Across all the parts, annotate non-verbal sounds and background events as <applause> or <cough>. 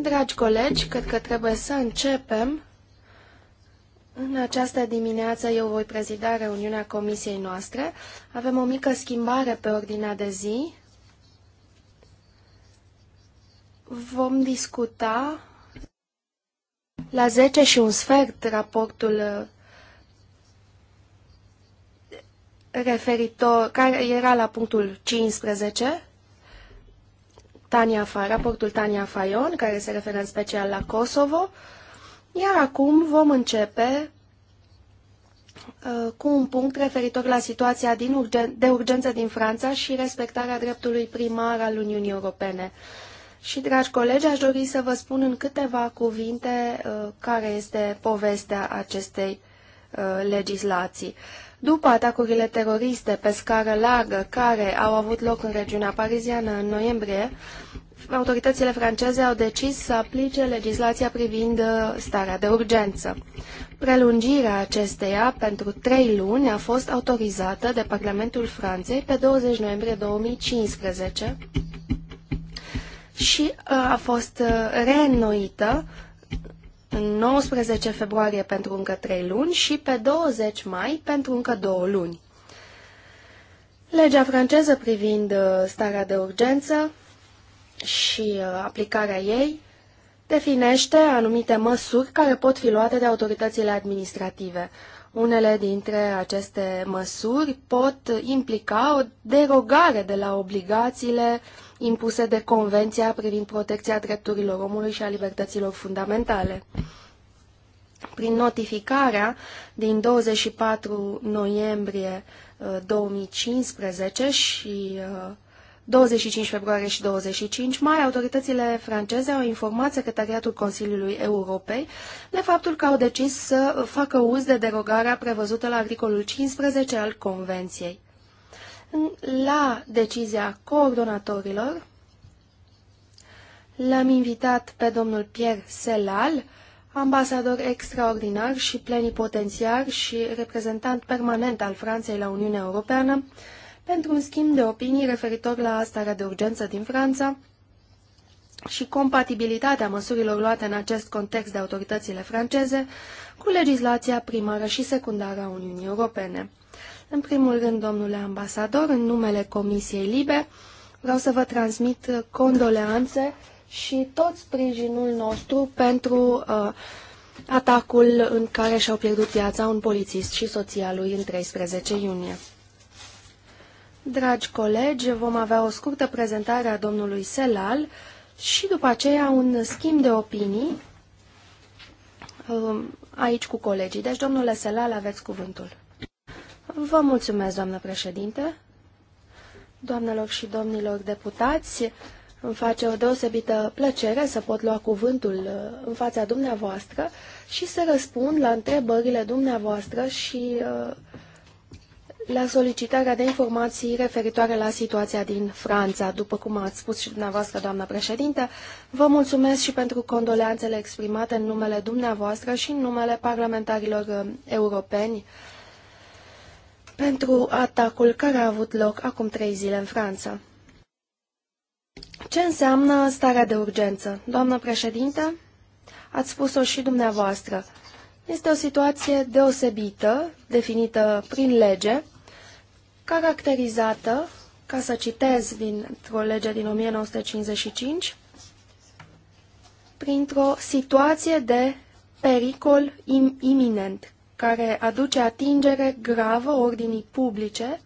Dragi colegi, cred că trebuie să începem. În această dimineață eu voi prezida reuniunea comisiei noastre. Avem o mică schimbare pe ordinea de zi. Vom discuta la 10 și un sfert raportul referitor, care era la punctul 15, Tania, raportul Tania Fayon, care se referă în special la Kosovo. Iar acum vom începe uh, cu un punct referitor la situația din urgen de urgență din Franța și respectarea dreptului primar al Uniunii Europene. Și, dragi colegi, aș dori să vă spun în câteva cuvinte uh, care este povestea acestei uh, legislații. După atacurile teroriste pe scară largă care au avut loc în regiunea pariziană în noiembrie, autoritățile franceze au decis să aplice legislația privind uh, starea de urgență. Prelungirea acesteia pentru trei luni a fost autorizată de Parlamentul Franței pe 20 noiembrie 2015 și uh, a fost uh, reînnoită în 19 februarie pentru încă 3 luni și pe 20 mai pentru încă 2 luni. Legea franceză privind uh, starea de urgență și uh, aplicarea ei definește anumite măsuri care pot fi luate de autoritățile administrative. Unele dintre aceste măsuri pot implica o derogare de la obligațiile impuse de Convenția privind protecția drepturilor omului și a libertăților fundamentale. Prin notificarea din 24 noiembrie 2015 uh, și uh, 25 februarie și 25 mai, autoritățile franceze au informat Secretariatul Consiliului Europei de faptul că au decis să facă uz de derogarea prevăzută la articolul 15 al Convenției. La decizia coordonatorilor, l-am invitat pe domnul Pierre Selal, ambasador extraordinar și plenipotențiar și reprezentant permanent al Franței la Uniunea Europeană, pentru un schimb de opinii referitor la starea de urgență din Franța și compatibilitatea măsurilor luate în acest context de autoritățile franceze cu legislația primară și secundară a Uniunii Europene. În primul rând, domnule ambasador, în numele Comisiei Libe, vreau să vă transmit condoleanțe și tot sprijinul nostru pentru uh, atacul în care și-au pierdut viața un polițist și soția lui în 13 iunie. Dragi colegi, vom avea o scurtă prezentare a domnului Selal și după aceea un schimb de opinii um, aici cu colegii. Deci, domnule Selal, aveți cuvântul. Vă mulțumesc, doamnă președinte. Doamnelor și domnilor deputați, îmi face o deosebită plăcere să pot lua cuvântul uh, în fața dumneavoastră și să răspund la întrebările dumneavoastră și uh, la solicitarea de informații referitoare la situația din Franța. După cum ați spus și dumneavoastră, doamna președinte, vă mulțumesc și pentru condoleanțele exprimate în numele dumneavoastră și în numele parlamentarilor uh, europeni pentru atacul care a avut loc acum trei zile în Franța. Ce înseamnă starea de urgență? Doamnă președinte, ați spus-o și dumneavoastră. Este o situație deosebită, definită prin lege, caracterizată, ca să citez dintr-o lege din 1955, printr-o situație de pericol im iminent, care aduce atingere gravă ordinii publice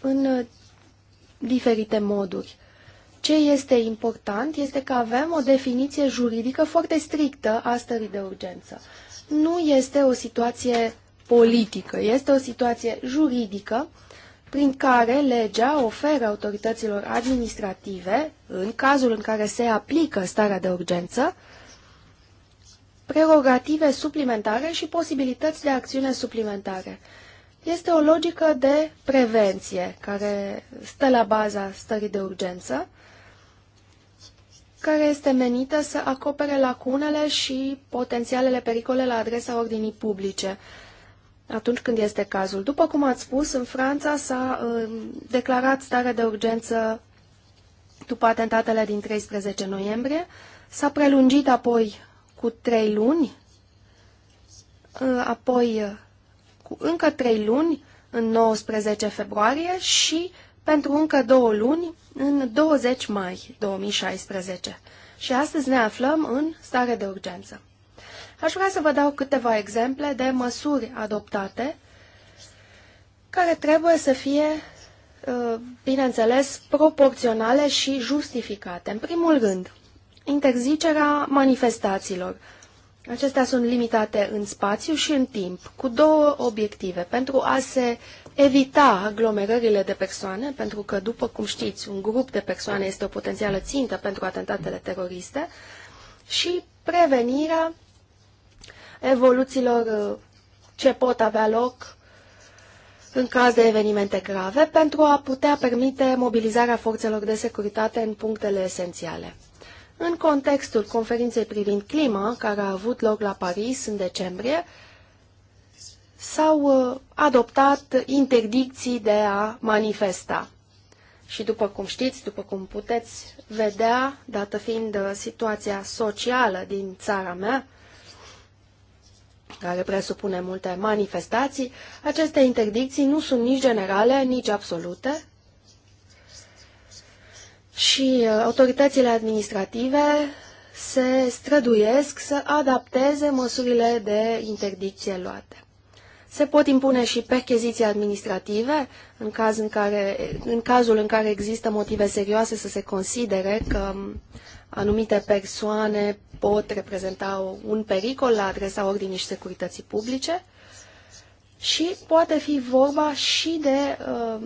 în diferite moduri. Ce este important este că avem o definiție juridică foarte strictă a stării de urgență. Nu este o situație politică. Este o situație juridică prin care legea oferă autorităților administrative, în cazul în care se aplică starea de urgență, prerogative suplimentare și posibilități de acțiune suplimentare. Este o logică de prevenție care stă la baza stării de urgență, care este menită să acopere lacunele și potențialele pericole la adresa ordinii publice atunci când este cazul. După cum ați spus, în Franța s-a uh, declarat stare de urgență după atentatele din 13 noiembrie, s-a prelungit apoi cu trei luni, uh, apoi uh, cu încă trei luni în 19 februarie și pentru încă două luni în 20 mai 2016. Și astăzi ne aflăm în stare de urgență. Aș vrea să vă dau câteva exemple de măsuri adoptate care trebuie să fie, uh, bineînțeles, proporționale și justificate. În primul rând, interzicerea manifestațiilor. Acestea sunt limitate în spațiu și în timp, cu două obiective. Pentru a se evita aglomerările de persoane, pentru că, după cum știți, un grup de persoane este o potențială țintă pentru atentatele teroriste, și prevenirea evoluțiilor uh, ce pot avea loc în caz de evenimente grave pentru a putea permite mobilizarea forțelor de securitate în punctele esențiale. În contextul conferinței privind clima, care a avut loc la Paris în decembrie, s-au uh, adoptat interdicții de a manifesta. Și după cum știți, după cum puteți vedea, dată fiind uh, situația socială din țara mea, care presupune multe manifestații, aceste interdicții nu sunt nici generale, nici absolute și uh, autoritățile administrative se străduiesc să adapteze măsurile de interdicție luate. Se pot impune și percheziții administrative în, caz în, care, în cazul în care există motive serioase să se considere că um, anumite persoane pot reprezenta un pericol la adresa ordinii și securității publice și poate fi vorba și de uh,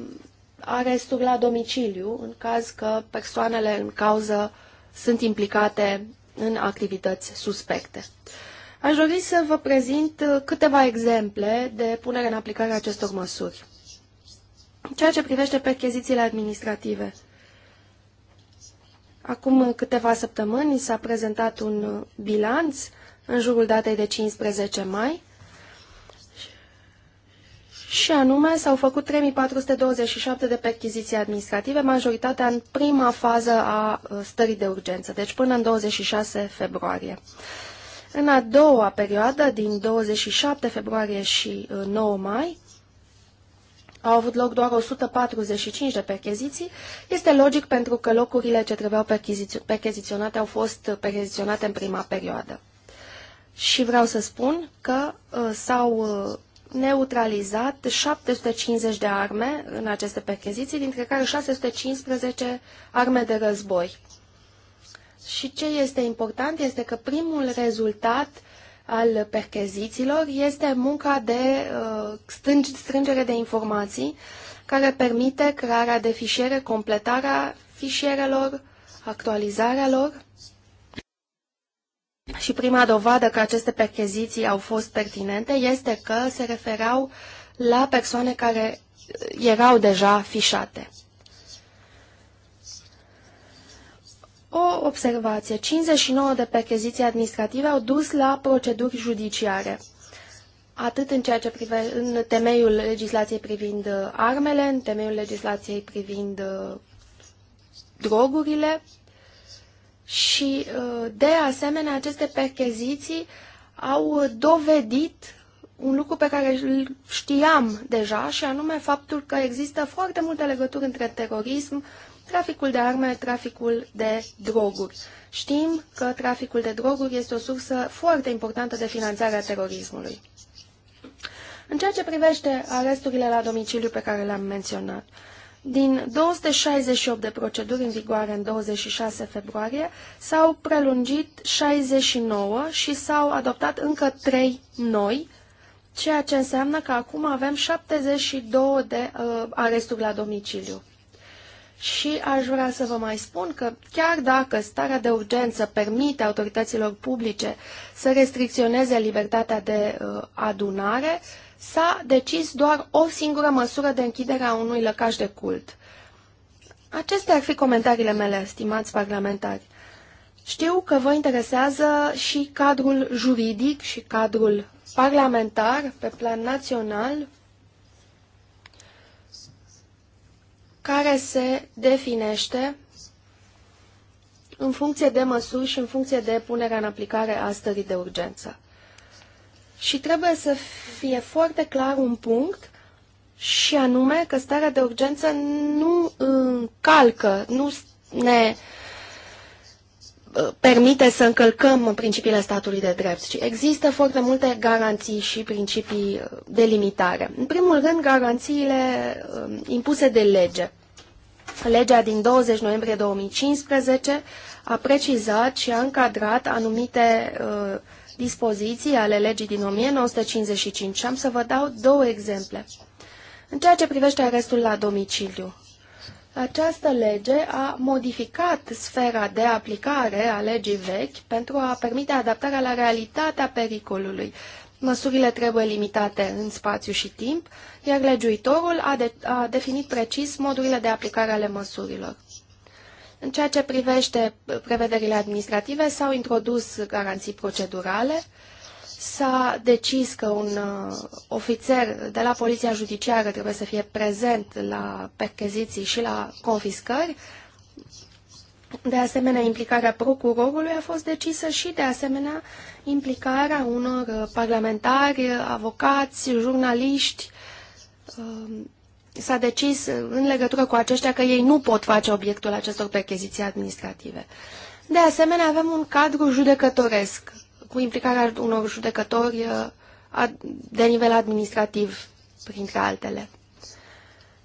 aresturi la domiciliu în caz că persoanele în cauză sunt implicate în activități suspecte. Aș dori să vă prezint uh, câteva exemple de punere în aplicare a acestor măsuri. Ceea ce privește perchezițiile administrative – Acum câteva săptămâni s-a prezentat un bilanț în jurul datei de 15 mai și anume s-au făcut 3427 de perchiziții administrative, majoritatea în prima fază a uh, stării de urgență, deci până în 26 februarie. În a doua perioadă, din 27 februarie și 9 uh, mai, au avut loc doar 145 de percheziții. Este logic pentru că locurile ce trebuiau percheziționate au fost percheziționate în prima perioadă. Și vreau să spun că uh, s-au uh, neutralizat 750 de arme în aceste percheziții, dintre care 615 arme de război. Și ce este important este că primul rezultat al percheziților este munca de uh, strângere de informații care permite crearea de fișiere, completarea fișierelor, actualizarea lor. Și prima dovadă că aceste percheziții au fost pertinente este că se referau la persoane care uh, erau deja fișate. O observație. 59 de percheziții administrative au dus la proceduri judiciare. Atât în ceea ce prive, în temeiul legislației privind uh, armele, în temeiul legislației privind uh, drogurile și, uh, de asemenea, aceste percheziții au dovedit un lucru pe care îl știam deja și anume faptul că există foarte multe legături între terorism, traficul de arme, traficul de droguri. Știm că traficul de droguri este o sursă foarte importantă de finanțare a terorismului. În ceea ce privește aresturile la domiciliu pe care le-am menționat, din 268 de proceduri în vigoare în 26 februarie, s-au prelungit 69 și s-au adoptat încă 3 noi, ceea ce înseamnă că acum avem 72 de uh, aresturi la domiciliu. Și aș vrea să vă mai spun că chiar dacă starea de urgență permite autorităților publice să restricționeze libertatea de uh, adunare, s-a decis doar o singură măsură de închidere a unui lăcaș de cult. Acestea ar fi comentariile mele, stimați parlamentari. Știu că vă interesează și cadrul juridic și cadrul parlamentar pe plan național, care se definește în funcție de măsuri și în funcție de punerea în aplicare a stării de urgență. Și trebuie să fie foarte clar un punct și anume că starea de urgență nu încalcă, nu ne uh, permite să încălcăm principiile statului de drept, ci există foarte multe garanții și principii uh, de limitare. În primul rând, garanțiile uh, impuse de lege. Legea din 20 noiembrie 2015 a precizat și a încadrat anumite uh, dispoziții ale legii din 1955 și am să vă dau două exemple. În ceea ce privește arestul la domiciliu, această lege a modificat sfera de aplicare a legii vechi pentru a permite adaptarea la realitatea pericolului Măsurile trebuie limitate în spațiu și timp, iar legiuitorul a, de, a definit precis modurile de aplicare ale măsurilor. În ceea ce privește prevederile administrative, s-au introdus garanții procedurale, s-a decis că un uh, ofițer de la Poliția Judiciară trebuie să fie prezent la percheziții și la confiscări, de asemenea, implicarea procurorului a fost decisă și, de asemenea, implicarea unor uh, parlamentari, avocați, jurnaliști. Uh, s-a decis uh, în legătură cu aceștia că ei nu pot face obiectul acestor percheziții administrative. De asemenea, avem un cadru judecătoresc cu implicarea unor judecători de nivel administrativ, printre altele.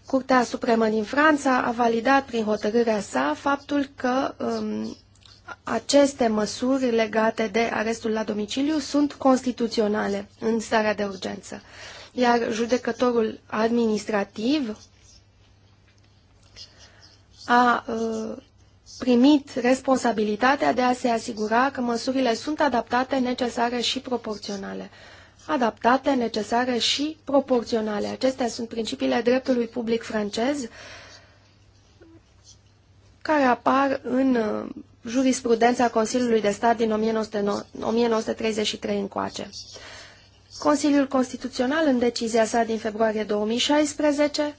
Curtea Supremă din Franța a validat prin hotărârea sa faptul că um, aceste măsuri legate de arestul la domiciliu sunt constituționale în starea de urgență. Iar judecătorul administrativ a uh, primit responsabilitatea de a se asigura că măsurile sunt adaptate, necesare și proporționale adaptate, necesare și proporționale. Acestea sunt principiile dreptului public francez care apar în uh, jurisprudența Consiliului de Stat din 1933 încoace. Consiliul Constituțional, în decizia sa din februarie 2016,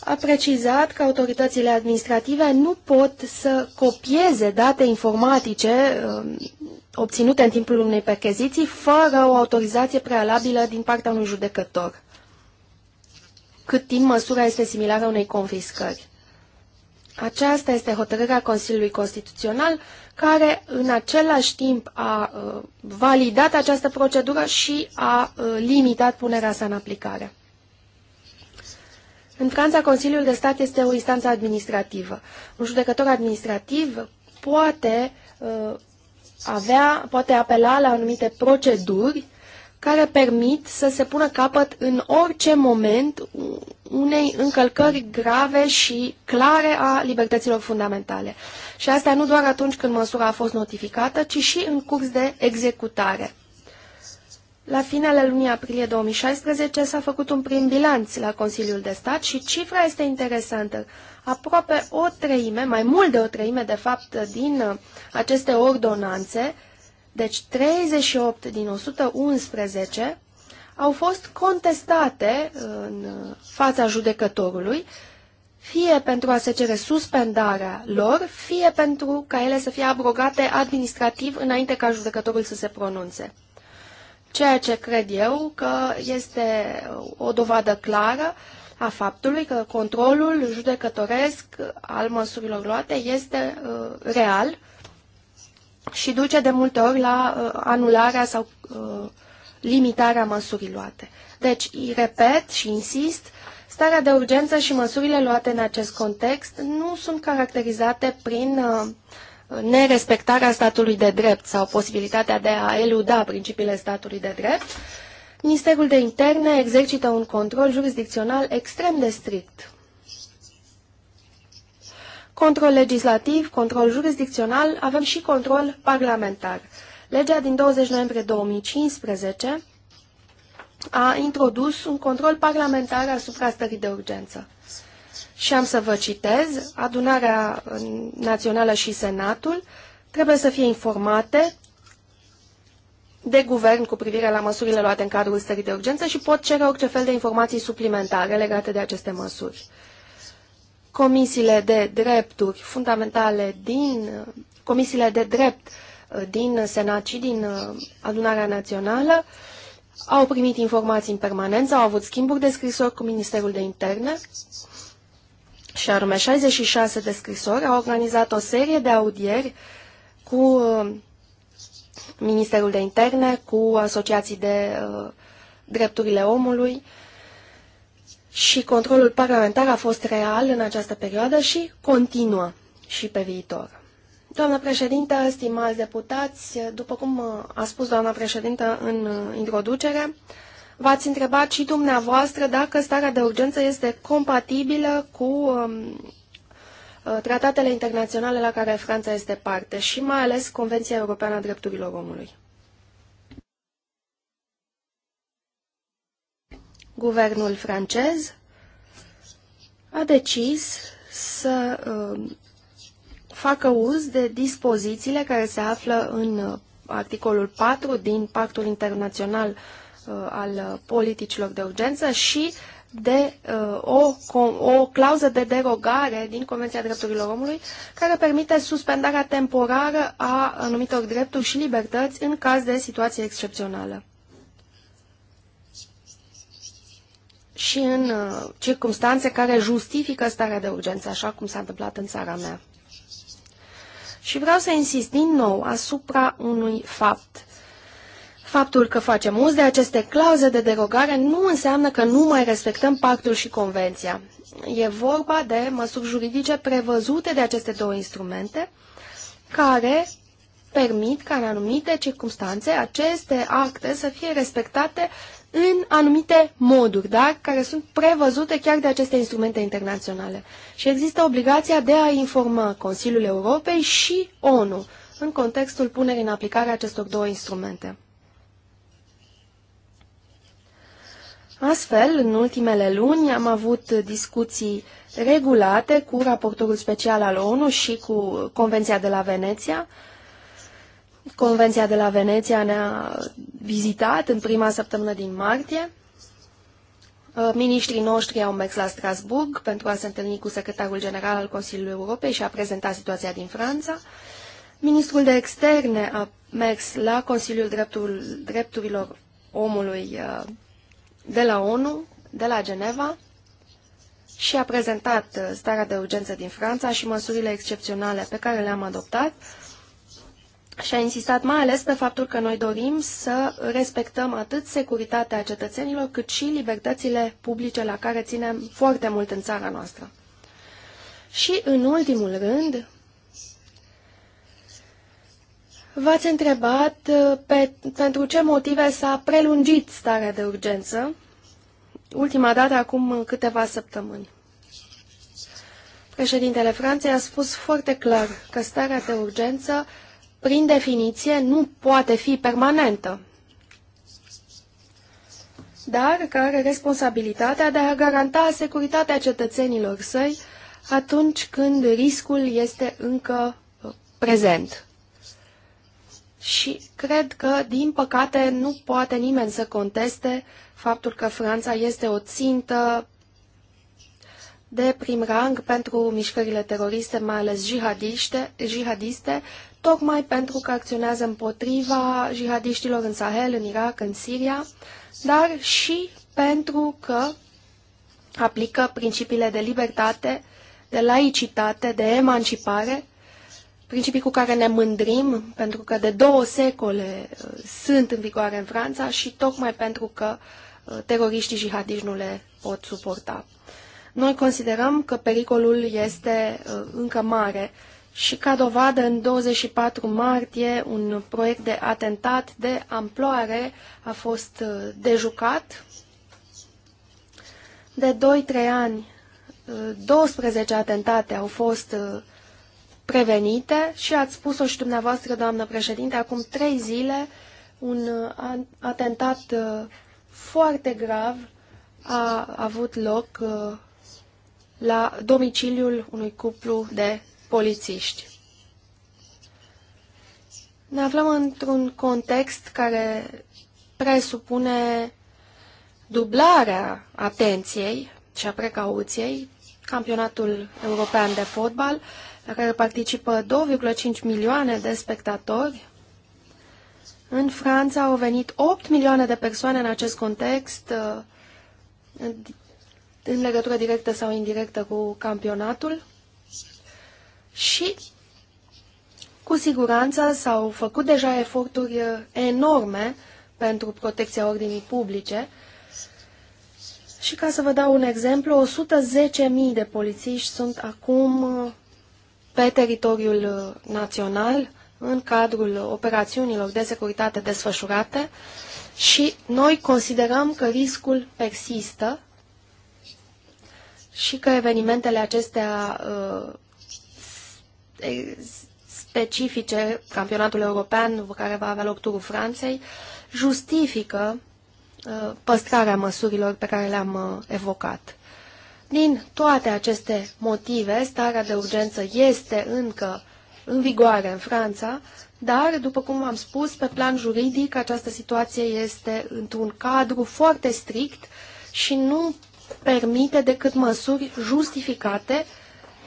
a precizat că autoritățile administrative nu pot să copieze date informatice uh, obținute în timpul unei percheziții fără o autorizație prealabilă din partea unui judecător, cât timp măsura este similară unei confiscări. Aceasta este hotărârea Consiliului Constituțional, care în același timp a uh, validat această procedură și a uh, limitat punerea sa în aplicare. În Franța, Consiliul de Stat este o instanță administrativă. Un judecător administrativ poate uh, avea, poate apela la anumite proceduri care permit să se pună capăt în orice moment unei încălcări grave și clare a libertăților fundamentale. Și asta nu doar atunci când măsura a fost notificată, ci și în curs de executare. La finele lunii aprilie 2016 s-a făcut un prim bilanț la Consiliul de Stat și cifra este interesantă aproape o treime, mai mult de o treime, de fapt, din uh, aceste ordonanțe, deci 38 din 111, au fost contestate uh, în fața judecătorului, fie pentru a se cere suspendarea lor, fie pentru ca ele să fie abrogate administrativ înainte ca judecătorul să se pronunțe. Ceea ce cred eu că este uh, o dovadă clară uh, a faptului că controlul judecătoresc al măsurilor luate este uh, real și duce de multe ori la uh, anularea sau uh, limitarea măsurii luate. Deci, repet și insist, starea de urgență și măsurile luate în acest context nu sunt caracterizate prin nerespectarea statului de drept sau posibilitatea de a eluda principiile statului de drept, Ministerul de Interne exercită un control jurisdicțional extrem de strict. Control legislativ, control jurisdicțional, avem și control parlamentar. Legea din 20 noiembrie 2015 a introdus un control parlamentar asupra stării de urgență. Și am să vă citez, adunarea națională și senatul trebuie să fie informate de guvern cu privire la măsurile luate în cadrul stării de urgență și pot cere orice fel de informații suplimentare legate de aceste măsuri. Comisiile de drepturi fundamentale din comisiile de drept uh, din Senat și din uh, Adunarea Națională au primit informații în permanență, au avut schimburi de scrisori cu Ministerul de Interne și anume 66 de scrisori, au organizat o serie de audieri cu uh, Ministerul de Interne, cu asociații de uh, drepturile omului și controlul parlamentar a fost real în această perioadă și continuă și pe viitor. Doamna președintă, stimați deputați, după cum uh, a spus doamna președintă în uh, introducere, v-ați întrebat și dumneavoastră dacă starea de urgență este compatibilă cu um, Uh, tratatele internaționale la care Franța este parte și mai ales Convenția Europeană a Drepturilor Omului. Guvernul francez a decis să uh, facă uz de dispozițiile care se află în uh, articolul 4 din Pactul Internațional al Politicilor de Urgență și de uh, o, o clauză de derogare din Convenția Drepturilor Omului care permite suspendarea temporară a anumitor drepturi și libertăți în caz de situație excepțională. și în uh, circunstanțe care justifică starea de urgență, așa cum s-a întâmplat în țara mea. Și vreau să insist din nou asupra unui fapt. Faptul că facem uz de aceste clauze de derogare nu înseamnă că nu mai respectăm pactul și convenția. E vorba de măsuri juridice prevăzute de aceste două instrumente care permit ca în anumite circunstanțe aceste acte să fie respectate în anumite moduri, dar care sunt prevăzute chiar de aceste instrumente internaționale. Și există obligația de a informa Consiliul Europei și ONU în contextul punerii în aplicare acestor două instrumente. Astfel, în ultimele luni am avut discuții regulate cu raportorul special al ONU și cu Convenția de la Veneția. Convenția de la Veneția ne-a vizitat în prima săptămână din martie. Uh, Ministrii noștri au mers la Strasburg pentru a se întâlni cu secretarul general al Consiliului Europei și a prezentat situația din Franța. Ministrul de Externe a mers la Consiliul Drepturilor Omului uh, de la ONU, de la Geneva, și a prezentat uh, starea de urgență din Franța și măsurile excepționale pe care le-am adoptat și a insistat mai ales pe faptul că noi dorim să respectăm atât securitatea cetățenilor cât și libertățile publice la care ținem foarte mult în țara noastră. Și în ultimul rând, V-ați întrebat uh, pe, pentru ce motive s-a prelungit starea de urgență, ultima dată acum câteva săptămâni. Președintele Franței a spus foarte clar că starea de urgență, prin definiție, nu poate fi permanentă, dar că are responsabilitatea de a garanta securitatea cetățenilor săi atunci când riscul este încă uh, prezent. Și cred că, din păcate, nu poate nimeni să conteste faptul că Franța este o țintă de prim rang pentru mișcările teroriste, mai ales jihadiste, jihadiste tocmai pentru că acționează împotriva jihadiștilor în Sahel, în Irak, în Siria, dar și pentru că aplică principiile de libertate, de laicitate, de emancipare principii cu care ne mândrim, pentru că de două secole uh, sunt în vigoare în Franța și tocmai pentru că uh, teroriștii jihadiști nu le pot suporta. Noi considerăm că pericolul este uh, încă mare și ca dovadă în 24 martie un proiect de atentat de amploare a fost dejucat. De 2-3 ani 12 atentate au fost prevenite și ați spus-o și dumneavoastră, doamnă președinte, acum trei zile un uh, atentat uh, foarte grav a avut loc uh, la domiciliul unui cuplu de polițiști. Ne aflăm într-un context care presupune dublarea atenției și a precauției. Campionatul european de fotbal la care participă 2,5 milioane de spectatori. În Franța au venit 8 milioane de persoane în acest context, uh, în legătură directă sau indirectă cu campionatul. Și cu siguranță s-au făcut deja eforturi uh, enorme pentru protecția ordinii publice. Și ca să vă dau un exemplu, 110.000 de polițiști sunt acum uh, pe teritoriul uh, național în cadrul operațiunilor de securitate desfășurate și noi considerăm că riscul persistă și că evenimentele acestea uh, specifice, campionatul european care va avea loc turul Franței, justifică uh, păstrarea măsurilor pe care le-am evocat. Din toate aceste motive, starea de urgență este încă în vigoare în Franța, dar, după cum am spus, pe plan juridic această situație este într-un cadru foarte strict și nu permite decât măsuri justificate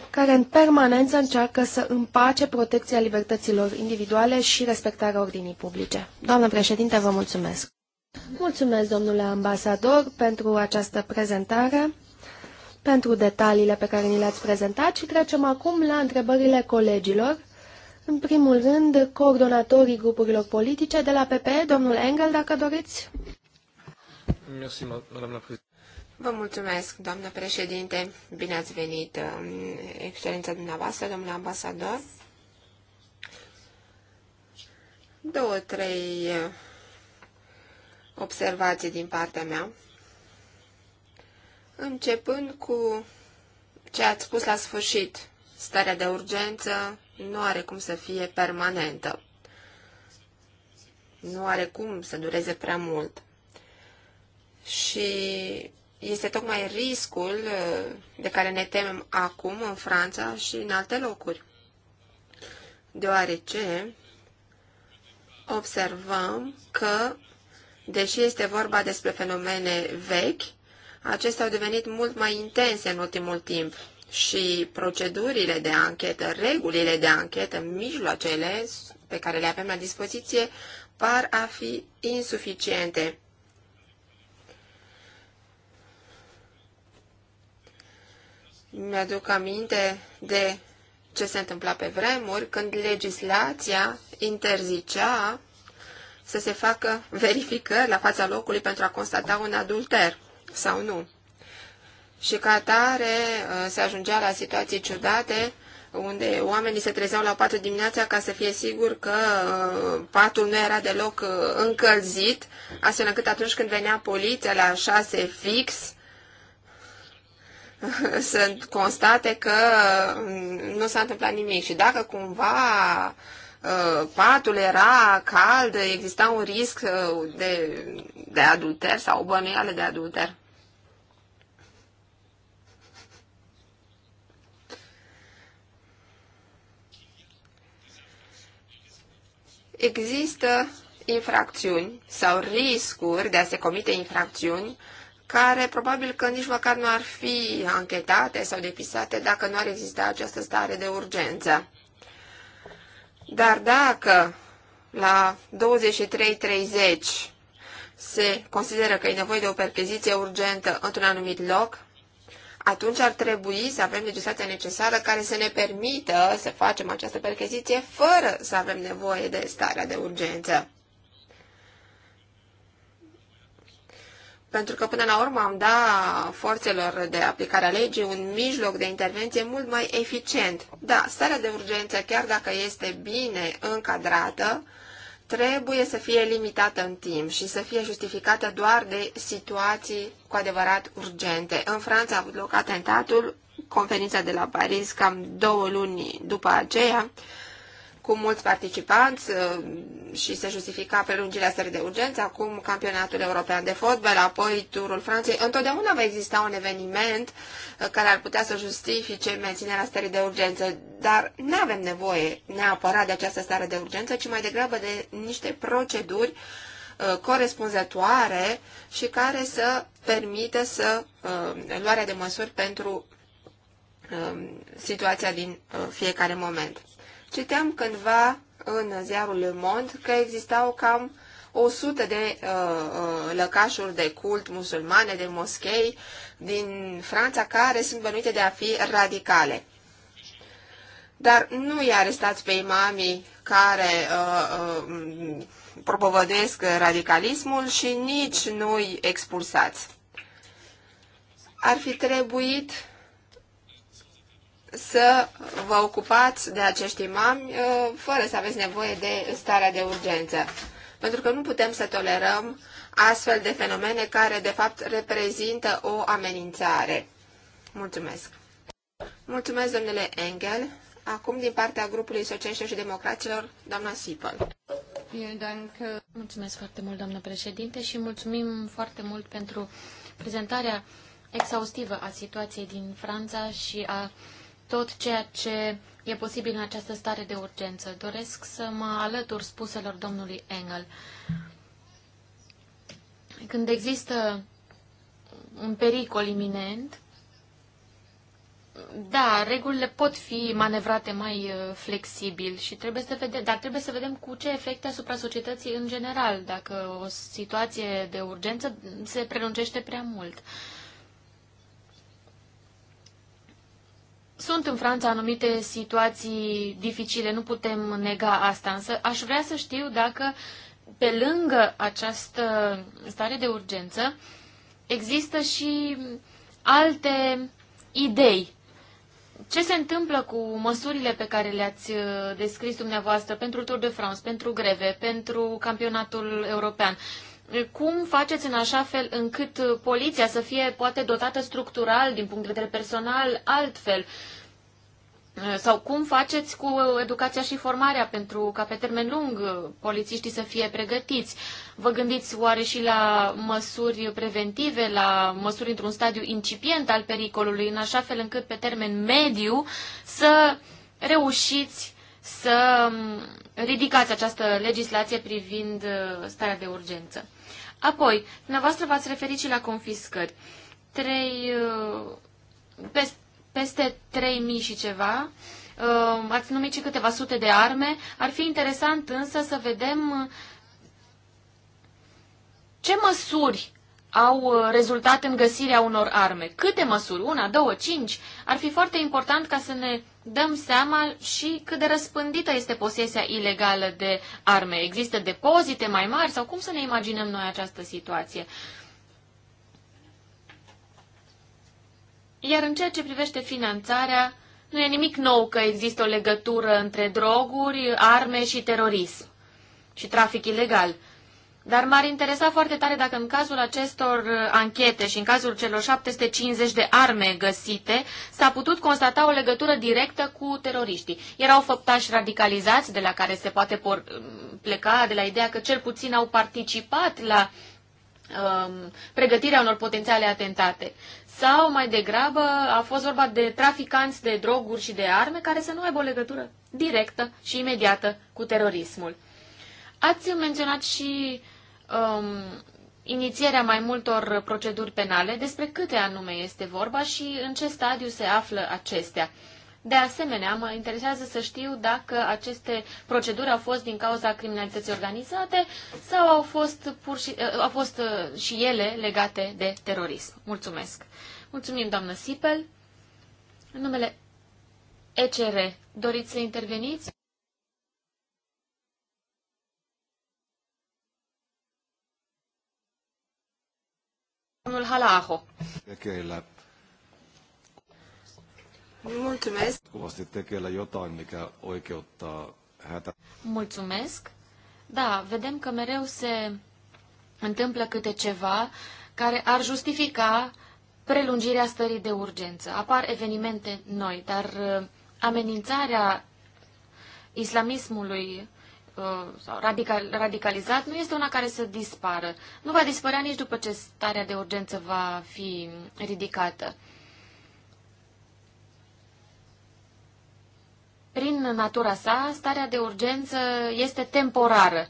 care în permanență încearcă să împace protecția libertăților individuale și respectarea ordinii publice. Doamnă președinte, vă mulțumesc! Mulțumesc, domnule ambasador, pentru această prezentare pentru detaliile pe care ni le-ați prezentat și trecem acum la întrebările colegilor. În primul rând, coordonatorii grupurilor politice de la PPE, domnul Engel, dacă doriți. Mersi, doamna Vă mulțumesc, doamnă președinte. Bine ați venit, um, excelența dumneavoastră, domnule ambasador. Două, trei uh, observații din partea mea. Începând cu ce ați spus la sfârșit, starea de urgență nu are cum să fie permanentă. Nu are cum să dureze prea mult. Și este tocmai riscul uh, de care ne temem acum în Franța și în alte locuri. Deoarece observăm că, deși este vorba despre fenomene vechi, acestea au devenit mult mai intense în ultimul timp și procedurile de anchetă, regulile de anchetă, mijloacele pe care le avem la dispoziție, par a fi insuficiente. Mi-aduc aminte de ce se întâmpla pe vremuri când legislația interzicea să se facă verificări la fața locului pentru a constata un adulter sau nu. Și ca atare uh, se ajungea la situații ciudate unde oamenii se trezeau la 4 dimineața ca să fie sigur că uh, patul nu era deloc uh, încălzit, astfel încât atunci când venea poliția la 6 fix, să <laughs> constate că nu s-a întâmplat nimic. Și dacă cumva patul era cald, exista un risc de, de adulter sau o bănuială de adulter. există infracțiuni sau riscuri de a se comite infracțiuni care probabil că nici măcar nu ar fi anchetate sau depisate dacă nu ar exista această stare de urgență. Dar dacă la 23.30 se consideră că e nevoie de o percheziție urgentă într-un anumit loc, atunci ar trebui să avem legislația necesară care să ne permită să facem această percheziție fără să avem nevoie de starea de urgență. Pentru că până la urmă am da forțelor de aplicare a legii un mijloc de intervenție mult mai eficient. Da, starea de urgență, chiar dacă este bine încadrată, trebuie să fie limitată în timp și să fie justificată doar de situații cu adevărat urgente. În Franța a avut loc atentatul, conferința de la Paris cam două luni după aceea, cu mulți participanți uh, și se justifica prelungirea serii de urgență, acum campionatul european de fotbal, apoi turul Franței. Întotdeauna va exista un eveniment uh, care ar putea să justifice menținerea stării de urgență, dar nu avem nevoie neapărat de această stare de urgență, ci mai degrabă de niște proceduri uh, corespunzătoare și care să permită să luarea de măsuri pentru situația din fiecare moment. Citeam cândva în ziarul Le Monde că existau cam 100 de uh, uh, lăcașuri de cult musulmane, de moschei din Franța, care sunt bănuite de a fi radicale. Dar nu îi arestați pe imamii care uh, uh, propovădesc radicalismul și nici nu i expulsați. Ar fi trebuit să vă ocupați de acești imami uh, fără să aveți nevoie de starea de urgență. Pentru că nu putem să tolerăm astfel de fenomene care, de fapt, reprezintă o amenințare. Mulțumesc! Mulțumesc, domnule Engel. Acum, din partea grupului Socialiștilor și Democraților, doamna Sipăl. Mulțumesc foarte mult, doamnă președinte, și mulțumim foarte mult pentru prezentarea exhaustivă a situației din Franța și a tot ceea ce e posibil în această stare de urgență. Doresc să mă alătur spuselor domnului Engel. Când există un pericol iminent, da, regulile pot fi manevrate mai uh, flexibil și trebuie să vedem, dar trebuie să vedem cu ce efecte asupra societății în general, dacă o situație de urgență se prelungește prea mult. Uh, Sunt în Franța anumite situații dificile, nu putem nega asta, însă aș vrea să știu dacă pe lângă această stare de urgență există și alte idei. Ce se întâmplă cu măsurile pe care le-ați uh, descris dumneavoastră pentru Tour de France, pentru greve, pentru campionatul european? Cum faceți în așa fel încât poliția să fie poate dotată structural, din punct de vedere personal, altfel? Sau cum faceți cu educația și formarea pentru ca pe termen lung polițiștii să fie pregătiți? Vă gândiți oare și la măsuri preventive, la măsuri într-un stadiu incipient al pericolului, în așa fel încât pe termen mediu să reușiți să ridicați această legislație privind starea de urgență? Apoi, dumneavoastră v-ați referit și la confiscări. trei uh, peste, peste 3.000 și ceva, uh, ați numit și câteva sute de arme. Ar fi interesant însă să vedem uh, ce măsuri au rezultat în găsirea unor arme. Câte măsuri? Una, două, cinci? Ar fi foarte important ca să ne dăm seama și cât de răspândită este posesia ilegală de arme. Există depozite mai mari sau cum să ne imaginăm noi această situație? Iar în ceea ce privește finanțarea, nu e nimic nou că există o legătură între droguri, arme și terorism și trafic ilegal. Dar m-ar interesa foarte tare dacă în cazul acestor uh, anchete și în cazul celor 750 de arme găsite s-a putut constata o legătură directă cu teroriștii. Erau făptași radicalizați de la care se poate uh, pleca de la ideea că cel puțin au participat la um, pregătirea unor potențiale atentate. Sau mai degrabă a fost vorba de traficanți de droguri și de arme care să nu aibă o legătură directă și imediată cu terorismul. Ați menționat și um, inițierea mai multor proceduri penale, despre câte anume este vorba și în ce stadiu se află acestea. De asemenea, mă interesează să știu dacă aceste proceduri au fost din cauza criminalității organizate sau au fost, pur și, uh, au fost uh, și ele legate de terorism. Mulțumesc. Mulțumim, doamnă Sipel. În numele ECR, doriți să interveniți? Domnul Halaho. Mulțumesc. Mulțumesc. Da, vedem că mereu se întâmplă câte ceva care ar justifica prelungirea stării de urgență. Apar evenimente noi, dar uh, amenințarea islamismului Uh, sau radical, radicalizat nu este una care să dispară. Nu va dispărea nici după ce starea de urgență va fi ridicată. Prin natura sa, starea de urgență este temporară.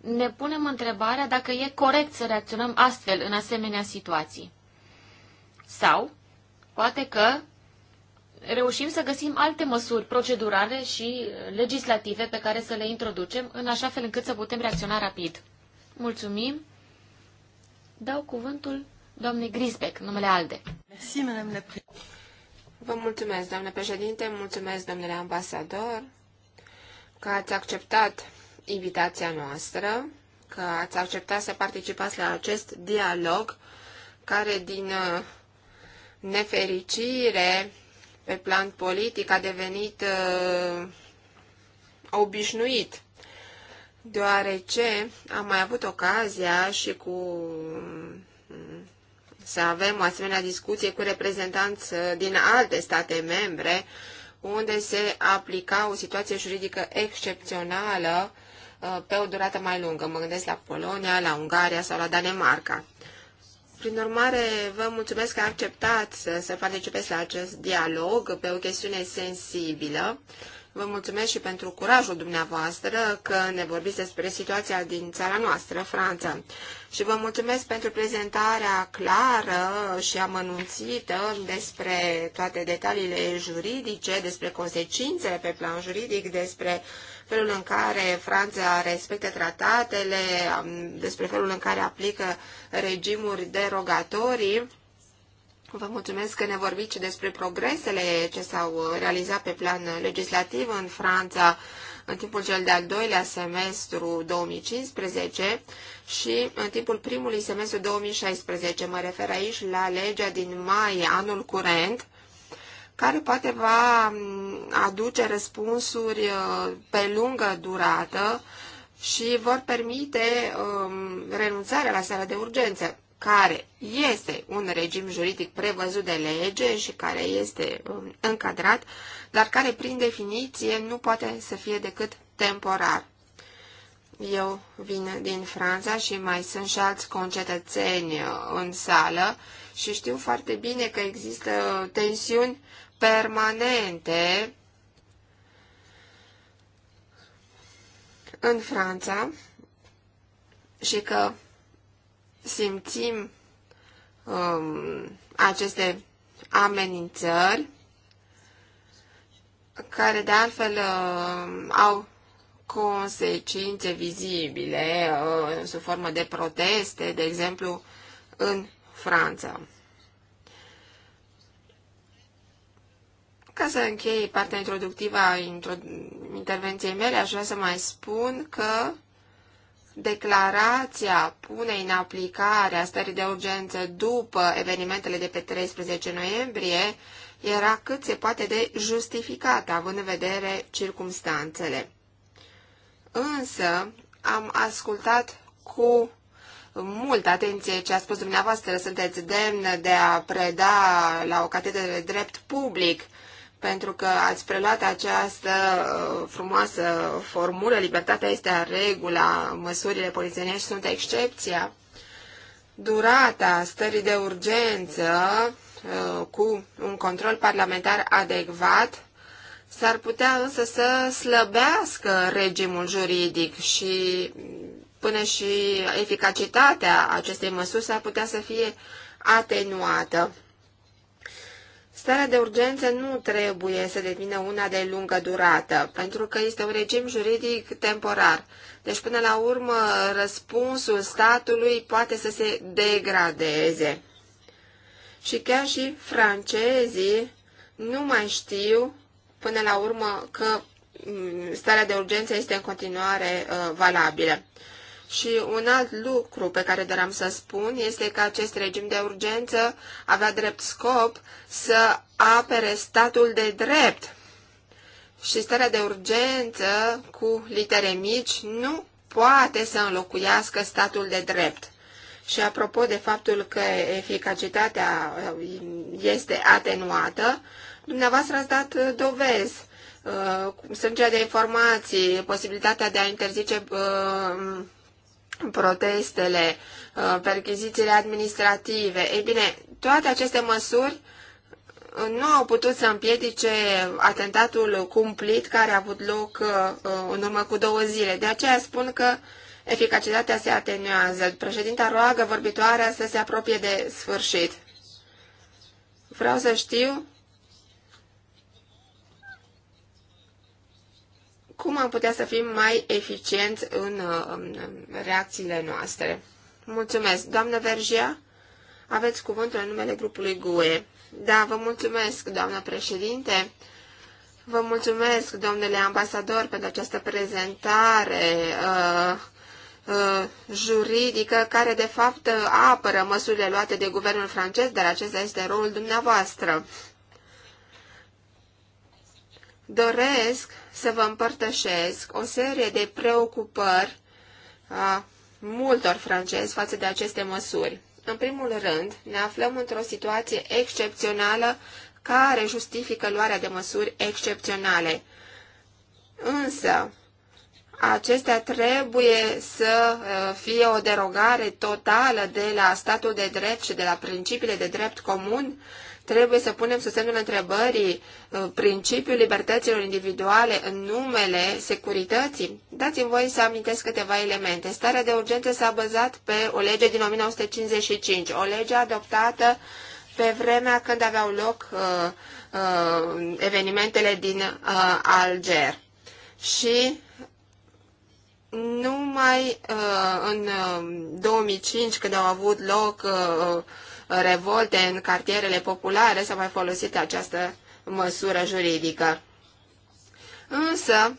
Ne punem întrebarea dacă e corect să reacționăm astfel în asemenea situații. Sau, poate că reușim să găsim alte măsuri procedurale și uh, legislative pe care să le introducem, în așa fel încât să putem reacționa rapid. Mulțumim. Dau cuvântul doamnei Grisbeck, numele ALDE. Merci, madame Vă mulțumesc, doamne președinte, mulțumesc, domnule ambasador, că ați acceptat invitația noastră, că ați acceptat să participați la acest dialog care, din uh, nefericire, pe plan politic a devenit uh, obișnuit, deoarece am mai avut ocazia și cu să avem o asemenea discuție cu reprezentanți din alte state membre, unde se aplica o situație juridică excepțională uh, pe o durată mai lungă. Mă gândesc la Polonia, la Ungaria sau la Danemarca. Prin urmare, vă mulțumesc că acceptați să participeți la acest dialog pe o chestiune sensibilă. Vă mulțumesc și pentru curajul dumneavoastră că ne vorbiți despre situația din țara noastră, Franța. Și vă mulțumesc pentru prezentarea clară și amănunțită despre toate detaliile juridice, despre consecințele pe plan juridic, despre uh, felul în care Franța respectă tratatele, despre felul în care aplică regimuri derogatorii. Vă mulțumesc că ne vorbiți despre progresele ce s-au realizat pe plan legislativ în Franța în timpul cel de-al doilea semestru 2015 și în timpul primului semestru 2016. Mă refer aici la legea din mai anul curent, care poate va aduce răspunsuri uh, pe lungă durată și vor permite um, renunțarea la sala de urgență, care este un regim juridic prevăzut de lege și care este um, încadrat, dar care prin definiție nu poate să fie decât temporar. Eu vin din Franța și mai sunt și alți concetățeni uh, în sală și știu foarte bine că există tensiuni permanente în Franța și că simțim um, aceste amenințări care de altfel um, au consecințe vizibile uh, sub formă de proteste, de exemplu, în Franța. Ca să închei partea introductivă a intervenției mele, aș vrea să mai spun că declarația pune în aplicare a stării de urgență după evenimentele de pe 13 noiembrie era cât se poate de justificată, având în vedere circumstanțele. Însă, am ascultat cu multă atenție ce a spus dumneavoastră, sunteți demn de a preda la o catedră de drept public pentru că ați preluat această uh, frumoasă formulă, libertatea este a regula, măsurile polițienești sunt excepția. Durata stării de urgență uh, cu un control parlamentar adecvat s-ar putea însă să slăbească regimul juridic și până și eficacitatea acestei măsuri s-ar putea să fie atenuată. Starea de urgență nu trebuie să devină una de lungă durată, pentru că este un regim juridic temporar. Deci, până la urmă, răspunsul statului poate să se degradeze. Și chiar și francezii nu mai știu, până la urmă, că mm, starea de urgență este în continuare uh, valabilă. Și un alt lucru pe care doream să spun este că acest regim de urgență avea drept scop să apere statul de drept. Și starea de urgență cu litere mici nu poate să înlocuiască statul de drept. Și apropo de faptul că eficacitatea uh, este atenuată, dumneavoastră ați dat uh, dovezi uh, sângea de informații, posibilitatea de a interzice uh, protestele, uh, perchizițiile administrative. Ei bine, toate aceste măsuri uh, nu au putut să împiedice atentatul cumplit care a avut loc uh, în urmă cu două zile. De aceea spun că eficacitatea se atenuează. Președinta roagă vorbitoarea să se apropie de sfârșit. Vreau să știu cum am putea să fim mai eficienți în, uh, în reacțiile noastre. Mulțumesc. Doamnă Vergia, aveți cuvântul în numele grupului GUE. Da, vă mulțumesc, doamnă președinte. Vă mulțumesc, domnule ambasador, pentru această prezentare uh, uh, juridică care, de fapt, apără măsurile luate de guvernul francez, dar acesta este rolul dumneavoastră doresc să vă împărtășesc o serie de preocupări a multor francezi față de aceste măsuri. În primul rând, ne aflăm într-o situație excepțională care justifică luarea de măsuri excepționale. Însă, acestea trebuie să uh, fie o derogare totală de la statul de drept și de la principiile de drept comun Trebuie să punem sub semnul întrebării uh, principiul libertăților individuale în numele securității. Dați-mi voi să amintesc câteva elemente. Starea de urgență s-a bazat pe o lege din 1955, o lege adoptată pe vremea când aveau loc uh, uh, evenimentele din uh, Alger. Și numai uh, în uh, 2005, când au avut loc uh, revolte în cartierele populare s-a mai folosit această măsură juridică. Însă,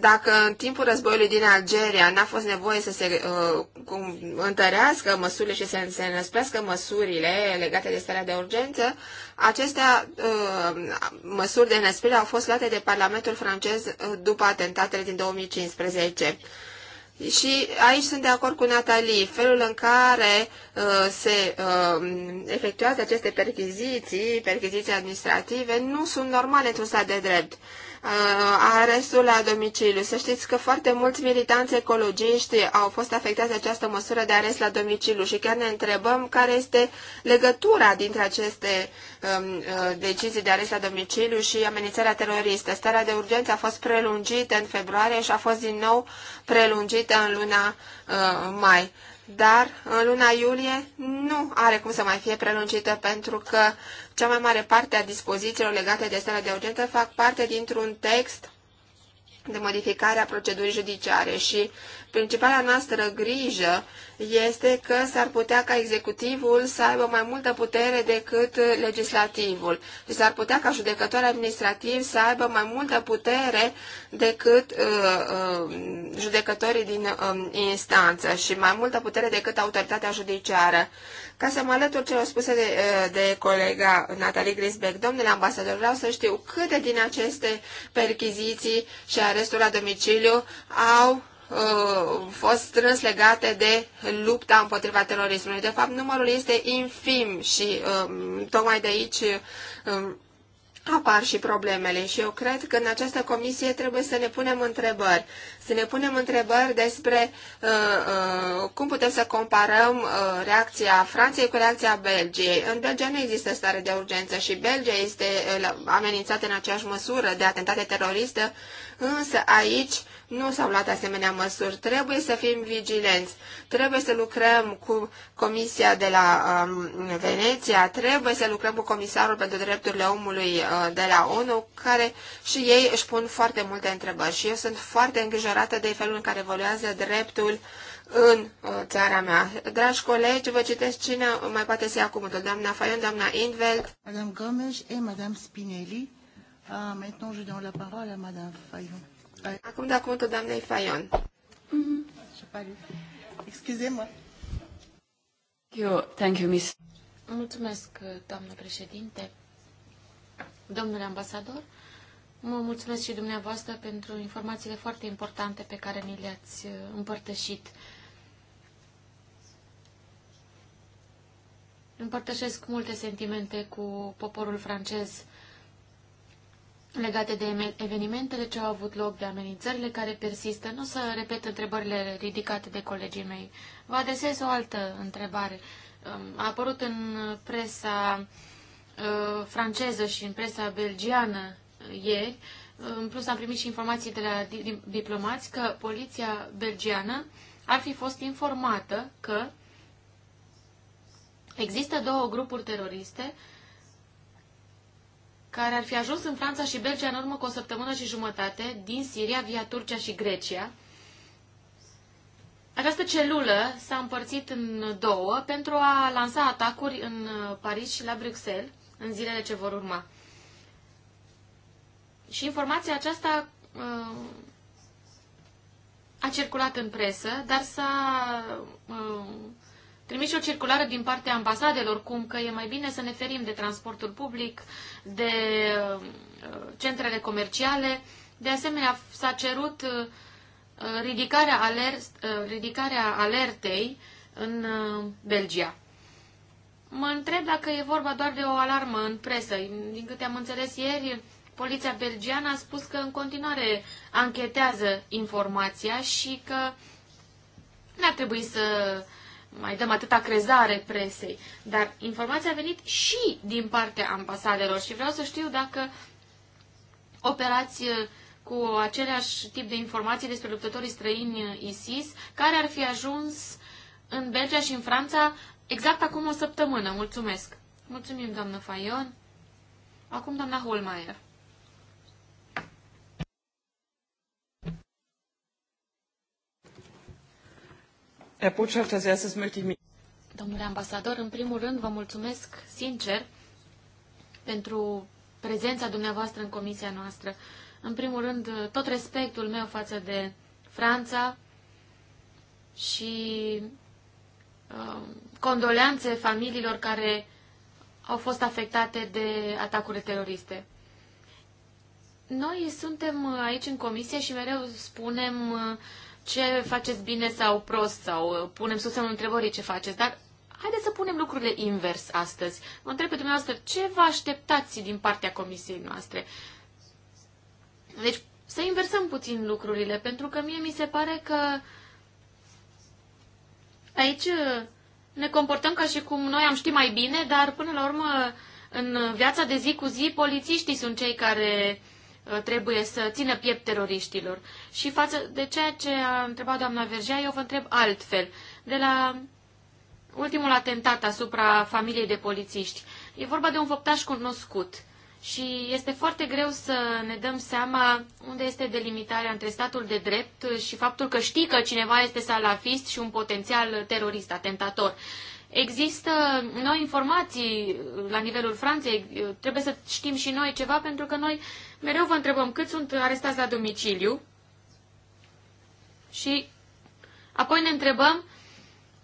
dacă în timpul războiului din Algeria n-a fost nevoie să se uh, cum, întărească măsurile și să se înăsprească măsurile legate de starea de urgență, acestea uh, măsuri de înăsprire au fost luate de Parlamentul francez uh, după atentatele din 2015. Și aici sunt de acord cu Natalie. Felul în care uh, se uh, efectuează aceste perchiziții, perchiziții administrative, nu sunt normale într-un stat de drept. Uh, Uh, arestul la domiciliu. Să știți că foarte mulți militanți ecologiști au fost afectați de această măsură de arest la domiciliu și chiar ne întrebăm care este legătura dintre aceste um, uh, decizii de arest la domiciliu și amenințarea teroristă. Starea de urgență a fost prelungită în februarie și a fost din nou prelungită în luna uh, mai dar în luna iulie nu are cum să mai fie prelungită pentru că cea mai mare parte a dispozițiilor legate de starea de urgență fac parte dintr-un text de modificare a procedurii judiciare și Principala noastră grijă este că s-ar putea ca executivul să aibă mai multă putere decât legislativul și deci s-ar putea ca judecătorul administrativ să aibă mai multă putere decât uh, uh, judecătorii din uh, instanță și mai multă putere decât autoritatea judiciară. Ca să mă alătur au spus de, uh, de colega Natalie Grisbeck, domnule ambasador, vreau să știu câte din aceste perchiziții și arestul la domiciliu au Uh, fost strâns legate de lupta împotriva terorismului. De fapt, numărul este infim și um, tocmai de aici um, apar și problemele și eu cred că în această comisie trebuie să ne punem întrebări, să ne punem întrebări despre uh, uh, cum putem să comparăm uh, reacția Franței cu reacția Belgiei. În Belgia nu există stare de urgență și Belgia este uh, amenințată în aceeași măsură de atentate teroriste, însă aici nu s-au luat asemenea măsuri. Trebuie să fim vigilenți, trebuie să lucrăm cu Comisia de la um, Veneția, trebuie să lucrăm cu Comisarul pentru Drepturile Omului uh, de la ONU, care și ei își pun foarte multe întrebări și eu sunt foarte îngrijorată îngrijorată de felul în care evoluează dreptul în uh, țara mea. Dragi colegi, vă citesc cine mai poate să ia cuvântul. Doamna Fayon, doamna Inveld. Madame Gomes și Madame Spinelli. Ah, maintenant je donne la parole à Madame Fayon. Acum da cuvântul doamnei Fayon. Excusez-mă. You, thank you, miss. Mulțumesc, doamnă președinte. Domnule ambasador, Mă mulțumesc și dumneavoastră pentru informațiile foarte importante pe care mi le-ați uh, împărtășit. Împărtășesc multe sentimente cu poporul francez legate de evenimentele ce au avut loc, de amenințările care persistă. Nu să repet întrebările ridicate de colegii mei. Vă adresez o altă întrebare. Um, a apărut în presa uh, franceză și în presa belgiană ieri. În plus, am primit și informații de la diplomați că poliția belgiană ar fi fost informată că există două grupuri teroriste care ar fi ajuns în Franța și Belgia în urmă cu o săptămână și jumătate din Siria via Turcia și Grecia. Această celulă s-a împărțit în două pentru a lansa atacuri în uh, Paris și la Bruxelles în zilele ce vor urma. Și informația aceasta uh, a circulat în presă, dar s-a uh, trimis și o circulară din partea ambasadelor, cum că e mai bine să ne ferim de transportul public, de uh, centrele comerciale. De asemenea, s-a cerut ridicarea, uh, ridicarea alertei în Belgia. Mă întreb dacă e vorba doar de o alarmă în presă. Din câte am înțeles ieri, poliția belgiană a spus că în continuare anchetează informația și că nu ar trebui să mai dăm atâta crezare presei. Dar informația a venit și din partea ambasadelor și vreau să știu dacă operați uh, cu aceleași tip de informații despre luptătorii străini uh, ISIS, care ar fi ajuns în Belgia și în Franța exact acum o săptămână. Mulțumesc! Mulțumim, doamnă Fayon! Acum, doamna Holmeier. Herr Botschafter, als erstes möchte ich mich... Domnule ambasador, în primul rând vă mulțumesc sincer pentru prezența dumneavoastră în comisia noastră. În primul rând, tot respectul meu față de Franța și uh, condoleanțe familiilor care au fost afectate de atacuri teroriste. Noi suntem aici în comisie și mereu spunem uh, ce faceți bine sau prost sau uh, punem sub semnul întrebării ce faceți, dar haideți să punem lucrurile invers astăzi. Mă întreb pe dumneavoastră ce vă așteptați din partea comisiei noastre. Deci să inversăm puțin lucrurile, pentru că mie mi se pare că aici uh, ne comportăm ca și cum noi am ști mai bine, dar până la urmă în viața de zi cu zi polițiștii sunt cei care Uh, trebuie să țină piept teroriștilor. Și față de ceea ce a întrebat doamna Vergea, eu vă întreb altfel. De la ultimul atentat asupra familiei de polițiști, e vorba de un făptaș cunoscut și este foarte greu să ne dăm seama unde este delimitarea între statul de drept și faptul că știi că cineva este salafist și un potențial terorist, atentator. Există noi informații la nivelul Franței, trebuie să știm și noi ceva pentru că noi mereu vă întrebăm cât sunt arestați la domiciliu și apoi ne întrebăm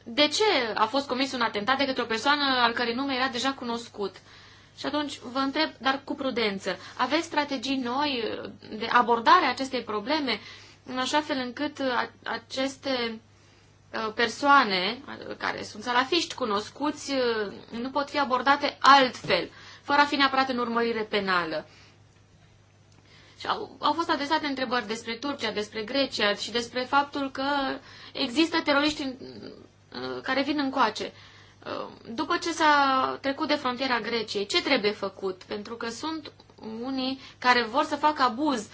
de ce a fost comis un atentat de către o persoană al cărei nume era deja cunoscut. Și atunci vă întreb, dar cu prudență, aveți strategii noi de abordare a acestei probleme, în așa fel încât aceste uh, persoane uh, care sunt salafiști cunoscuți uh, nu pot fi abordate altfel, fără a fi neapărat în urmărire penală. Și au, au fost adresate întrebări despre Turcia, despre Grecia și despre faptul că există teroriști care vin încoace. Uh, după ce s-a trecut de frontiera Greciei, ce trebuie făcut? Pentru că sunt unii care vor să facă abuz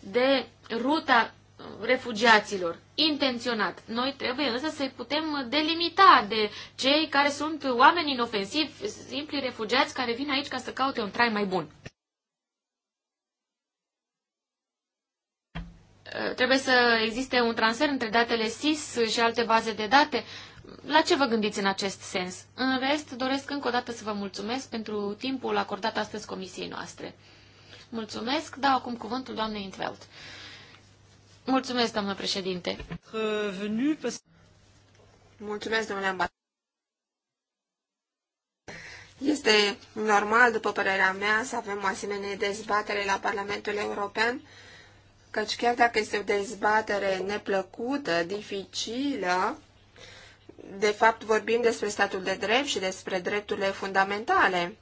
de ruta uh, refugiaților, intenționat. Noi trebuie însă să putem delimita de cei care sunt oameni inofensivi, simpli refugiați care vin aici ca să caute un trai mai bun. Eh, trebuie să existe un transfer între datele SIS și alte baze de date. La ce vă gândiți în acest sens? În rest, doresc încă o dată să vă mulțumesc pentru timpul acordat astăzi comisiei noastre. Mulțumesc. Dau acum cuvântul doamnei Intveld. Mulțumesc, doamnă președinte. Mulțumesc, domnule ambasador. Este normal, după părerea mea, să avem o asemenea dezbatere la Parlamentul European, căci chiar dacă este o dezbatere neplăcută, dificilă, de fapt vorbim despre statul de drept și despre drepturile fundamentale.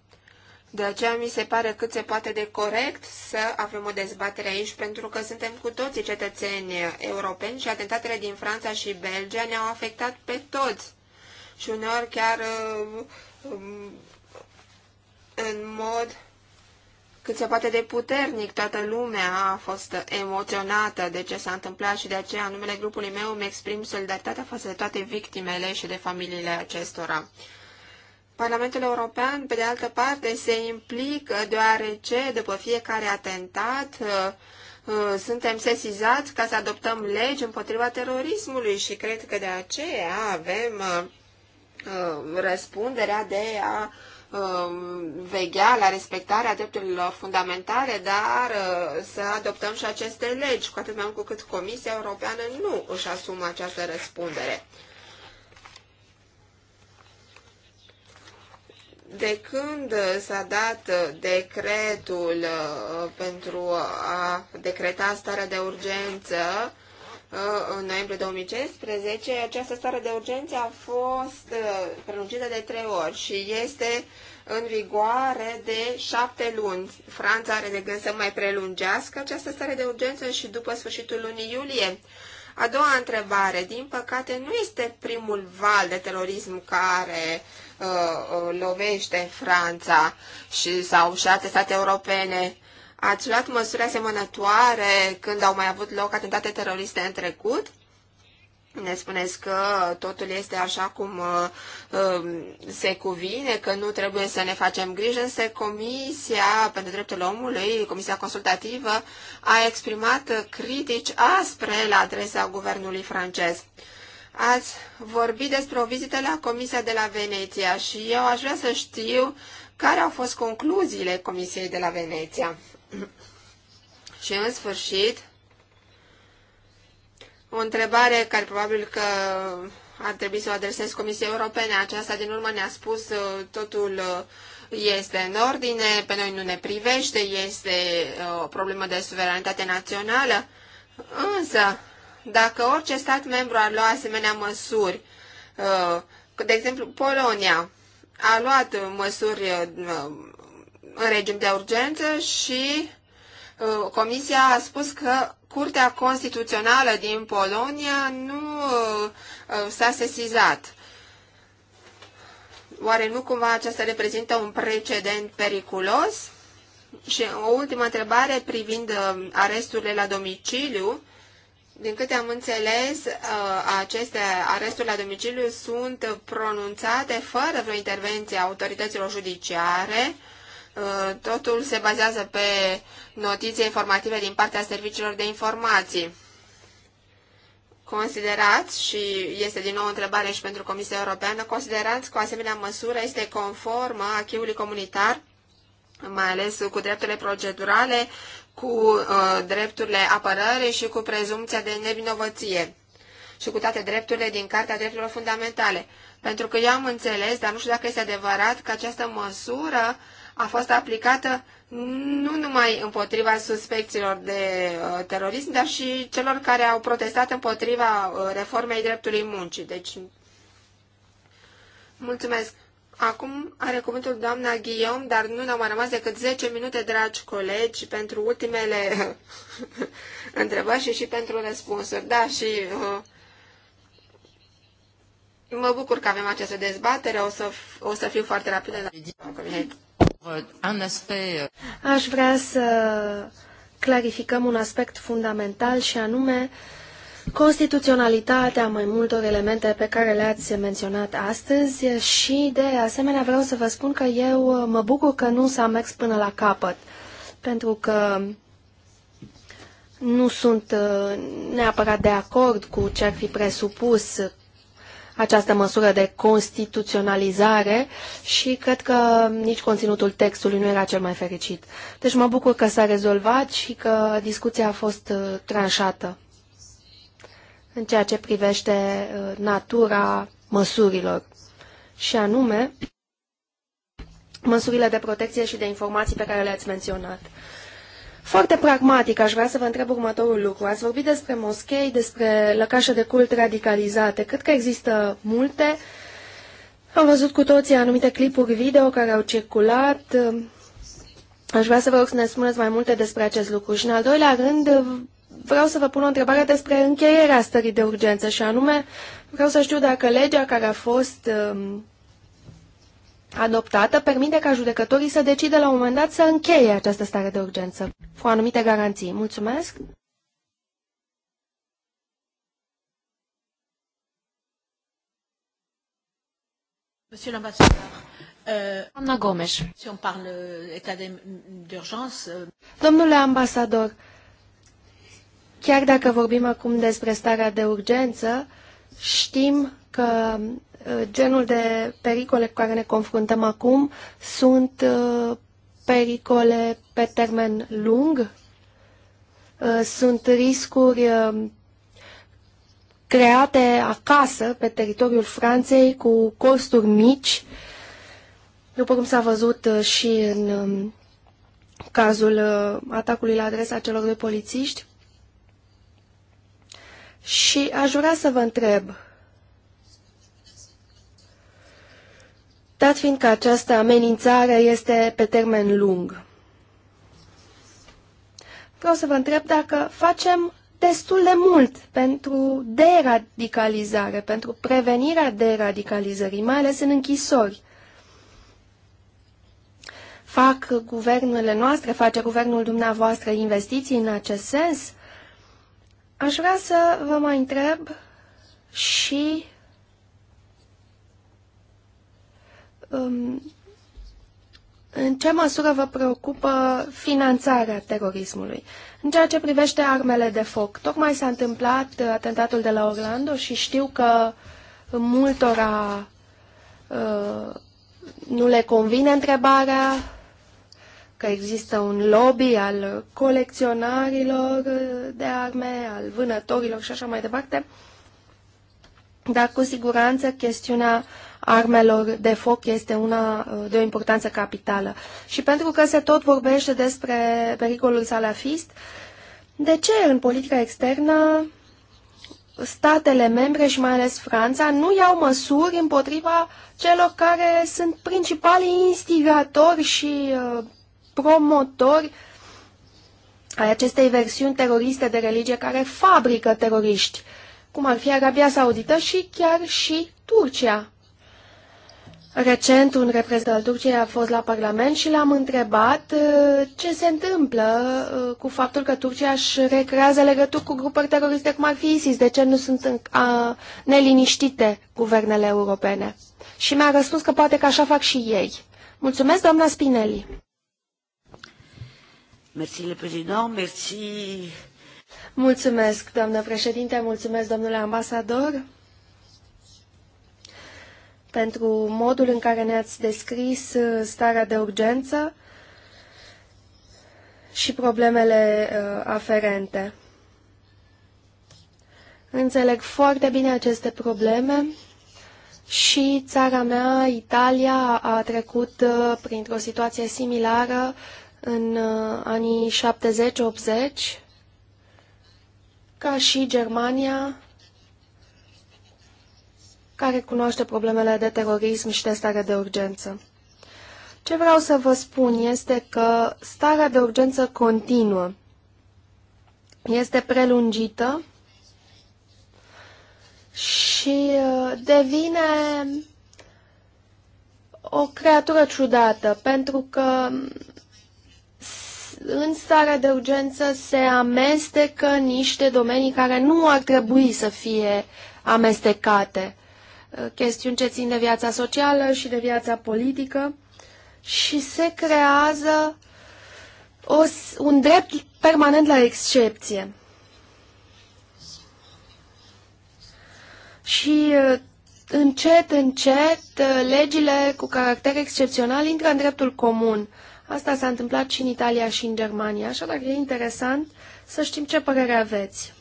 De aceea mi se pare cât se poate de corect să avem o dezbatere aici, pentru că suntem cu toții cetățeni europeni și atentatele din Franța și Belgia ne-au afectat pe toți. Și uneori chiar uh, um, în mod cât se poate de puternic. Toată lumea a fost emoționată de ce s-a întâmplat și de aceea, în numele grupului meu, îmi exprim solidaritatea față de toate victimele și de familiile acestora. Parlamentul European, pe de altă parte, se implică deoarece, după fiecare atentat, uh, uh, suntem sesizați ca să adoptăm legi împotriva terorismului și cred că de aceea avem uh, răspunderea de a Um, vegea la respectarea drepturilor fundamentale, dar uh, să adoptăm și aceste legi, cu atât mai mult cu cât Comisia Europeană nu își asumă această răspundere. De când s-a dat decretul uh, pentru a decreta starea de urgență, Uh, în noiembrie 2015, această stare de urgență a fost uh, prelungită de trei ori și este în vigoare de șapte luni. Franța are de gând să mai prelungească această stare de urgență și după sfârșitul lunii iulie. A doua întrebare. Din păcate, nu este primul val de terorism care uh, uh lovește Franța și, sau și alte state europene Ați luat măsuri asemănătoare când au mai avut loc atentate teroriste în trecut? Ne spuneți că totul este așa cum uh, um, se cuvine, că nu trebuie să ne facem grijă, însă Comisia pentru Dreptul Omului, Comisia Consultativă, a exprimat critici aspre la adresa guvernului francez. Ați vorbit despre o vizită la Comisia de la Veneția și eu aș vrea să știu care au fost concluziile Comisiei de la Veneția. Și în sfârșit, o întrebare care probabil că ar trebui să o adresez Comisiei Europene. Aceasta din urmă ne-a spus uh, totul uh, este în ordine, pe noi nu ne privește, este uh, o problemă de suveranitate națională. Însă, dacă orice stat membru ar lua asemenea măsuri, de exemplu Polonia a luat măsuri în regim de urgență și uh, Comisia a spus că Curtea Constituțională din Polonia nu uh, uh, s-a sesizat. Oare nu cumva aceasta reprezintă un precedent periculos? Și o ultimă întrebare privind aresturile la domiciliu. Din câte am înțeles, aceste aresturi la domiciliu sunt pronunțate fără vreo intervenție a autorităților judiciare, Uh, totul se bazează pe notițe informative din partea serviciilor de informații. Considerați, și este din nou o întrebare și pentru Comisia Europeană, considerați că o asemenea măsură este conformă acquis comunitar, mai ales cu drepturile procedurale, cu uh, drepturile apărării și cu prezumția de nevinovăție și cu toate drepturile din Cartea Drepturilor Fundamentale. Pentru că eu am înțeles, dar nu știu dacă este adevărat, că această măsură uh, a fost aplicată nu numai împotriva suspecților de uh, terorism, dar și celor care au protestat împotriva uh, reformei dreptului muncii. Deci, mulțumesc. Acum are cuvântul doamna Guillaume, dar nu ne-au mai rămas decât 10 minute, dragi colegi, pentru ultimele <laughs> întrebări și și pentru răspunsuri. Da, și uh, mă bucur că avem această dezbatere, o să, o să fiu foarte rapidă la Euh, Aș vrea să clarificăm un aspect fundamental și anume constituționalitatea mai multor elemente pe care le-ați menționat astăzi și de asemenea vreau să vă spun că eu uh, mă bucur că nu s-a mers până la capăt pentru că nu sunt uh, neapărat de acord cu ce ar fi presupus această măsură de constituționalizare și cred că nici conținutul textului nu era cel mai fericit. Deci mă bucur că s-a rezolvat și că discuția a fost uh, tranșată în ceea ce privește uh, natura măsurilor. Și anume, măsurile de protecție și de informații pe care le-ați menționat. Foarte pragmatic, aș vrea să vă întreb următorul lucru. Ați vorbit despre moschei, despre lăcașe de cult radicalizate. Cred că există multe. Am văzut cu toții anumite clipuri video care au circulat. Aș vrea să vă rog să ne spuneți mai multe despre acest lucru. Și în al doilea rând, vreau să vă pun o întrebare despre încheierea stării de urgență și anume, vreau să știu dacă legea care a fost um, adoptată permite ca judecătorii să decide la un moment dat să încheie această stare de urgență, cu anumite garanții. Mulțumesc! Monsieur l'ambassadeur, euh, Doamna Gomes. Euh, Domnule ambasador, chiar dacă vorbim acum despre starea de urgență, știm că Uh, genul de pericole cu care ne confruntăm acum sunt uh, pericole pe termen lung, uh, sunt riscuri create acasă pe teritoriul Franței cu costuri mici, după cum s-a văzut și în um, cazul atacului la adresa celor doi polițiști. Și aș vrea să vă întreb, dat fiindcă această amenințare este pe termen lung. Vreau să vă întreb dacă facem destul de mult pentru deradicalizare, pentru prevenirea deradicalizării, mai ales în închisori. Fac guvernele noastre, face guvernul dumneavoastră investiții în acest sens? Aș vrea să vă mai întreb și um, în ce măsură vă preocupă finanțarea terorismului? În ceea ce privește armele de foc, tocmai s-a întâmplat uh, atentatul de la Orlando și știu că multora uh, nu le convine întrebarea, că există un lobby al colecționarilor uh, de arme, al vânătorilor și așa mai departe, dar cu siguranță chestiunea armelor de foc este una uh, de o importanță capitală. Și pentru că se tot vorbește despre pericolul salafist, de ce în politica externă statele membre și mai ales Franța nu iau măsuri împotriva celor care sunt principalii instigatori și uh, promotori ai acestei versiuni teroriste de religie care fabrică teroriști, cum ar fi Arabia Saudită și chiar și Turcia. Recent, un reprezentant al Turciei a fost la Parlament și l-am întrebat uh, ce se întâmplă uh, cu faptul că Turcia își recrează legături cu grupări teroriste cum ar fi ISIS, de ce nu sunt neliniștite guvernele europene. Și mi-a răspuns că poate că așa fac și ei. Mulțumesc, doamna Spinelli. Mulțumesc, doamnă președinte, mulțumesc, domnule ambasador pentru modul în care ne-ați descris uh, starea de urgență și problemele uh, aferente. Înțeleg foarte bine aceste probleme și țara mea, Italia, a trecut uh, printr-o situație similară în anii 70-80, ca și Germania, care cunoaște problemele de terorism și de stare de urgență. Ce vreau să vă spun este că starea de urgență continuă. Este prelungită și uh, devine o creatură ciudată, pentru că în starea de urgență se amestecă niște domenii care nu ar trebui să fie amestecate. Uh, chestiuni ce țin de viața socială și de viața politică și se creează o, un drept permanent la excepție. Și uh, încet, încet, uh, legile cu caracter excepțional intră în dreptul comun. Asta s-a întâmplat și în Italia și în Germania, așadar e interesant să știm ce părere aveți.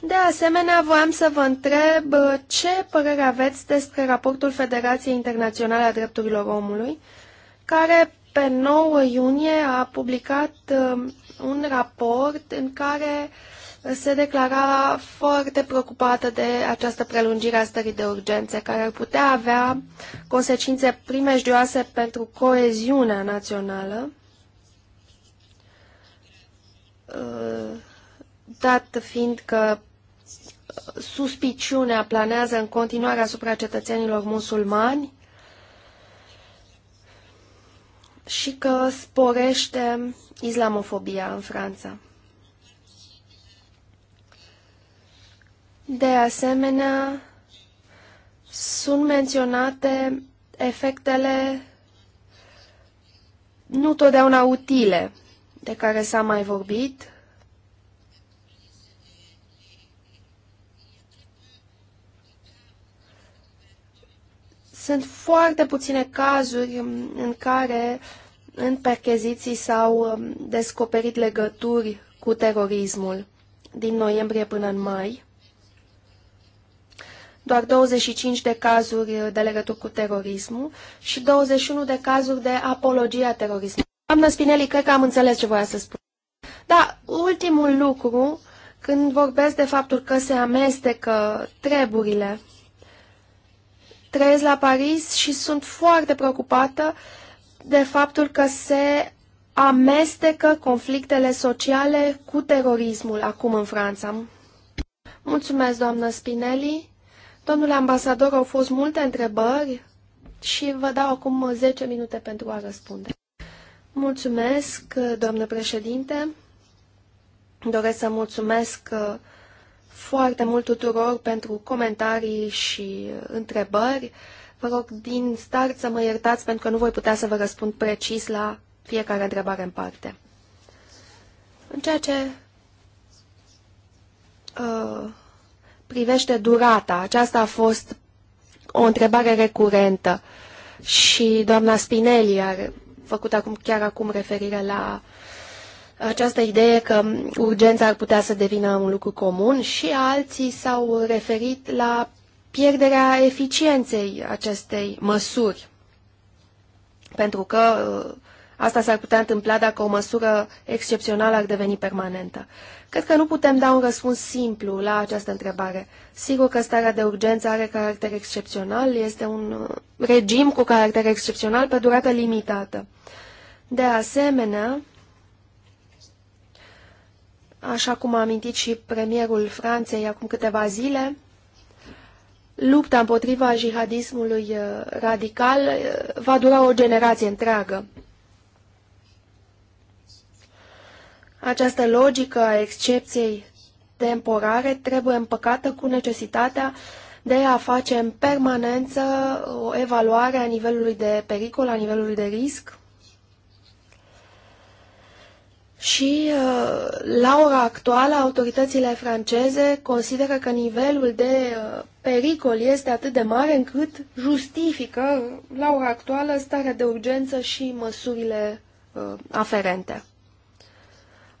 De asemenea, voiam să vă întreb uh, ce părere aveți despre raportul Federației Internaționale a Drepturilor Omului, care pe 9 iunie a publicat uh, un raport în care uh, se declara foarte preocupată de această prelungire a stării de urgențe, care ar putea avea consecințe primejdioase pentru coeziunea națională, dat fiind că suspiciunea planează în continuare asupra cetățenilor musulmani și că sporește islamofobia în Franța. De asemenea, sunt menționate efectele nu totdeauna utile de care s-a mai vorbit, Sunt foarte puține cazuri în care în percheziții s-au um, descoperit legături cu terorismul din noiembrie până în mai. Doar 25 de cazuri de legături cu terorismul și 21 de cazuri de apologie a terorismului. Doamnă Spinelli, cred că am înțeles ce voia să spun. Da, ultimul lucru, când vorbesc de faptul că se amestecă treburile trăiesc la Paris și sunt foarte preocupată de faptul că se amestecă conflictele sociale cu terorismul acum în Franța. Mulțumesc, doamnă Spinelli. Domnule ambasador, au fost multe întrebări și vă dau acum 10 minute pentru a răspunde. Mulțumesc, doamnă președinte. Doresc să mulțumesc foarte mult tuturor pentru comentarii și uh, întrebări. Vă rog din start să mă iertați pentru că nu voi putea să vă răspund precis la fiecare întrebare în parte. În ceea ce uh, privește durata, aceasta a fost o întrebare recurentă și doamna Spinelli a făcut acum, chiar acum referire la această idee că urgența ar putea să devină un lucru comun și alții s-au referit la pierderea eficienței acestei măsuri. Pentru că uh, asta s-ar putea întâmpla dacă o măsură excepțională ar deveni permanentă. Cred că nu putem da un răspuns simplu la această întrebare. Sigur că starea de urgență are caracter excepțional, este un uh, regim cu caracter excepțional pe durată limitată. De asemenea, așa cum a amintit și premierul Franței acum câteva zile, lupta împotriva jihadismului uh, radical uh, va dura o generație întreagă. Această logică a excepției temporare trebuie împăcată cu necesitatea de a face în permanență o evaluare a nivelului de pericol, a nivelului de risc, și uh, la ora actuală, autoritățile franceze consideră că nivelul de uh, pericol este atât de mare încât justifică la ora actuală starea de urgență și măsurile uh, aferente.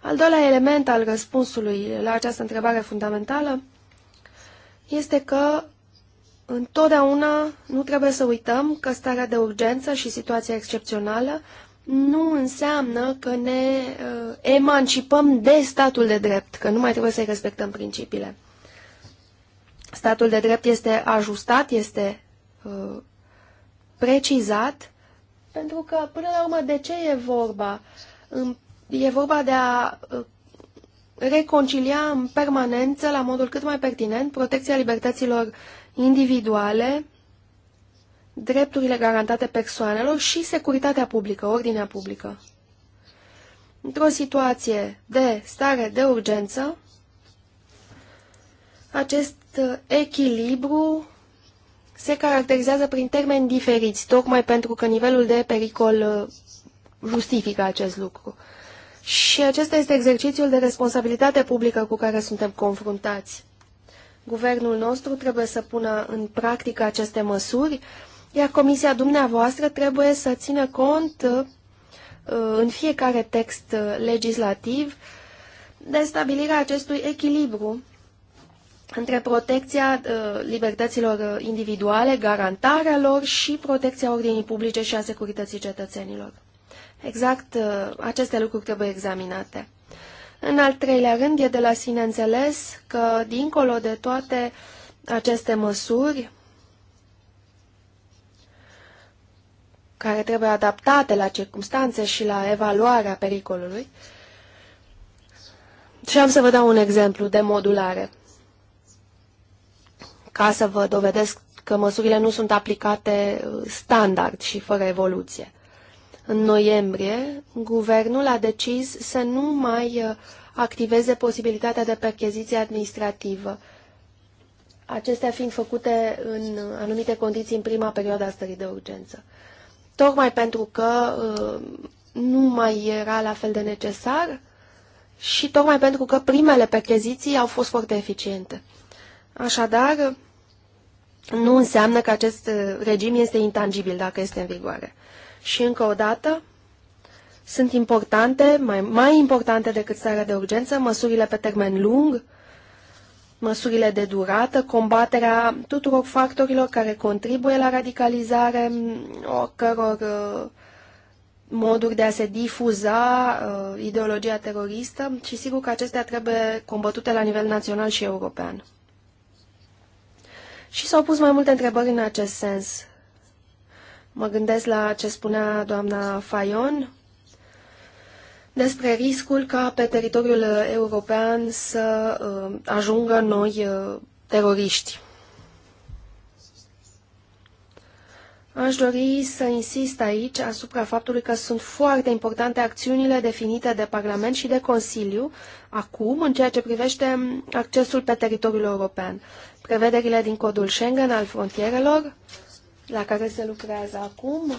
Al doilea element al răspunsului la această întrebare fundamentală este că întotdeauna nu trebuie să uităm că starea de urgență și situația excepțională nu înseamnă că ne uh, emancipăm de statul de drept, că nu mai trebuie să-i respectăm principiile. Statul de drept este ajustat, este uh, precizat, pentru că, până la urmă, de ce e vorba? E vorba de a uh, reconcilia în permanență, la modul cât mai pertinent, protecția libertăților individuale drepturile garantate persoanelor și securitatea publică, ordinea publică. Într-o situație de stare de urgență, acest uh, echilibru se caracterizează prin termeni diferiți, tocmai pentru că nivelul de pericol uh, justifică acest lucru. Și acesta este exercițiul de responsabilitate publică cu care suntem confruntați. Guvernul nostru trebuie să pună în practică aceste măsuri iar comisia dumneavoastră trebuie să țină cont uh, în fiecare text uh, legislativ de stabilirea acestui echilibru între protecția uh, libertăților individuale, garantarea lor și protecția ordinii publice și a securității cetățenilor. Exact aceste lucruri trebuie examinate. În al treilea rând, e de la sine înțeles că, dincolo de toate aceste măsuri, care trebuie adaptate la circumstanțe și la evaluarea pericolului. Și am să vă dau un exemplu de modulare, ca să vă dovedesc că măsurile nu sunt aplicate uh, standard și fără evoluție. În noiembrie, guvernul a decis să nu mai uh, activeze posibilitatea de percheziție administrativă, acestea fiind făcute în uh, anumite condiții în prima perioadă a stării de urgență tocmai pentru că uh, nu mai era la fel de necesar și tocmai pentru că primele percheziții au fost foarte eficiente. Așadar, nu înseamnă că acest uh, regim este intangibil dacă este în vigoare. Și încă o dată, sunt importante, mai, mai importante decât starea de urgență, măsurile pe termen lung, măsurile de durată, combaterea tuturor factorilor care contribuie la radicalizare, oricăror uh, moduri de a se difuza uh, ideologia teroristă și sigur că acestea trebuie combătute la nivel național și european. Și s-au pus mai multe întrebări în acest sens. Mă gândesc la ce spunea doamna Fayon despre riscul ca pe teritoriul european să uh, ajungă noi uh, teroriști. Aș dori să insist aici asupra faptului că sunt foarte importante acțiunile definite de Parlament și de Consiliu acum în ceea ce privește accesul pe teritoriul european. Prevederile din codul Schengen al frontierelor, la care se lucrează acum,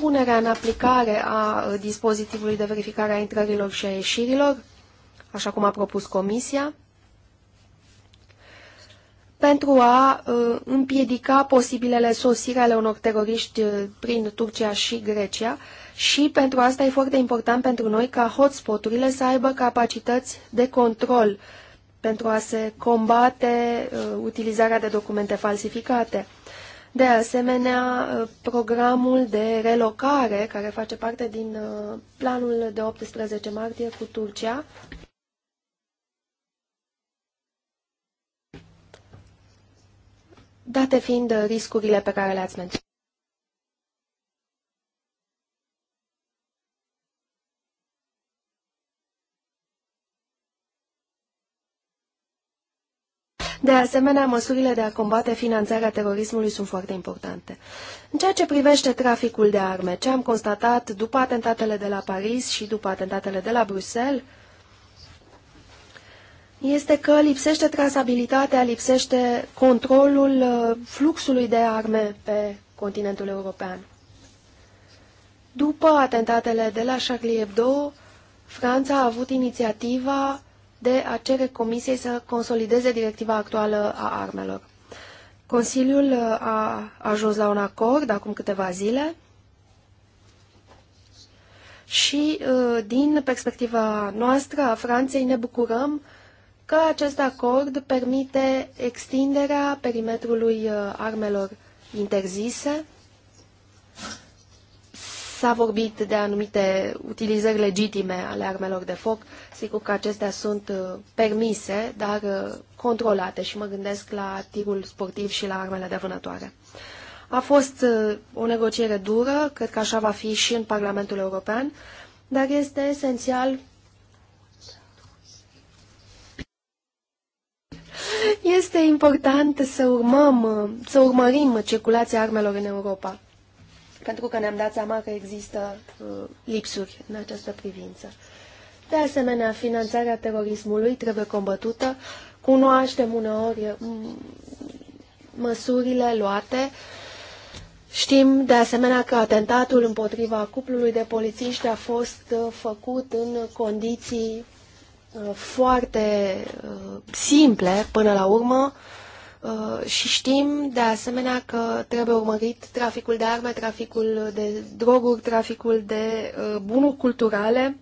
punerea în aplicare a uh, dispozitivului de verificare a intrărilor și a ieșirilor, așa cum a propus Comisia, pentru a uh, împiedica posibilele sosire ale unor teroriști uh, prin Turcia și Grecia și pentru asta e foarte important pentru noi ca hotspoturile să aibă capacități de control pentru a se combate utilizarea de documente falsificate. De asemenea, programul de relocare, care face parte din uh, planul de 18 martie cu Turcia, date fiind riscurile pe care le-ați menționat. De asemenea, măsurile de a combate finanțarea terorismului sunt foarte importante. În ceea ce privește traficul de arme, ce am constatat după atentatele de la Paris și după atentatele de la Bruxelles, este că lipsește trasabilitatea, lipsește controlul uh, fluxului de arme pe continentul european. După atentatele de la Charlie Hebdo, Franța a avut inițiativa de a cere Comisiei să consolideze directiva actuală a armelor. Consiliul uh, a ajuns la un acord acum câteva zile și uh, din perspectiva noastră a Franței ne bucurăm că acest acord permite extinderea perimetrului uh, armelor interzise S-a vorbit de anumite utilizări legitime ale armelor de foc. Sigur că acestea sunt uh, permise, dar uh, controlate și mă gândesc la tirul sportiv și la armele de vânătoare. A fost uh, o negociere dură, cred că așa va fi și în Parlamentul European, dar este esențial Este important să urmăm, să urmărim circulația armelor în Europa pentru că ne-am dat seama că există uh, lipsuri în această privință. De asemenea, finanțarea terorismului trebuie combătută. Cunoaștem uneori mm, măsurile luate. Știm, de asemenea, că atentatul împotriva cuplului de polițiști a fost uh, făcut în condiții uh, foarte simple până la urmă Uh, și știm de asemenea că trebuie urmărit traficul de arme, traficul de droguri, traficul de uh, bunuri culturale.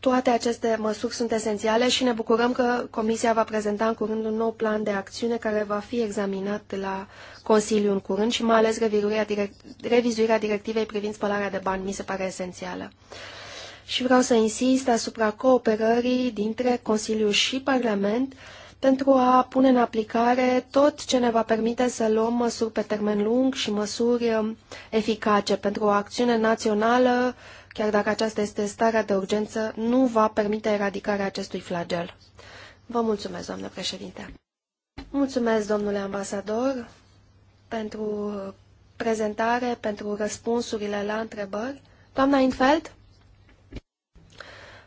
Toate aceste măsuri sunt esențiale și ne bucurăm că Comisia va prezenta în curând un nou plan de acțiune care va fi examinat la Consiliu în curând și mai ales revizuirea, directivei privind spălarea de bani mi se pare esențială. Și vreau să insist asupra cooperării dintre Consiliu și Parlament uh, pentru a pune în aplicare tot ce ne va permite să luăm măsuri pe termen lung și măsuri um, eficace pentru o acțiune națională, chiar dacă aceasta este starea de urgență, nu va permite eradicarea acestui flagel. Vă mulțumesc, doamnă președinte. Mulțumesc, domnule ambasador, pentru prezentare, pentru răspunsurile la întrebări. Doamna Infeld?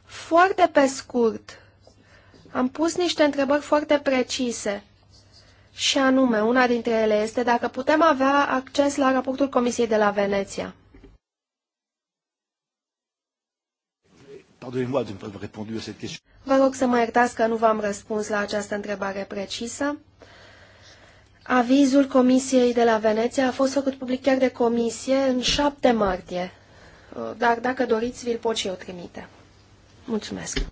Foarte pe scurt, am pus niște întrebări foarte precise. Și anume, una dintre ele este dacă putem avea acces la raportul Comisiei de la Veneția. Vă rog să mă iertați că nu v-am răspuns la această întrebare precisă. Avizul Comisiei de la Veneția a fost făcut public chiar de comisie în 7 martie, dar dacă doriți, vi-l pot și eu trimite. Mulțumesc.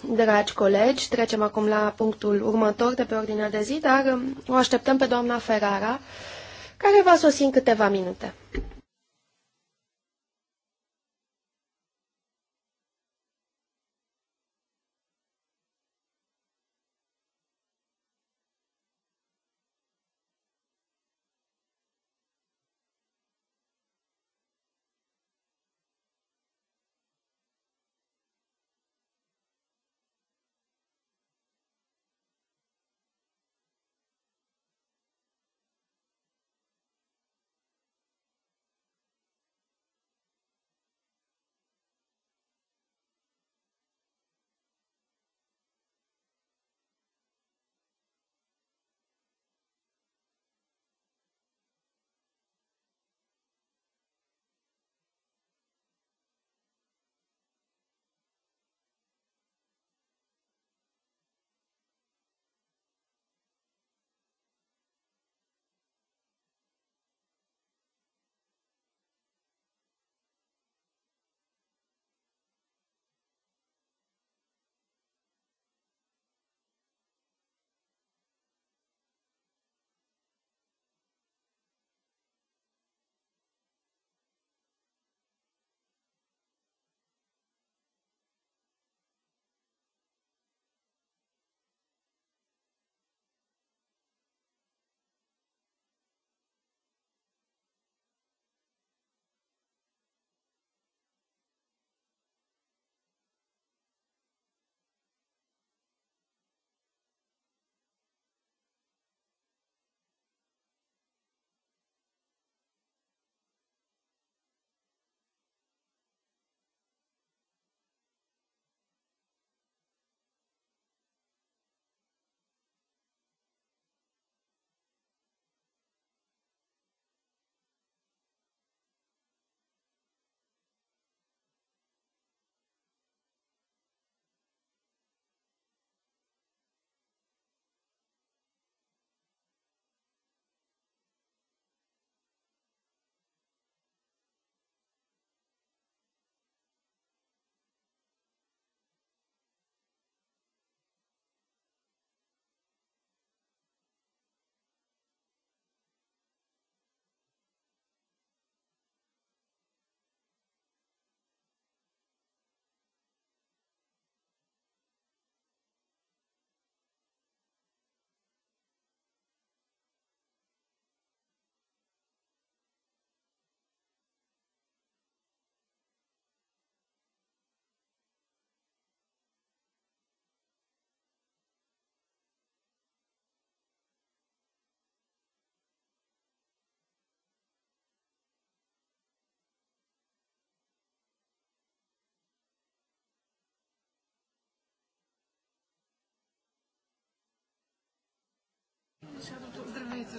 Dragi colegi, trecem acum la punctul următor de pe ordinea de zi, dar um, o așteptăm pe doamna Ferrara, care va sosi în câteva minute.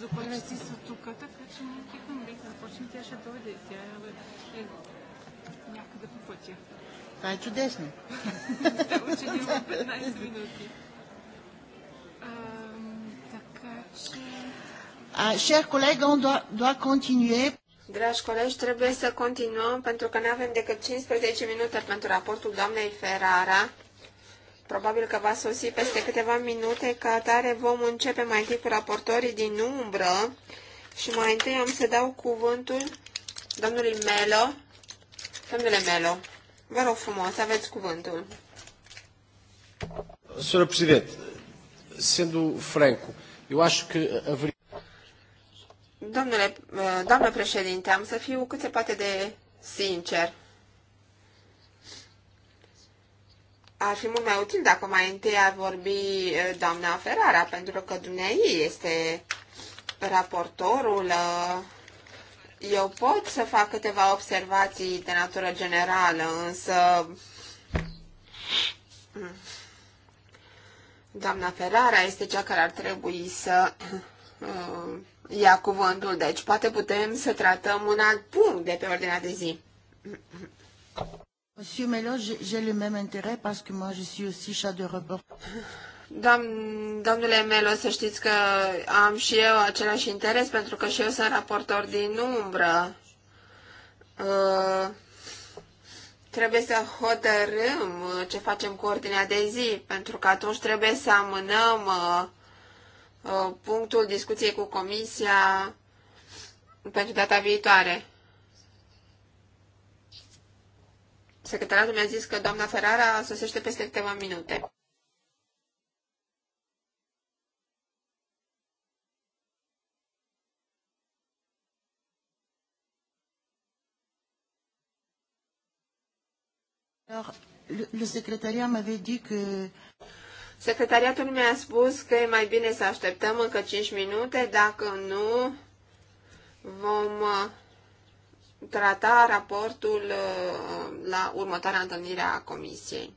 după ce ți se tukata, că și nu e cum vrei, după ce te așa dovedeți, neacă de pupoție. Da, чудесно. Да, очень 15 минут. Така че... Chers collègues, on doit, doit continuer. Dragi colegi, trebuie să continuăm pentru că nu avem decât 15 minute pentru raportul doamnei Ferrara probabil că va sosi peste câteva minute, ca atare vom începe mai întâi cu raportorii din umbră și mai întâi am să dau cuvântul domnului Melo. Domnule Melo, vă rog frumos, aveți cuvântul. Sără președinte, sendu franco, eu acho că... Avri... Domnule, eh, doamnă președinte, am să fiu cât se poate de sincer. ar fi mult mai util dacă mai întâi ar vorbi doamna Ferrara, pentru că dumneai este raportorul. Eu pot să fac câteva observații de natură generală, însă doamna Ferrara este cea care ar trebui să ia cuvântul, deci poate putem să tratăm un alt punct de pe ordinea de zi. Monsieur j'ai le même intérêt parce que moi je suis aussi domnule Melo, să știți că am și eu același interes pentru că și eu sunt raportor din umbră. Uh, trebuie să hotărâm uh, ce facem cu ordinea de zi, pentru că atunci trebuie să amânăm uh, punctul discuției cu comisia pentru data viitoare. Secretarul mi-a zis că doamna Ferrara sosește peste câteva minute. Secretariatul mi-a spus că e mai bine să așteptăm încă 5 minute, dacă nu vom trata raportul uh, la următoarea întâlnire a Comisiei.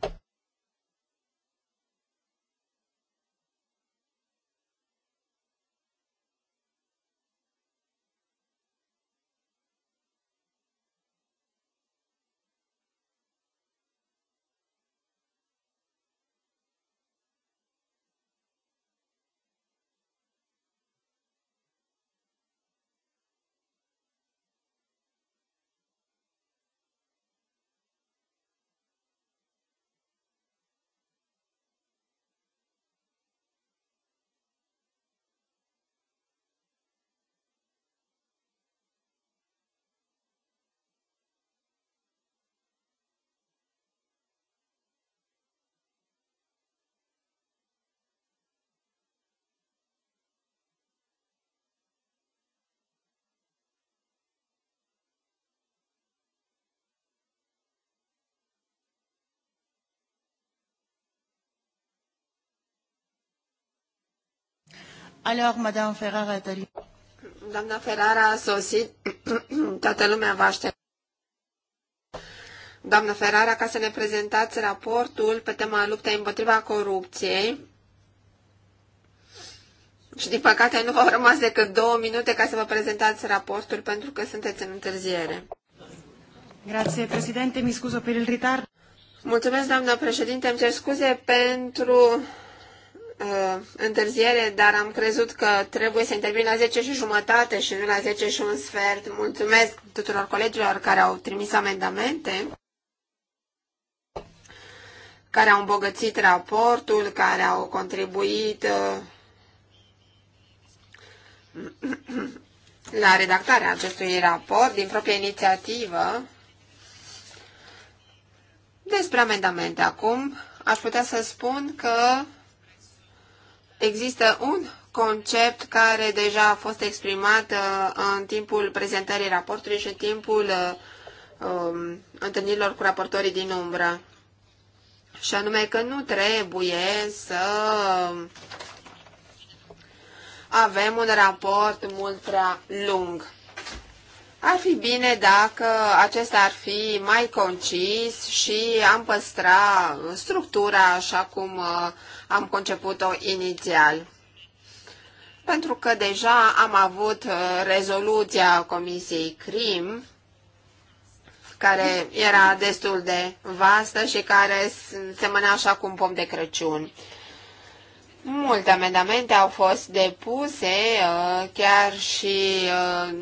Alors, Madame Ferrara, tări... Doamna Ferrara a sosit, <clears throat> toată lumea vă aștept. Doamna Ferrara, ca să ne prezentați raportul pe tema luptei împotriva corupției. Și din păcate nu v-au rămas decât două minute ca să vă prezentați raportul pentru că sunteți în întârziere. Grazie, președinte, mi scuzo per il ritard. Mulțumesc, doamna președinte, îmi cer scuze pentru uh, întârziere, dar am crezut că trebuie să intervin la 10 și jumătate și nu la 10 și un sfert. Mulțumesc tuturor colegilor care au trimis amendamente, care au îmbogățit raportul, care au contribuit uh, <clears throat> la redactarea acestui raport din propria inițiativă. Despre amendamente acum, aș putea să spun că Există un concept care deja a fost exprimat uh, în timpul prezentării raportului și în timpul uh, um, întâlnirilor cu raportorii din umbră. Și anume că nu trebuie să avem un raport mult prea lung. Ar fi bine dacă acesta ar fi mai concis și am păstra structura așa cum uh, am conceput-o inițial. Pentru că deja am avut uh, rezoluția Comisiei CRIM, care era destul de vastă și care semăna așa cu un pom de Crăciun. Multe amendamente au fost depuse, uh, chiar și uh,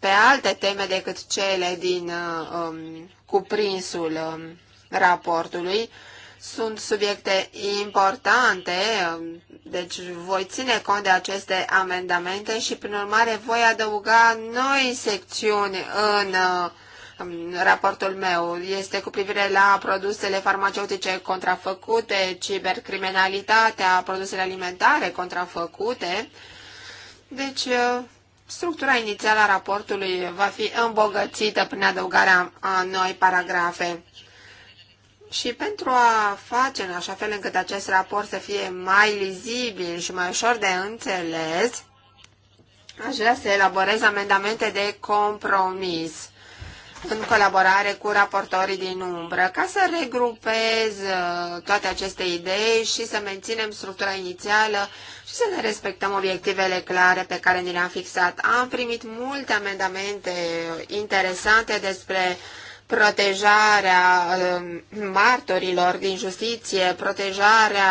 pe alte teme decât cele din uh, um, cuprinsul um, raportului. Sunt subiecte importante, um, deci voi ține cont de aceste amendamente și, prin urmare, voi adăuga noi secțiuni în raportul meu este cu privire la produsele farmaceutice contrafăcute, cibercriminalitatea, produsele alimentare contrafăcute. Deci, uh, structura inițială a raportului va fi îmbogățită prin adăugarea a noi paragrafe. Și pentru a face în așa fel încât acest raport să fie mai lizibil și mai ușor de înțeles, aș vrea să elaborez amendamente de compromis în colaborare cu raportorii din umbră, ca să regrupez uh, toate aceste idei și să menținem structura inițială și să ne respectăm obiectivele clare pe care ni le-am fixat. Am primit multe amendamente interesante despre protejarea um, martorilor din justiție, protejarea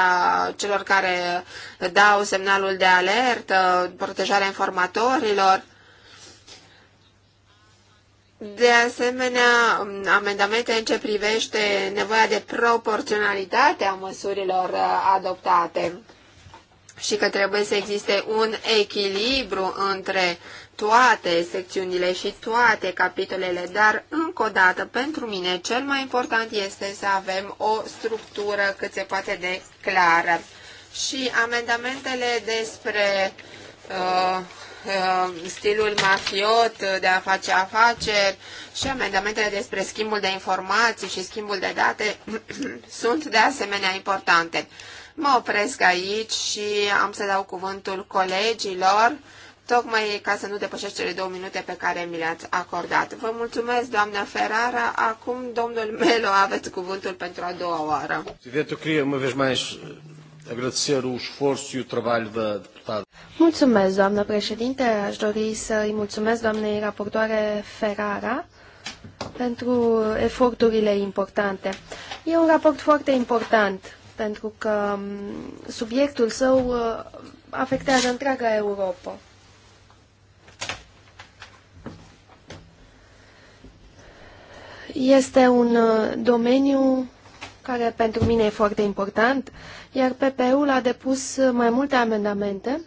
celor care dau semnalul de alertă, protejarea informatorilor. De asemenea, amendamente în ce privește nevoia de proporționalitate a măsurilor adoptate și că trebuie să existe un echilibru între toate secțiunile și toate capitolele, dar încă o dată, pentru mine, cel mai important este să avem o structură cât se poate de clară. Și amendamentele despre uh, stilul mafiot de a face afaceri și amendamentele despre schimbul de informații și schimbul de date <clears throat> sunt de asemenea importante. Mă opresc aici și am să dau cuvântul colegilor, tocmai ca să nu depășesc cele două minute pe care mi le-ați acordat. Vă mulțumesc, doamna Ferrara. Acum, domnul Melo, aveți cuvântul pentru a doua oară agradecer o esforço e o trabalho da deputada. Mulțumesc, doamnă președinte. Aș dori să îi mulțumesc doamnei raportoare Ferrara pentru eforturile importante. E un raport foarte important pentru că subiectul său uh, afectează întreaga Europa. Este un uh, domeniu care pentru mine e foarte important, iar PPU-ul a depus mai multe amendamente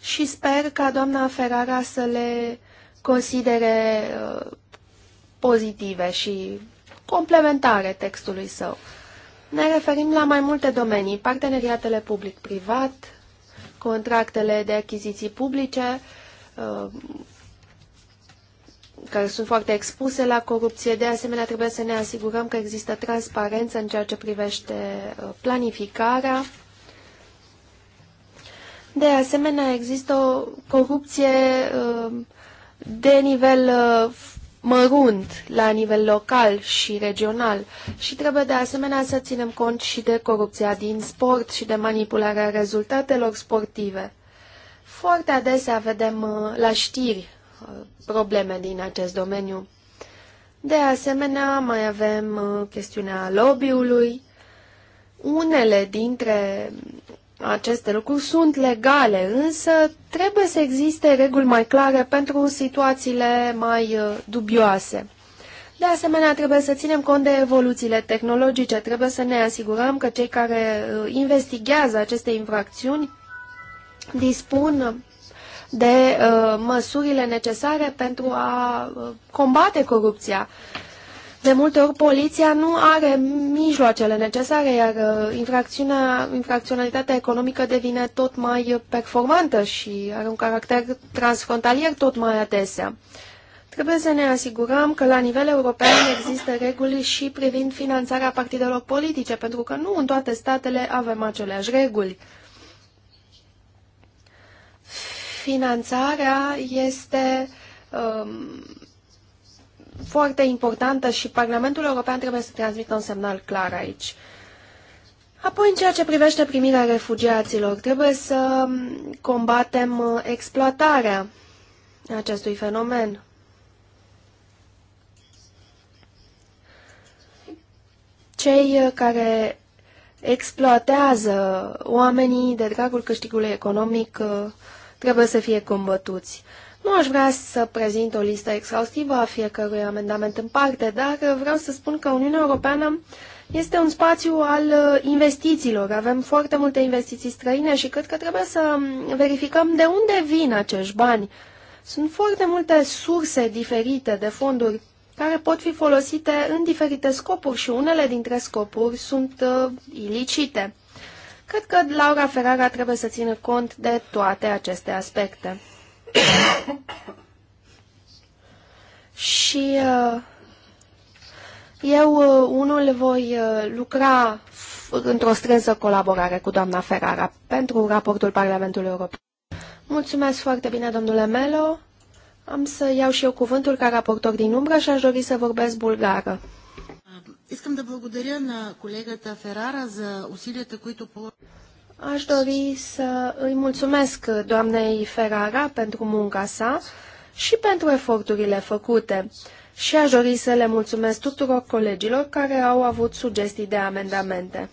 și sper ca doamna Ferrara să le considere uh, pozitive și complementare textului său. Ne referim la mai multe domenii, parteneriatele public-privat, contractele de achiziții publice, uh, care sunt foarte expuse la corupție. De asemenea, trebuie să ne asigurăm că există transparență în ceea ce privește uh, planificarea. De asemenea, există o corupție uh, de nivel uh, mărunt la nivel local și regional și trebuie de asemenea să ținem cont și de corupția din sport și de manipularea rezultatelor sportive. Foarte adesea vedem la știri probleme din acest domeniu. De asemenea, mai avem uh, chestiunea lobby-ului. Unele dintre aceste lucruri sunt legale, însă trebuie să existe reguli mai clare pentru situațiile mai uh, dubioase. De asemenea, trebuie să ținem cont de evoluțiile tehnologice, trebuie să ne asigurăm că cei care uh, investigează aceste infracțiuni dispun de uh, măsurile necesare pentru a uh, combate corupția. De multe ori, poliția nu are mijloacele necesare, iar uh, infracțiunea, infracționalitatea economică devine tot mai performantă și are un caracter transfrontalier tot mai adesea. Trebuie să ne asigurăm că la nivel european există reguli și privind finanțarea partidelor politice, pentru că nu în toate statele avem aceleași reguli finanțarea este um, foarte importantă și Parlamentul European trebuie să transmită un semnal clar aici. Apoi, în ceea ce privește primirea refugiaților, trebuie să um, combatem uh, exploatarea acestui fenomen. Cei uh, care exploatează oamenii de dragul câștigului economic uh, trebuie să fie combătuți. Nu aș vrea să prezint o listă exhaustivă a fiecărui amendament în parte, dar vreau să spun că Uniunea Europeană este un spațiu al uh, investițiilor. Avem foarte multe investiții străine și cred că trebuie să um, verificăm de unde vin acești bani. Sunt foarte multe surse diferite de fonduri care pot fi folosite în diferite scopuri și unele dintre scopuri sunt uh, ilicite. Cred că Laura Ferrara trebuie să țină cont de toate aceste aspecte. Și uh, eu uh, unul voi uh, lucra într-o strânsă colaborare cu doamna Ferrara pentru raportul Parlamentului European. Mulțumesc foarte bine, domnule Melo. Am să iau și eu cuvântul ca raportor din umbră și aș dori să vorbesc bulgară. Искам да благодаря на колегата Ферара за усилията, които Aș dori să îi mulțumesc doamnei Ferrara pentru munca sa și pentru eforturile făcute. Și aș dori să le mulțumesc tuturor colegilor care au avut sugestii de amendamente.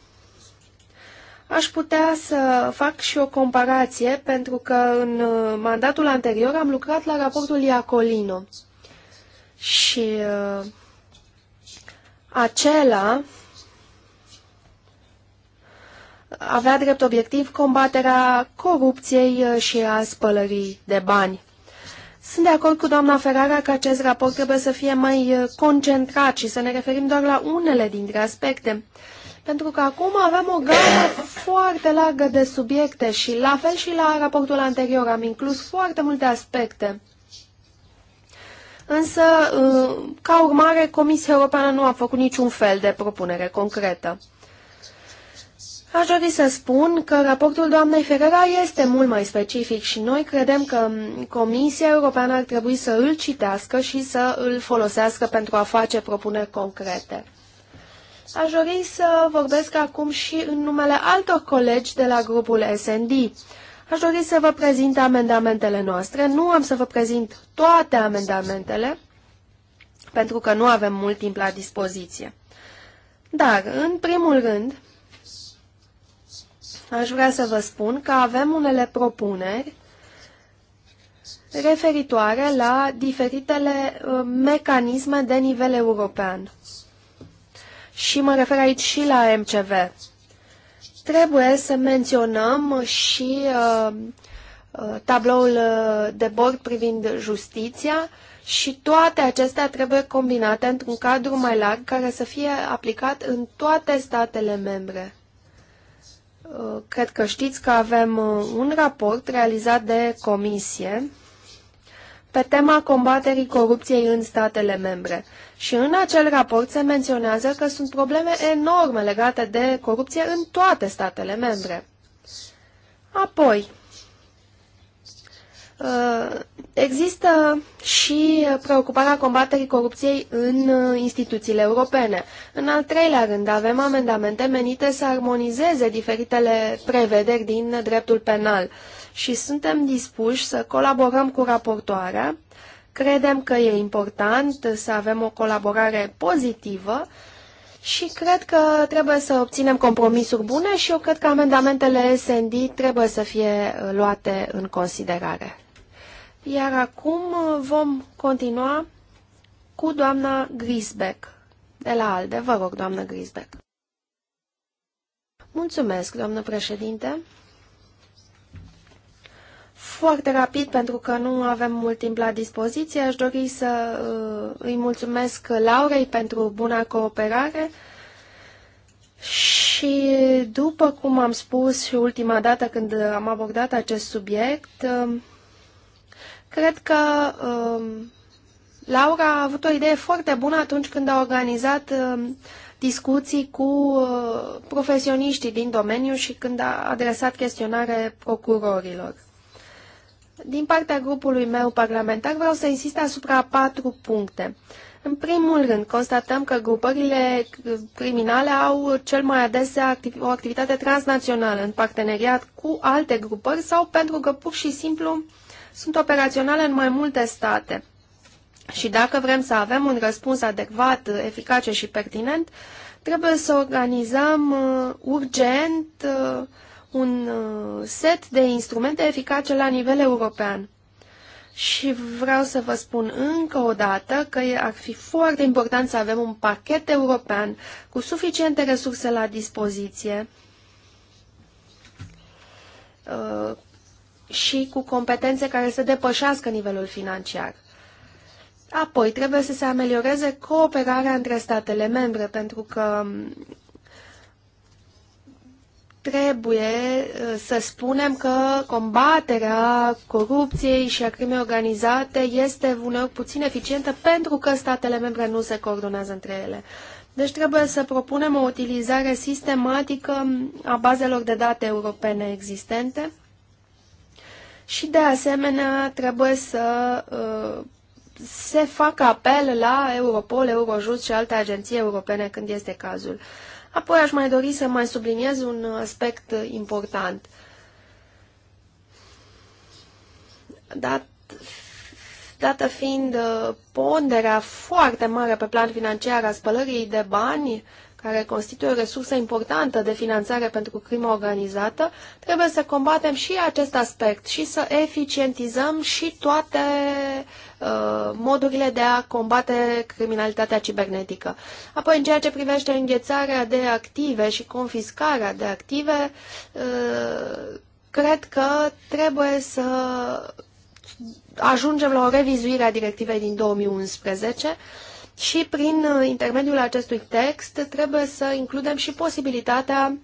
Aș putea să fac și o comparație, pentru că în uh, mandatul anterior am lucrat la raportul Iacolino. Și uh, acela avea drept obiectiv combaterea corupției uh, și a spălării de bani. Sunt de acord cu doamna Ferrara că acest raport trebuie să fie mai uh, concentrat și să ne referim doar la unele dintre aspecte. Pentru că acum avem o gamă foarte largă de subiecte și la fel și la raportul anterior am inclus foarte multe aspecte însă, uh, ca urmare, Comisia Europeană nu a făcut niciun fel de propunere concretă. Aș dori să spun că raportul doamnei Ferrera este mult mai specific și noi credem că um, Comisia Europeană ar trebui să îl citească și să îl folosească pentru a face propuneri concrete. Aș dori să vorbesc acum și în numele altor colegi de la grupul SND, Aș dori să vă prezint amendamentele noastre. Nu am să vă prezint toate amendamentele, pentru că nu avem mult timp la dispoziție. Dar, în primul rând, aș vrea să vă spun că avem unele propuneri referitoare la diferitele uh, mecanisme de nivel european. Și mă refer aici și la MCV. Trebuie să menționăm și uh, uh tabloul uh, de bord privind justiția și toate acestea trebuie combinate într-un cadru mai larg care să fie aplicat în toate statele membre. Uh, cred că știți că avem un raport realizat de comisie pe tema combaterii corupției în statele membre. Și în acel raport se menționează că sunt probleme enorme legate de corupție în toate statele membre. Apoi, uh, Există și preocuparea combaterii corupției în uh, instituțiile europene. În al treilea rând, avem amendamente menite să armonizeze diferitele prevederi din dreptul penal și suntem dispuși să colaborăm cu raportoarea. Credem că e important să avem o colaborare pozitivă și cred că trebuie să obținem compromisuri bune și eu cred că amendamentele SND trebuie să fie uh, luate în considerare. Iar acum uh, vom continua cu doamna Grisbeck de la ALDE. Vă rog, doamnă Grisbeck. Mulțumesc, doamnă președinte foarte rapid, pentru că nu avem mult timp la dispoziție, aș dori să uh, îi mulțumesc Laurei pentru buna cooperare și după cum am spus și ultima dată când am abordat acest subiect, uh, cred că uh, Laura a avut o idee foarte bună atunci când a organizat discuții cu profesioniștii din domeniu și când a adresat chestionare procurorilor. Din partea grupului meu parlamentar vreau să insist asupra patru puncte. În primul rând, constatăm că grupările criminale au cel mai adesea o activitate transnațională în parteneriat cu alte grupări sau pentru că pur și simplu sunt operaționale în mai multe state. Și dacă vrem să avem un răspuns adecvat, eficace și pertinent, trebuie să organizăm uh, urgent uh, un uh, set de instrumente eficace la nivel european. Și vreau să vă spun încă o dată că ar fi foarte important să avem un pachet european cu suficiente resurse la dispoziție uh, și cu competențe care să depășească nivelul financiar. Apoi, trebuie să se amelioreze cooperarea între statele membre, pentru că trebuie uh, să spunem că combaterea corupției și a crimei organizate este uneori puțin eficientă pentru că statele membre nu se coordonează între ele. Deci trebuie să propunem o utilizare sistematică a bazelor de date europene existente și de asemenea trebuie să uh, se facă apel la Europol, Eurojust și alte agenții europene când este cazul. Apoi aș mai dori să mai subliniez un aspect important. Dat, dată fiind uh, ponderea foarte mare pe plan financiar a spălării de bani, care constituie o resursă importantă de finanțare pentru crimă organizată, trebuie să combatem și acest aspect și să eficientizăm și toate Uh, modurile de a combate criminalitatea cibernetică. Apoi, în ceea ce privește înghețarea de active și confiscarea de active, uh, cred că trebuie să ajungem la o revizuire a directivei din 2011 și prin intermediul acestui text trebuie să includem și posibilitatea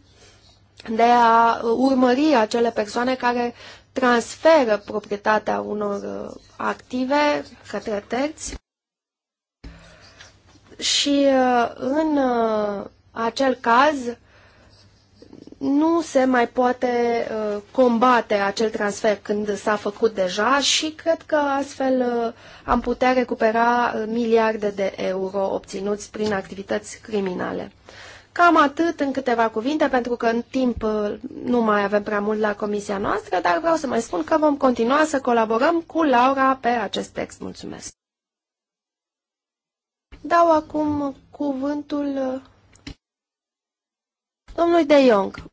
de a urmări acele persoane care transferă proprietatea unor uh, active către terți și uh, în uh, acel caz nu se mai poate combate acel transfer când s-a făcut deja și cred că astfel am putea recupera miliarde de euro obținuți prin activități criminale. Cam atât în câteva cuvinte, pentru că în timp uh, nu mai avem prea mult la comisia noastră, dar vreau să mai spun că vom continua să colaborăm cu Laura pe acest text. Mulțumesc! Dau acum cuvântul uh, domnului De Jong.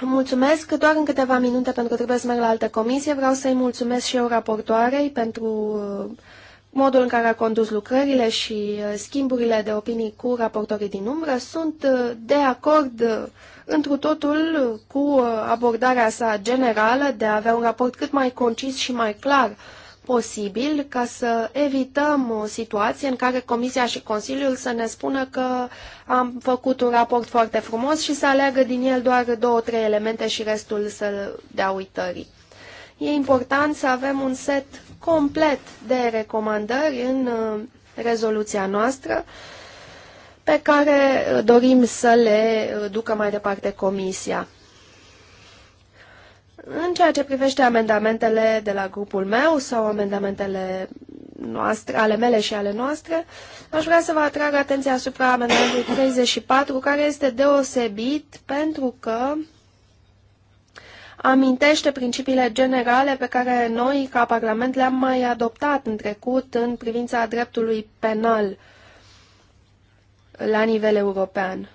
Mulțumesc doar în câteva minute pentru că trebuie să merg la altă comisie. Vreau să-i mulțumesc și eu raportoarei pentru uh, modul în care a condus lucrările și uh, schimburile de opinii cu raportorii din umbră. Sunt uh, de acord întru totul cu abordarea sa generală de a avea un raport cât mai concis și mai clar posibil ca să evităm o situație în care Comisia și Consiliul să ne spună că am făcut un raport foarte frumos și să aleagă din el doar două, trei elemente și restul să dea uitării. E important să avem un set complet de recomandări în uh, rezoluția noastră pe care uh, dorim să le uh, ducă mai departe Comisia. În ceea ce privește amendamentele de la grupul meu sau amendamentele noastre, ale mele și ale noastre, aș vrea să vă atrag atenția asupra amendamentului 34, care este deosebit pentru că amintește principiile generale pe care noi, ca Parlament, le-am mai adoptat în trecut în privința dreptului penal la nivel european.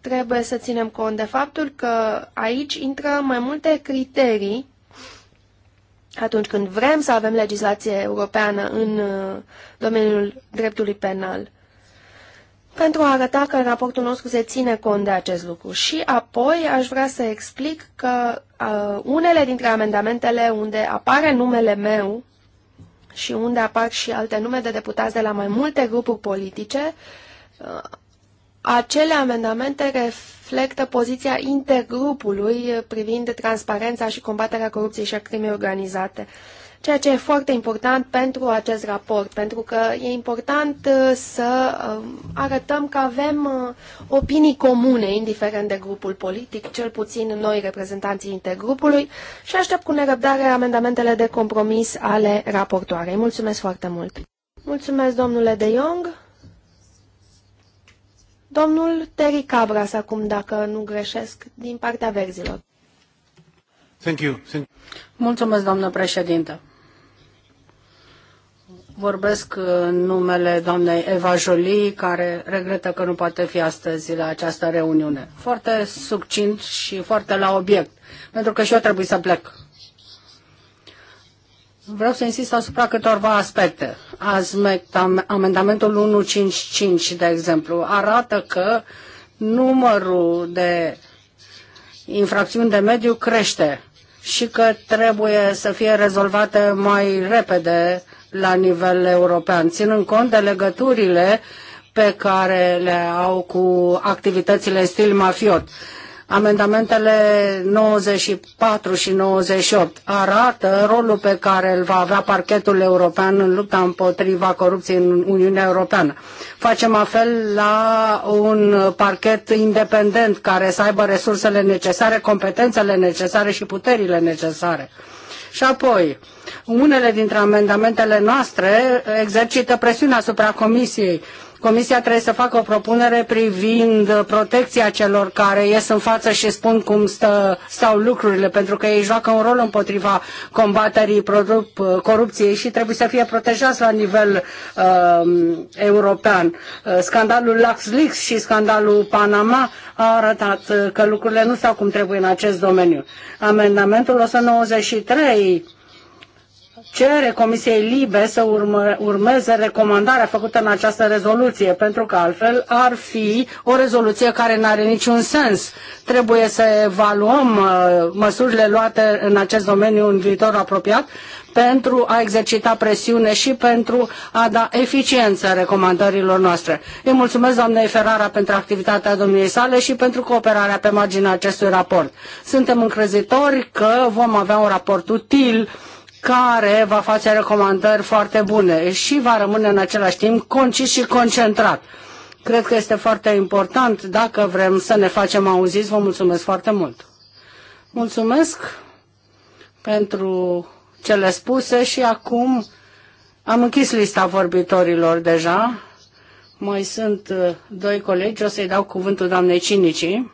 Trebuie să ținem cont de faptul că aici intră mai multe criterii atunci când vrem să avem legislație europeană în uh, domeniul dreptului penal pentru a arăta că raportul nostru se ține cont de acest lucru. Și apoi aș vrea să explic că uh, unele dintre amendamentele unde apare numele meu și unde apar și alte nume de deputați de la mai multe grupuri politice, uh, acele amendamente reflectă poziția intergrupului privind transparența și combaterea corupției și a crimei organizate, ceea ce e foarte important pentru acest raport, pentru că e important uh, să um, arătăm că avem uh, opinii comune, indiferent de grupul politic, cel puțin noi reprezentanții intergrupului, și aștept cu nerăbdare amendamentele de compromis ale raportoarei. Mulțumesc foarte mult! Mulțumesc, domnule De Jong! Domnul Terry Cabras, acum, dacă nu greșesc, din partea verzilor. Thank you. Thank Mulțumesc, doamnă președintă. Vorbesc în numele doamnei Eva Jolie, care regretă că nu poate fi astăzi la această reuniune. Foarte succint și foarte la obiect, pentru că și eu trebuie să plec. Vreau să insist asupra câtorva aspecte. Amendamentul 155, de exemplu, arată că numărul de infracțiuni de mediu crește și că trebuie să fie rezolvate mai repede la nivel european, ținând cont de legăturile pe care le au cu activitățile stil mafiot. Amendamentele 94 și 98 arată rolul pe care îl va avea parchetul european în lupta împotriva corupției în Uniunea Europeană. Facem afel la un parchet independent care să aibă resursele necesare, competențele necesare și puterile necesare. Și apoi, unele dintre amendamentele noastre exercită presiune asupra Comisiei Comisia trebuie să facă o propunere privind protecția celor care ies în față și spun cum stă, stau lucrurile, pentru că ei joacă un rol împotriva combaterii corupției și trebuie să fie protejați la nivel uh, european. Uh, scandalul LuxLeaks și scandalul Panama a arătat uh, că lucrurile nu stau cum trebuie în acest domeniu. Amendamentul 193 cere Comisiei Libe să urmeze recomandarea făcută în această rezoluție, pentru că altfel ar fi o rezoluție care nu are niciun sens. Trebuie să evaluăm uh, măsurile luate în acest domeniu în viitor apropiat pentru a exercita presiune și pentru a da eficiență recomandărilor noastre. Îi mulțumesc doamnei Ferrara pentru activitatea domniei sale și pentru cooperarea pe marginea acestui raport. Suntem încrezitori că vom avea un raport util care va face recomandări foarte bune și va rămâne în același timp concis și concentrat. Cred că este foarte important dacă vrem să ne facem auziți. Vă mulțumesc foarte mult. Mulțumesc pentru cele spuse și acum am închis lista vorbitorilor deja. Mai sunt uh, doi colegi, o să-i dau cuvântul doamnei Cinicii.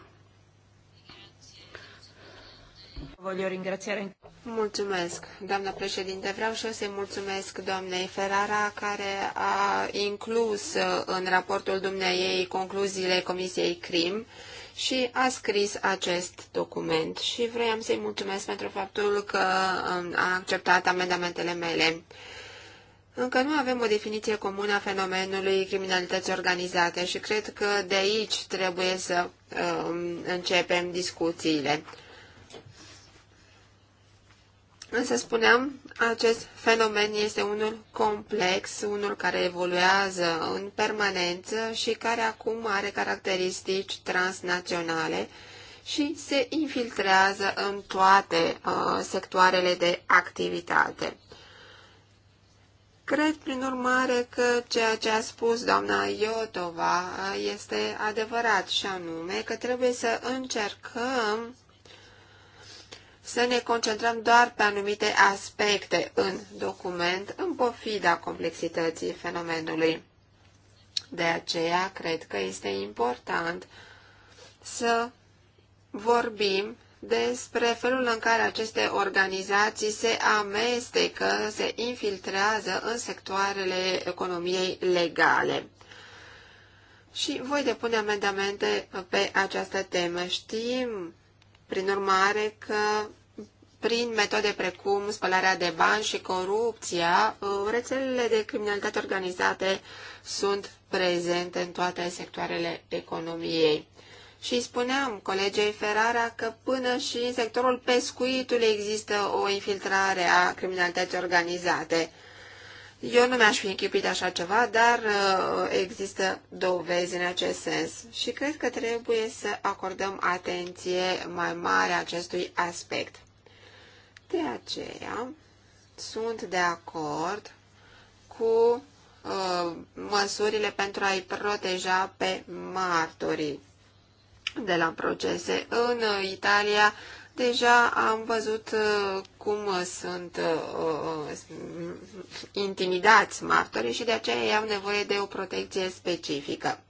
Mulțumesc, doamnă președinte. Vreau și eu să-i mulțumesc doamnei Ferrara, care a inclus uh, în raportul dumneiei concluziile Comisiei CRIM și a scris acest document. Și vreau să-i mulțumesc pentru faptul că um, a acceptat amendamentele mele. Încă nu avem o definiție comună a fenomenului criminalității organizate și cred că de aici trebuie să um, începem discuțiile. Însă spuneam, acest fenomen este unul complex, unul care evoluează în permanență și care acum are caracteristici transnaționale și se infiltrează în toate uh, sectoarele de activitate. Cred, prin urmare, că ceea ce a spus doamna Iotova este adevărat și anume că trebuie să încercăm să ne concentrăm doar pe anumite aspecte în document, în pofida complexității fenomenului. De aceea, cred că este important să vorbim despre felul în care aceste organizații se amestecă, se infiltrează în sectoarele economiei legale. Și voi depune amendamente pe această temă. Știm prin urmare că prin metode precum spălarea de bani și corupția, uh, rețelele de criminalitate organizate sunt prezente în toate sectoarele economiei. Și spuneam colegei Ferrara că până și în sectorul pescuitului există o infiltrare a criminalității organizate. Eu nu mi-aș fi închipit așa ceva, dar uh, există dovezi în acest sens și cred că trebuie să acordăm atenție mai mare acestui aspect. De aceea, sunt de acord cu uh, măsurile pentru a-i proteja pe martorii de la procese. În Italia Deja am văzut uh, cum uh, sunt uh, intimidați martorii și de aceea ei au nevoie de o protecție specifică.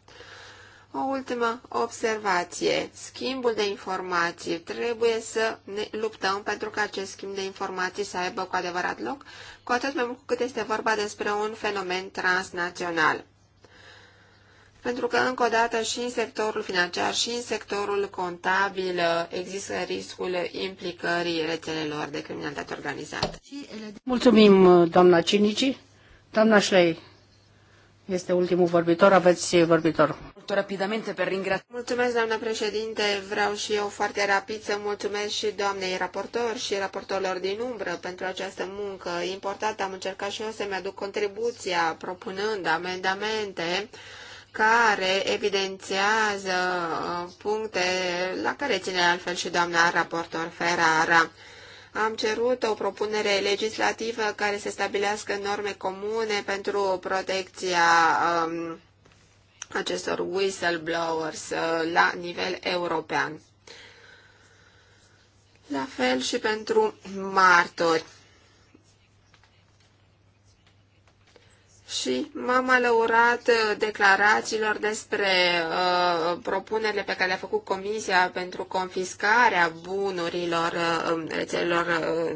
O ultimă observație. Schimbul de informații. Trebuie să ne luptăm pentru ca acest schimb de informații să aibă cu adevărat loc, cu atât mai mult cât este vorba despre un fenomen transnațional pentru că, încă o dată, și în sectorul financiar și în sectorul contabil uh, există riscul implicării rețelelor de criminalitate organizată. Mulțumim, uh, doamna Cinici. Doamna Șlei, este ultimul vorbitor, aveți vorbitor. Rapidamente per ringrazi... Mulțumesc, doamna președinte, vreau și eu foarte rapid să mulțumesc și doamnei raportori și raportorilor din umbră pentru această muncă importantă. Am încercat și eu să-mi aduc contribuția propunând amendamente care evidențiază uh, puncte la care ține altfel și doamna raportor Ferrara. Am cerut o propunere legislativă care să stabilească norme comune pentru protecția um, acestor whistleblowers uh, la nivel european. La fel și pentru martori. și m-am alăurat uh, declarațiilor despre uh, propunerile pe care le-a făcut Comisia pentru confiscarea bunurilor uh, um, rețelelor uh,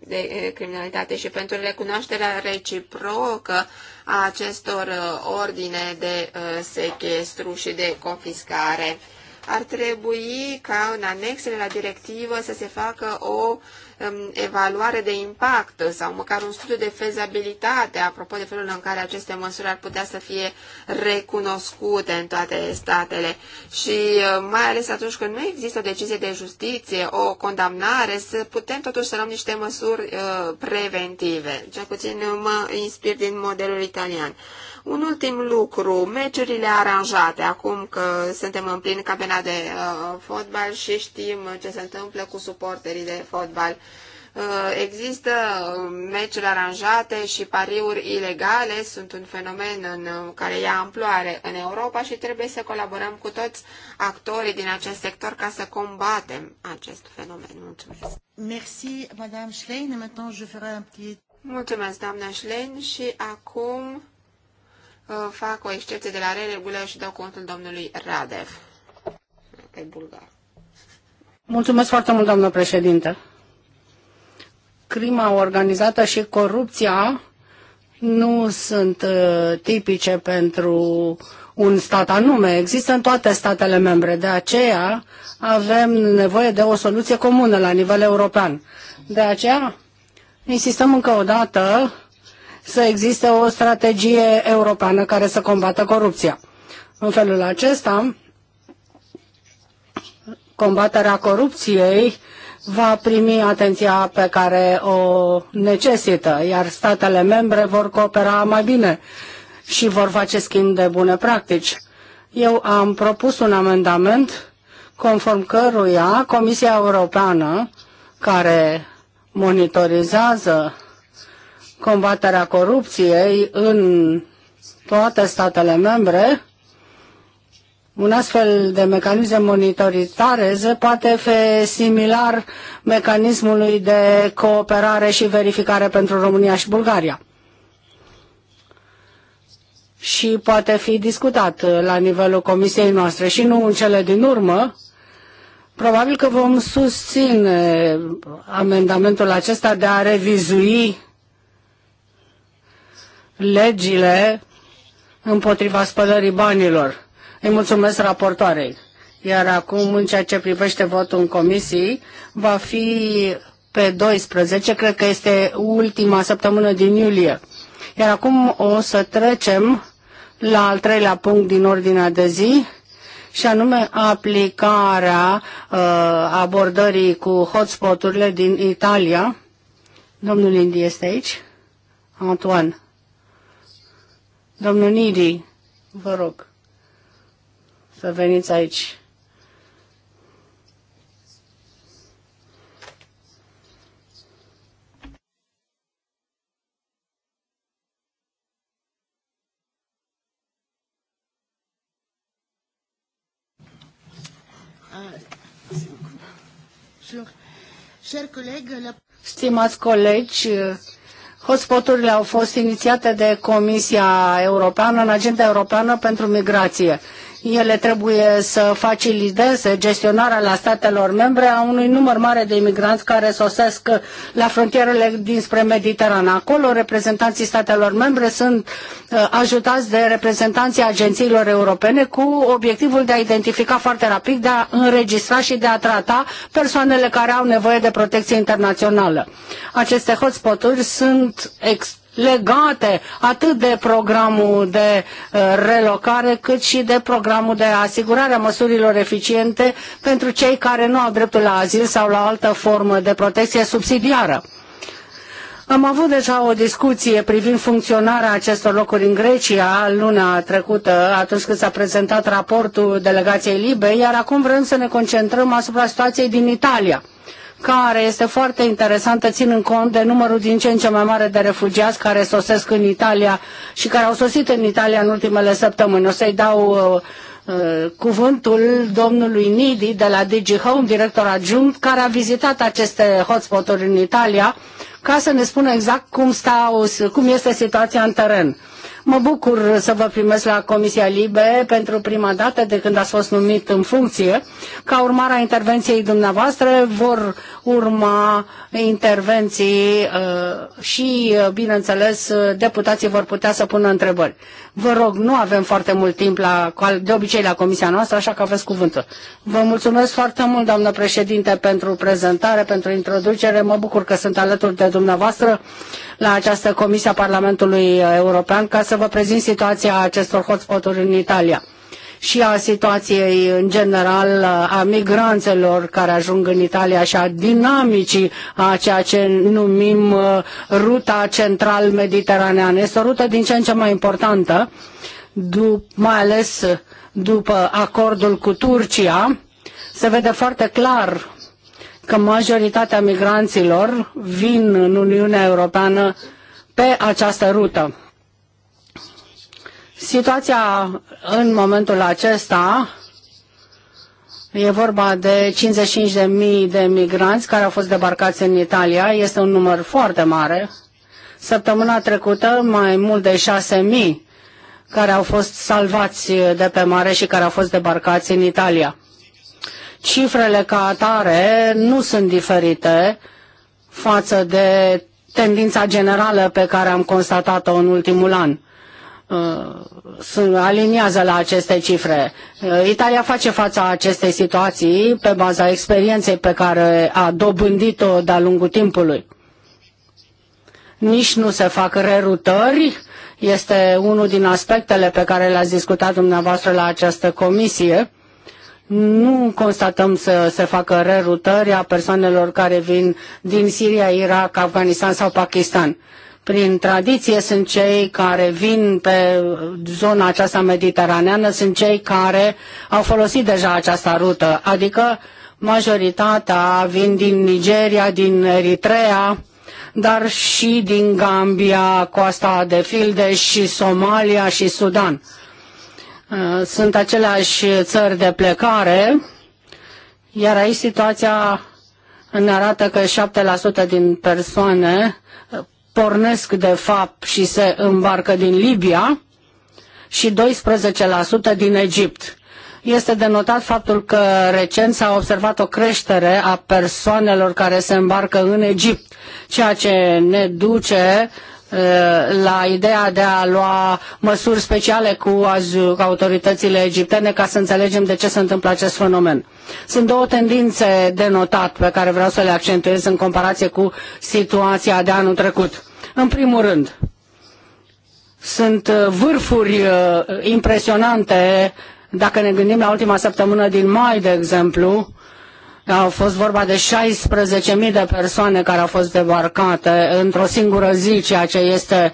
de uh, criminalitate și pentru recunoașterea reciprocă a acestor uh, ordine de uh, sechestru și de confiscare. Ar trebui ca în anexele la directivă să se facă o uh, Um, evaluare de impact sau măcar un studiu de fezabilitate apropo de felul în care aceste măsuri ar putea să fie recunoscute în toate statele și uh, mai ales atunci când nu există o decizie de justiție, o condamnare, să putem totuși să luăm niște măsuri uh, preventive. Cel puțin mă inspir din modelul italian. Un ultim lucru, meciurile aranjate, acum că suntem în plin campionat de uh, fotbal și știm ce se întâmplă cu suporterii de fotbal. Uh, există uh, meciuri aranjate și pariuri ilegale, sunt un fenomen în uh, care ia amploare în Europa și trebuie să colaborăm cu toți actorii din acest sector ca să combatem acest fenomen. Mulțumesc! Merci, Madame Schlein. Maintenant, je ferai un petit... Mulțumesc, doamna Schlein, și acum Uh, fac o excepție de la regulă și dau contul domnului Radev. e bulgar. Mulțumesc foarte mult, doamnă președinte. Crima organizată și corupția nu sunt uh, tipice pentru un stat anume. Există în toate statele membre. De aceea avem nevoie de o soluție comună la nivel european. De aceea insistăm încă o dată să existe o strategie europeană care să combată corupția. În felul acesta, combaterea corupției va primi atenția pe care o necesită, iar statele membre vor coopera mai bine și vor face schimb de bune practici. Eu am propus un amendament conform căruia Comisia Europeană, care monitorizează combaterea corupției în toate statele membre, un astfel de mecanism de monitorizare poate fi similar mecanismului de cooperare și verificare pentru România și Bulgaria. Și poate fi discutat la nivelul comisiei noastre și nu în cele din urmă. Probabil că vom susține amendamentul acesta de a revizui legile împotriva spălării banilor. Îi mulțumesc raportoarei. Iar acum, în ceea ce privește votul în comisii, va fi pe 12, cred că este ultima săptămână din iulie. Iar acum o să trecem la al treilea punct din ordinea de zi, și anume aplicarea uh, abordării cu hotspoturile din Italia. Domnul Indi este aici. Antoine. Domnul Nidi, vă rog să veniți aici. Stimați colegi, Hotspoturile au fost inițiate de Comisia Europeană în agenda europeană pentru migrație ele trebuie să faciliteze gestionarea la statelor membre a unui număr mare de imigranți care sosesc la frontierele dinspre Mediterana. Acolo reprezentanții statelor membre sunt uh, ajutați de reprezentanții agențiilor europene cu obiectivul de a identifica foarte rapid, de a înregistra și de a trata persoanele care au nevoie de protecție internațională. Aceste hotspot-uri sunt extrem legate atât de programul de uh, relocare cât și de programul de asigurare a măsurilor eficiente pentru cei care nu au dreptul la azil sau la altă formă de protecție subsidiară. Am avut deja o discuție privind funcționarea acestor locuri în Grecia luna trecută, atunci când s-a prezentat raportul delegației Libe, iar acum vrem să ne concentrăm asupra situației din Italia care este foarte interesantă, ținând cont de numărul din ce în ce mai mare de refugiați care sosesc în Italia și care au sosit în Italia în ultimele săptămâni. O să-i dau uh, uh cuvântul domnului Nidi de la Digi Home, director adjunct, care a vizitat aceste hotspot-uri în Italia, ca să ne spună exact cum, stau, cum este situația în teren. Mă bucur să vă primesc la Comisia Libe pentru prima dată de când ați fost numit în funcție. Ca urmare a intervenției dumneavoastră vor urma intervenții uh, și, uh, bineînțeles, uh, deputații vor putea să pună întrebări. Vă rog, nu avem foarte mult timp la, de obicei la Comisia noastră, așa că aveți cuvântul. Vă mulțumesc foarte mult, doamnă președinte, pentru prezentare, pentru introducere. Mă bucur că sunt alături de dumneavoastră la această Comisie a Parlamentului European ca să vă prezint situația acestor hotspoturi în Italia și a situației în general a migranțelor care ajung în Italia și a dinamicii a ceea ce numim uh, ruta central-mediteraneană. Este o rută din ce în ce mai importantă, mai ales după acordul cu Turcia. Se vede foarte clar că majoritatea migranților vin în Uniunea Europeană pe această rută Situația în momentul acesta E vorba de 55.000 de migranți care au fost debarcați în Italia. Este un număr foarte mare. Săptămâna trecută, mai mult de 6.000 care au fost salvați de pe mare și care au fost debarcați în Italia. Cifrele ca atare nu sunt diferite față de tendința generală pe care am constatat-o în ultimul an. Uh, sunt aliniază la aceste cifre. Uh, Italia face fața acestei situații pe baza experienței pe care a dobândit-o de-a lungul timpului. Nici nu se fac rerutări, este unul din aspectele pe care le-ați discutat dumneavoastră la această comisie. Nu constatăm să se facă rerutări a persoanelor care vin din Siria, Irak, Afganistan sau Pakistan prin tradiție sunt cei care vin pe zona aceasta mediteraneană, sunt cei care au folosit deja această rută, adică majoritatea vin din Nigeria, din Eritrea, dar și din Gambia, Coasta de Filde și Somalia și Sudan. Uh, sunt aceleași țări de plecare, iar aici situația ne arată că 7% din persoane pornesc de fapt și se îmbarcă din Libia și 12% din Egipt. Este denotat faptul că recent s-a observat o creștere a persoanelor care se îmbarcă în Egipt, ceea ce ne duce la ideea de a lua măsuri speciale cu, autoritățile egiptene ca să înțelegem de ce se întâmplă acest fenomen. Sunt două tendințe de notat pe care vreau să le accentuez în comparație cu situația de anul trecut. În primul rând, sunt uh, vârfuri uh, impresionante, dacă ne gândim la ultima săptămână din mai, de exemplu, a fost vorba de 16.000 de persoane care au fost debarcate într-o singură zi, ceea ce este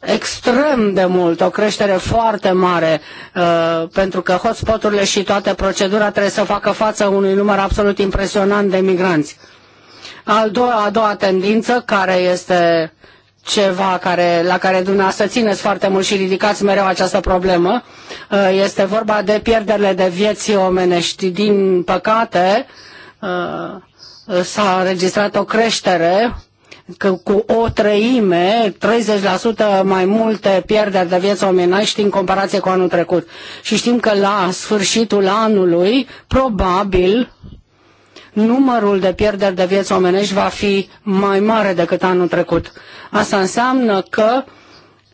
extrem de mult, o creștere foarte mare, uh, pentru că hotspoturile și toată procedura trebuie să facă față unui număr absolut impresionant de migranți. Al doua, a doua tendință care este ceva care, la care dumneavoastră țineți foarte mult și ridicați mereu această problemă. Uh, este vorba de pierderile de vieți omenești. Din păcate, uh, s-a registrat o creștere cu o treime, 30% mai multe pierderi de vieți omenești în comparație cu anul trecut. Și știm că la sfârșitul anului, probabil, numărul de pierderi de vieți omenești va fi mai mare decât anul trecut. Asta înseamnă că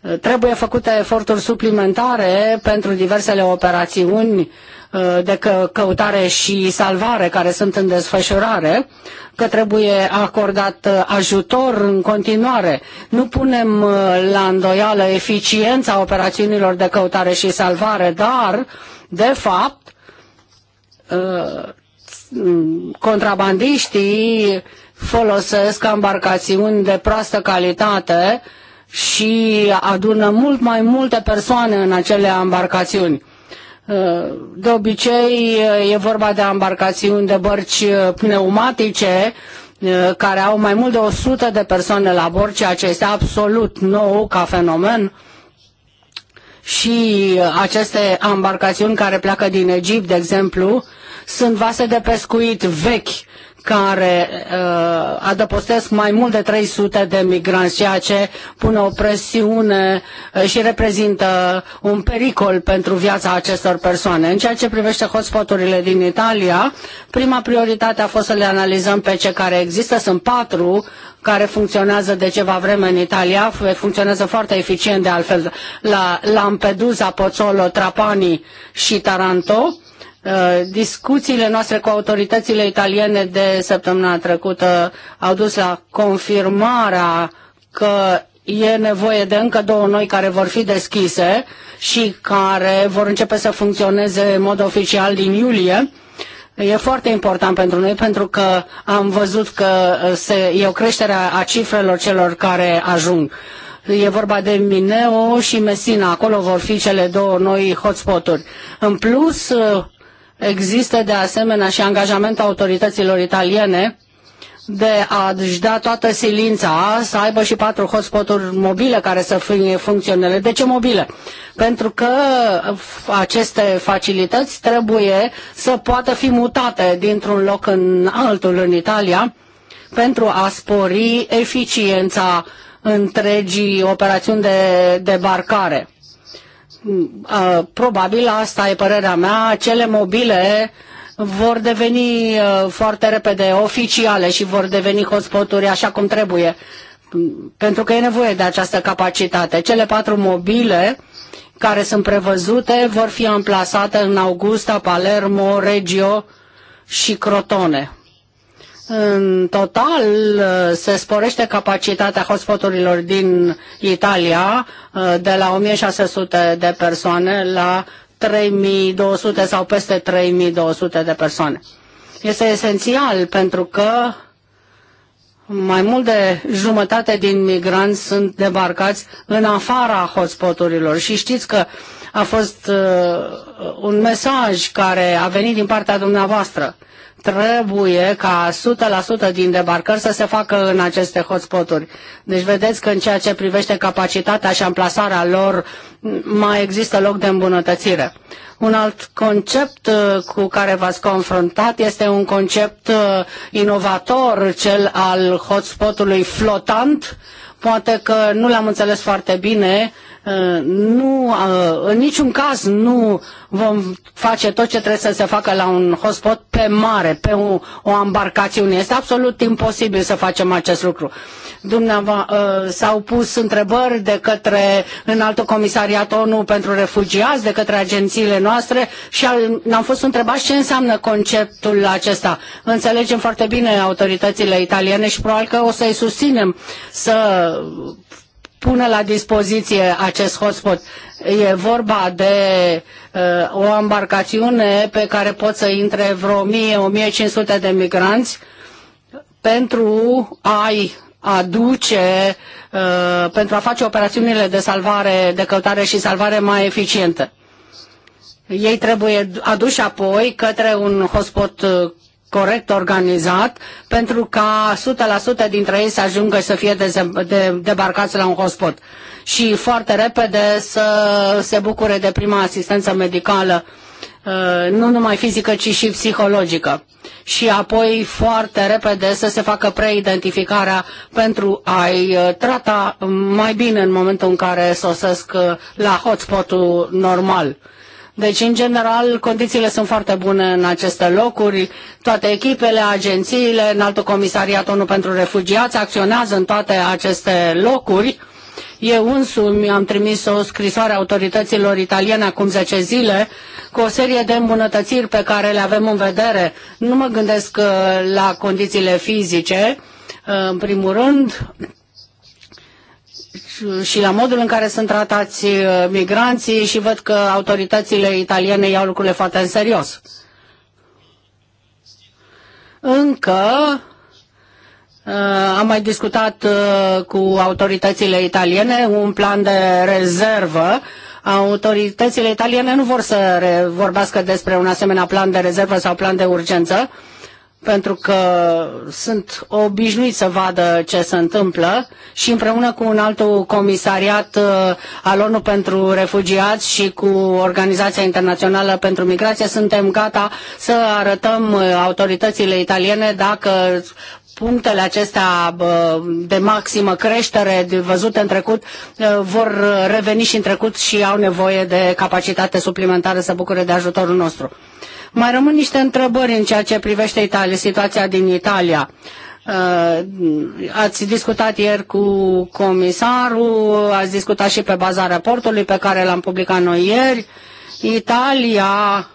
uh, trebuie făcute eforturi suplimentare pentru diversele operațiuni uh, de căutare și salvare care sunt în desfășurare, că trebuie acordat uh, ajutor în continuare. Nu punem la îndoială eficiența operațiunilor de căutare și salvare, dar, de fapt, contrabandiștii folosesc embarcațiuni de proastă calitate și adună mult mai multe persoane în acele embarcațiuni. Uh, de obicei uh, e vorba de embarcațiuni de bărci uh, pneumatice care au mai mult de 100 de persoane la bord, ceea ce este absolut nou ca fenomen și uh, aceste embarcațiuni care pleacă din Egipt, de exemplu, sunt vase de pescuit vechi care uh, adăpostesc mai mult de 300 de migranți, ceea ce pune o presiune uh, și reprezintă un pericol pentru viața acestor persoane. În ceea ce privește hotspoturile din Italia, prima prioritate a fost să le analizăm pe ce care există. Sunt patru care funcționează de ceva vreme în Italia, funcționează foarte eficient de altfel la Lampedusa, Pozzolo, Trapani și Taranto Uh, discuțiile noastre cu autoritățile italiene de săptămâna trecută au dus la confirmarea că e nevoie de încă două noi care vor fi deschise și care vor începe să funcționeze în mod oficial din iulie. E foarte important pentru noi pentru că am văzut că uh, se, e o creștere a cifrelor celor care ajung. E vorba de Mineo și Messina, acolo vor fi cele două noi hotspoturi. În plus, uh, Există de asemenea și angajamentul autorităților italiene de a-și da toată silința, să aibă și patru hotspoturi mobile care să fie funcționele. De ce mobile? Pentru că aceste facilități trebuie să poată fi mutate dintr-un loc în altul în Italia pentru a spori eficiența întregii operațiuni de debarcare probabil asta e părerea mea, cele mobile vor deveni foarte repede oficiale și vor deveni hotspoturi așa cum trebuie, pentru că e nevoie de această capacitate. Cele patru mobile care sunt prevăzute vor fi amplasate în Augusta, Palermo, Reggio și Crotone. În total uh, se sporește capacitatea hotspoturilor din Italia uh, de la 1600 de persoane la 3200 sau peste 3200 de persoane. Este esențial pentru că mai mult de jumătate din migranți sunt debarcați în afara hotspoturilor și știți că a fost uh, un mesaj care a venit din partea dumneavoastră trebuie ca 100% din debarcări să se facă în aceste hotspoturi. Deci vedeți că în ceea ce privește capacitatea și amplasarea lor mai există loc de îmbunătățire. Un alt concept uh, cu care v-ați confruntat este un concept uh, inovator, cel al hotspotului flotant. Poate că nu l-am înțeles foarte bine, Uh, nu, uh, în niciun caz nu vom face tot ce trebuie să se facă la un hotspot pe mare, pe o, o embarcațiune. Este absolut imposibil să facem acest lucru. Uh, s-au pus întrebări de către înaltul comisariat ONU pentru refugiați, de către agențiile noastre și ne-am fost întrebați ce înseamnă conceptul acesta. Înțelegem foarte bine autoritățile italiene și probabil că o să-i susținem să pună la dispoziție acest hotspot. E vorba de uh, o embarcațiune pe care pot să intre vreo 1000-1500 de migranți pentru a-i aduce, uh, pentru a face operațiunile de salvare, de căutare și salvare mai eficientă. Ei trebuie aduși apoi către un hotspot uh, corect organizat pentru ca 100% dintre ei să ajungă să fie de, debarcați la un hotspot și foarte repede să se bucure de prima asistență medicală, uh, nu numai fizică, ci și psihologică. Și apoi foarte repede să se facă preidentificarea pentru a-i uh, trata mai bine în momentul în care sosesc uh, la hotspotul normal deci, în general, condițiile sunt foarte bune în aceste locuri. Toate echipele, agențiile, înaltul comisariat ONU pentru refugiați acționează în toate aceste locuri. Eu însumi am trimis o scrisoare autorităților italiene acum 10 zile cu o serie de îmbunătățiri pe care le avem în vedere. Nu mă gândesc uh, la condițiile fizice, uh, în primul rând, și la modul în care sunt tratați uh, migranții și văd că autoritățile italiene iau lucrurile foarte în serios. Încă uh, am mai discutat uh, cu autoritățile italiene un plan de rezervă. Autoritățile italiene nu vor să vorbească despre un asemenea plan de rezervă sau plan de urgență. Uh, pentru că sunt obișnuit să vadă ce se întâmplă și împreună cu un altul comisariat uh, al ONU pentru refugiați și cu Organizația Internațională pentru Migrație suntem gata să arătăm uh, autoritățile italiene dacă punctele acestea uh, de maximă creștere văzute în trecut vor reveni și în trecut și au nevoie de capacitate suplimentară să bucure de ajutorul nostru. Mai rămân niște întrebări în ceea ce privește Italia, situația din Italia. Uh, ați discutat ieri cu comisarul, ați discutat și pe baza raportului pe care l-am publicat noi ieri. Italia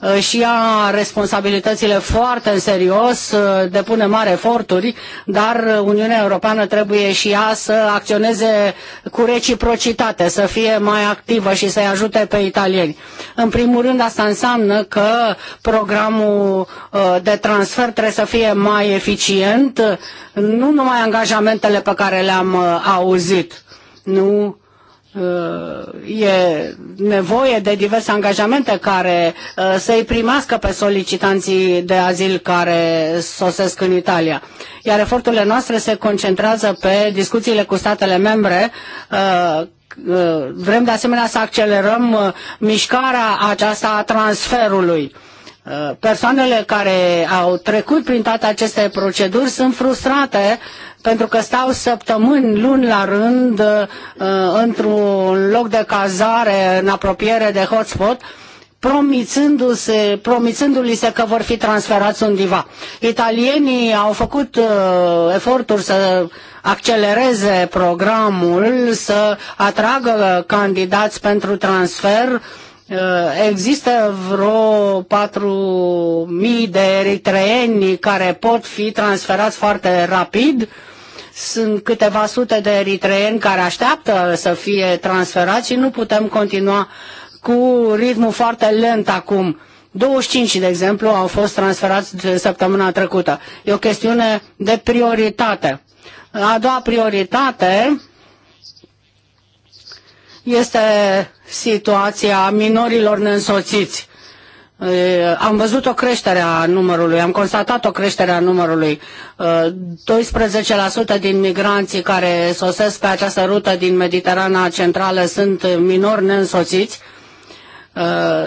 Uh, și ia responsabilitățile foarte în serios, uh, depune mari eforturi, dar Uniunea Europeană trebuie și ea să acționeze cu reciprocitate, să fie mai activă și să-i ajute pe italieni. În primul rând, asta înseamnă că programul uh, de transfer trebuie să fie mai eficient, nu numai angajamentele pe care le-am auzit, nu Uh, e nevoie de diverse angajamente care uh, să-i primească pe solicitanții de azil care sosesc în Italia. Iar eforturile noastre se concentrează pe discuțiile cu statele membre uh, Vrem de asemenea să accelerăm mișcarea aceasta a transferului persoanele care au trecut prin toate aceste proceduri sunt frustrate pentru că stau săptămâni, luni la rând, uh, într-un loc de cazare în apropiere de hotspot, promițându-se, promițându-li se că vor fi transferați undeva. Italienii au făcut uh, eforturi să accelereze programul, să atragă candidați pentru transfer. Uh, există vreo 4.000 de eritreeni care pot fi transferați foarte rapid. Uh, sunt câteva sute de eritreieni care așteaptă să fie transferați și nu putem continua cu ritmul foarte lent acum. 25, de exemplu, au fost transferați săptămâna trecută. E o chestiune de prioritate. A doua prioritate este situația minorilor neînsoțiți. Eh, am văzut o creștere a numărului, am constatat o creștere a numărului. 12% eh, din migranții care sosesc pe această rută din Mediterana Centrală sunt minori neînsoțiți. Eh,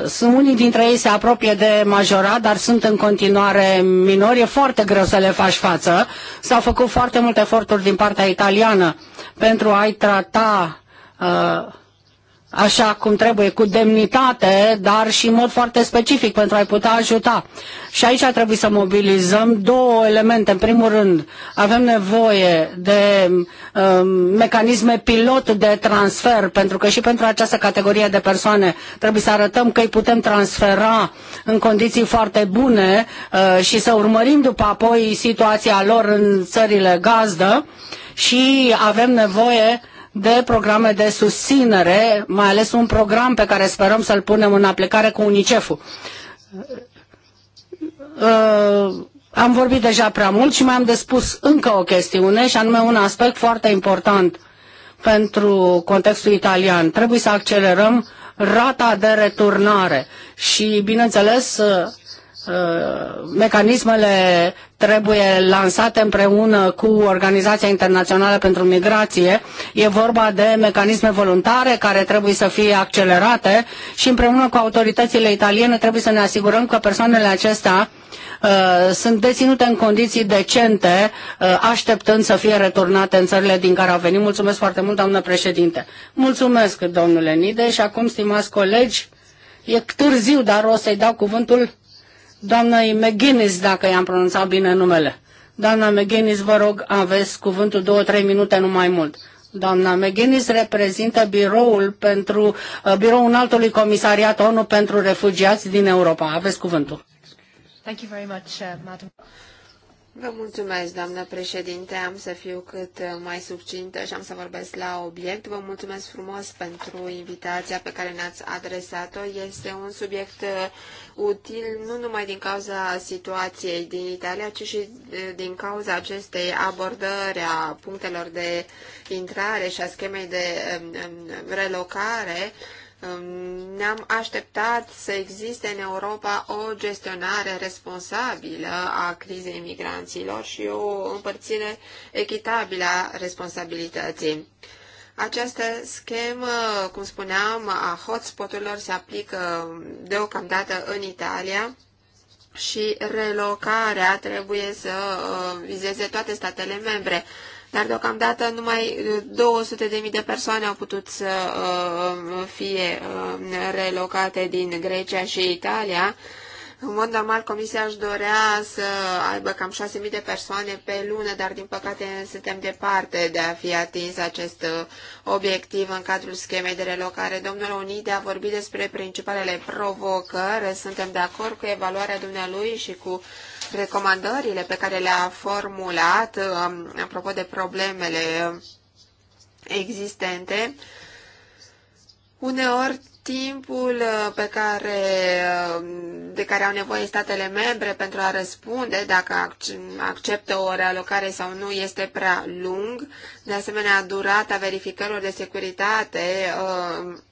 sunt unii dintre ei se apropie de majorat, dar sunt în continuare minori. E foarte greu să le faci față. S-au făcut foarte multe eforturi din partea italiană pentru a-i trata așa cum trebuie, cu demnitate, dar și în mod foarte specific pentru a-i putea ajuta. Și aici trebuie să mobilizăm două elemente. În primul rând, avem nevoie de um, mecanisme pilot de transfer, pentru că și pentru această categorie de persoane trebuie să arătăm că îi putem transfera în condiții foarte bune uh, și să urmărim după apoi situația lor în țările gazdă și avem nevoie de programe de susținere, mai ales un program pe care sperăm să-l punem în aplicare cu UNICEF-ul. Uh, am vorbit deja prea mult și mai am de spus încă o chestiune și anume un aspect foarte important pentru contextul italian. Trebuie să accelerăm rata de returnare și, bineînțeles, Uh, mecanismele trebuie lansate împreună cu Organizația Internațională pentru Migrație. E vorba de mecanisme voluntare care trebuie să fie accelerate și împreună cu autoritățile italiene trebuie să ne asigurăm că persoanele acestea uh, sunt deținute în condiții decente, uh, așteptând să fie returnate în țările din care au venit. Mulțumesc foarte mult, doamnă președinte. Mulțumesc, domnule Nide, și acum, stimați colegi, e târziu, dar o să-i dau cuvântul doamnei McGuinness, dacă i-am pronunțat bine numele. Doamna McGuinness, vă rog, aveți cuvântul două, trei minute, nu mai mult. Doamna McGuinness reprezintă biroul pentru uh, biroul înaltului comisariat ONU pentru refugiați din Europa. Aveți cuvântul. Thank you very much, uh, madam. Vă mulțumesc, doamnă președinte, am să fiu cât mai succintă și am să vorbesc la obiect. Vă mulțumesc frumos pentru invitația pe care ne-ați adresat-o. Este un subiect uh, util nu numai din cauza situației din Italia, ci și uh, din cauza acestei abordări a punctelor de intrare și a schemei de um, um, relocare ne-am așteptat să existe în Europa o gestionare responsabilă a crizei migranților și o împărțire echitabilă a responsabilității. Această schemă, cum spuneam, a hotspoturilor se aplică deocamdată în Italia și relocarea trebuie să uh, vizeze toate statele membre dar deocamdată numai 200.000 uh, de persoane au putut să uh, uh, fie relocate din Grecia și Italia. În mod normal, Comisia își dorea să aibă cam 6.000 de persoane pe lună, dar din păcate suntem departe de a fi atins acest obiectiv în cadrul schemei de relocare. Domnul Unide a vorbit despre principalele provocări. Suntem de acord cu evaluarea dumnealui și cu recomandările pe care le-a formulat um, apropo de problemele existente, uneori timpul uh, pe care, um, de care au nevoie statele membre pentru a răspunde dacă acceptă o realocare sau nu este prea lung. De asemenea, durata verificărilor de securitate um,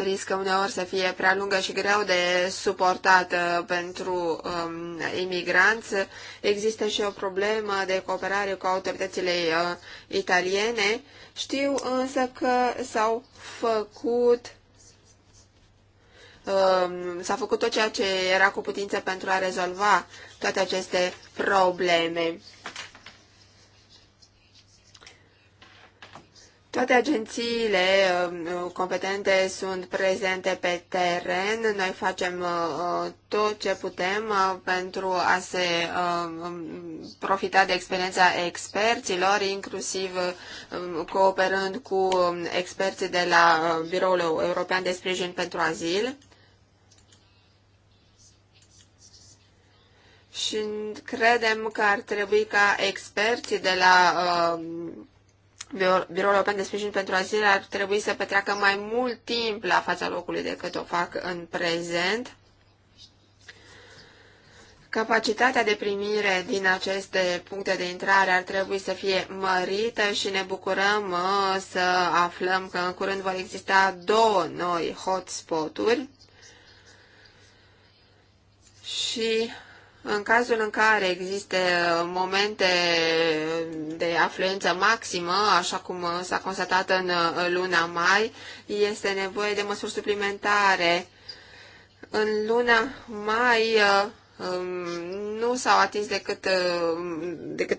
riscă uneori să fie prea lungă și greu de suportată uh, pentru um, imigranți. Există și o problemă de cooperare cu autoritățile uh, italiene. Știu însă că s-au făcut um, s-a făcut tot ceea ce era cu putință pentru a rezolva toate aceste probleme. Toate agențiile um, uh, competente sunt prezente pe teren. Noi facem uh, uh, tot ce putem pentru a se um, profita de experiența experților, inclusiv um, cooperând cu experții de la Biroul European de Sprijin pentru Azil. Și credem că ar trebui ca experții de la uh, Biroul European de Sprijin pentru Azil ar trebui să petreacă mai mult timp la fața locului decât o fac în prezent. Capacitatea de primire din aceste puncte de intrare ar trebui să fie mărită și ne bucurăm să aflăm că în curând vor exista două noi hotspot-uri și în cazul în care există momente de afluență maximă, așa cum s-a constatat în luna mai, este nevoie de măsuri suplimentare. În luna mai uh, um, nu s-au atins decât, uh, decât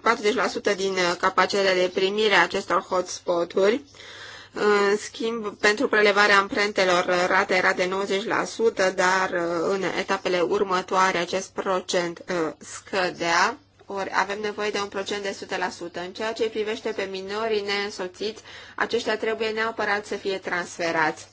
40% din capacitatea de primire a acestor hotspot-uri în schimb, pentru prelevarea amprentelor, rata era de 90%, dar uh, în etapele următoare acest procent uh, scădea, ori avem nevoie de un procent de 100%. În ceea ce privește pe minorii neînsoțiți, aceștia trebuie neapărat să fie transferați.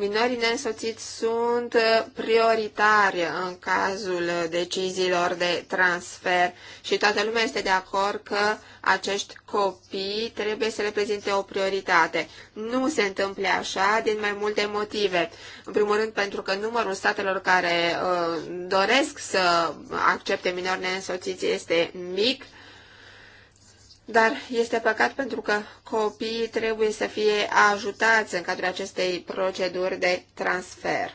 Minorii neînsoțiți sunt uh, prioritari în cazul deciziilor de transfer și toată lumea este de acord că acești copii trebuie să reprezinte o prioritate. Nu se întâmplă așa din mai multe motive. În primul rând pentru că numărul statelor care uh, doresc să accepte minori neînsoțiți este mic, uh, dar este păcat pentru că copiii trebuie să fie ajutați în cadrul acestei proceduri de transfer.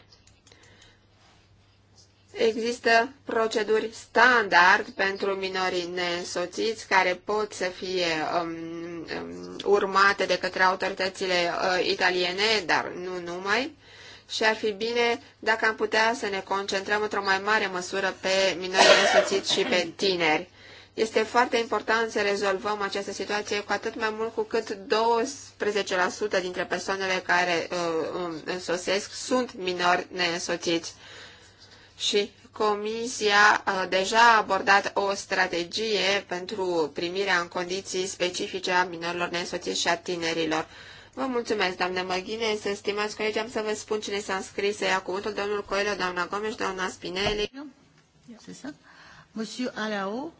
Există proceduri standard pentru minorii nesoțiți care pot să fie um, um, urmate de către autoritățile uh, italiene, dar nu numai. Și ar fi bine dacă am putea să ne concentrăm într-o mai mare măsură pe minorii nesoțiți și pe tineri. Este foarte important să rezolvăm această situație, cu atât mai mult cu cât 12% dintre persoanele care uh, um, însosesc sunt minori neînsoțiți. Și Comisia uh, deja a abordat o strategie pentru primirea în condiții specifice a minorilor neînsoțiți și a tinerilor. Vă mulțumesc, doamne Măghine, să stimați colegi, am să vă spun cine s-a înscris să ia cuvântul, domnul Coelho, doamna Gomes, doamna Spinelli. Monsieur Alao,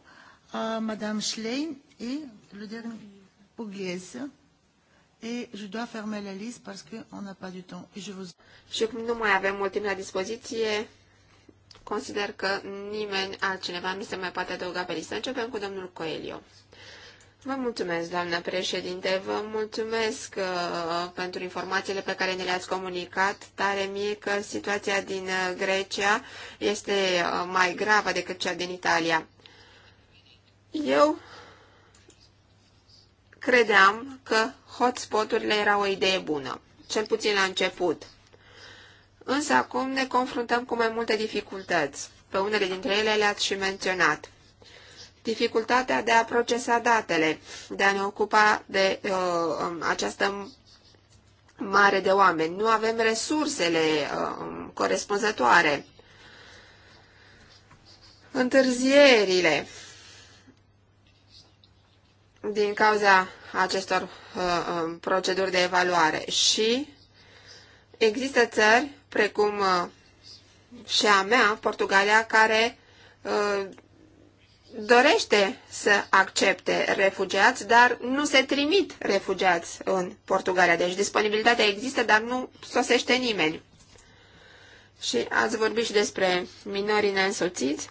Madame Schlein et le dernier Pugliese. Et je dois fermer la liste parce qu'on n'a pas du temps. Et je vous... Și cum nu mai avem mult timp la dispoziție, consider că nimeni altcineva nu se mai poate adăuga pe listă. Începem cu domnul Coelio. Vă mulțumesc, doamnă președinte, vă mulțumesc uh, pentru informațiile pe care ne le-ați comunicat. Tare mie că situația din uh, Grecia este uh, mai gravă decât cea din Italia. Eu credeam că hotspoturile era o idee bună, cel puțin la început. Însă acum ne confruntăm cu mai multe dificultăți. Pe unele dintre ele le-ați și menționat. Dificultatea de a procesa datele, de a ne ocupa de uh, um, această mare de oameni. Nu avem resursele uh, um, corespunzătoare. Întârzierile din cauza acestor uh, um, proceduri de evaluare. Și există țări, precum uh, și a mea, Portugalia, care uh, dorește să accepte refugiați, dar nu se trimit refugiați în Portugalia. Deci disponibilitatea există, dar nu sosește nimeni. Și ați vorbit și despre minorii neînsoțiți.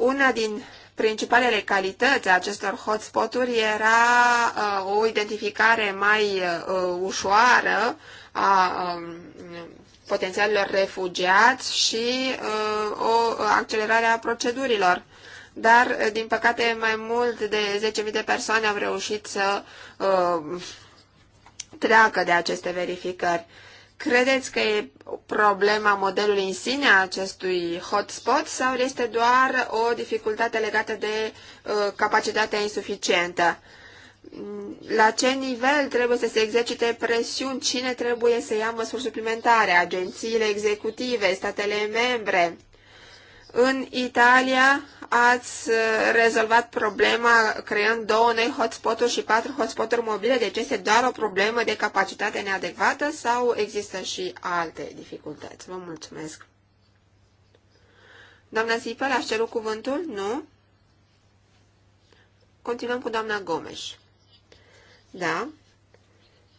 Una din principalele calități a acestor hotspoturi era uh, o identificare mai uh, ușoară a um, potențialilor refugiați și uh, o accelerare a procedurilor. Dar, din păcate, mai mult de 10.000 de persoane au reușit să uh, treacă de aceste verificări. Uh, Credeți că e problema modelului în sine a acestui hotspot sau este doar o dificultate legată de uh, capacitatea insuficientă? La ce nivel trebuie să se exercite presiuni? Cine trebuie să ia măsuri suplimentare? Agențiile executive, statele membre, în Italia ați uh, rezolvat problema creând două noi hotspot-uri și patru hotspot-uri mobile, deci este doar o problemă de capacitate neadecvată sau există și alte dificultăți? Vă mulțumesc. Doamna Zipel, aș cerut cuvântul? Nu? Continuăm cu doamna Gomes. Da?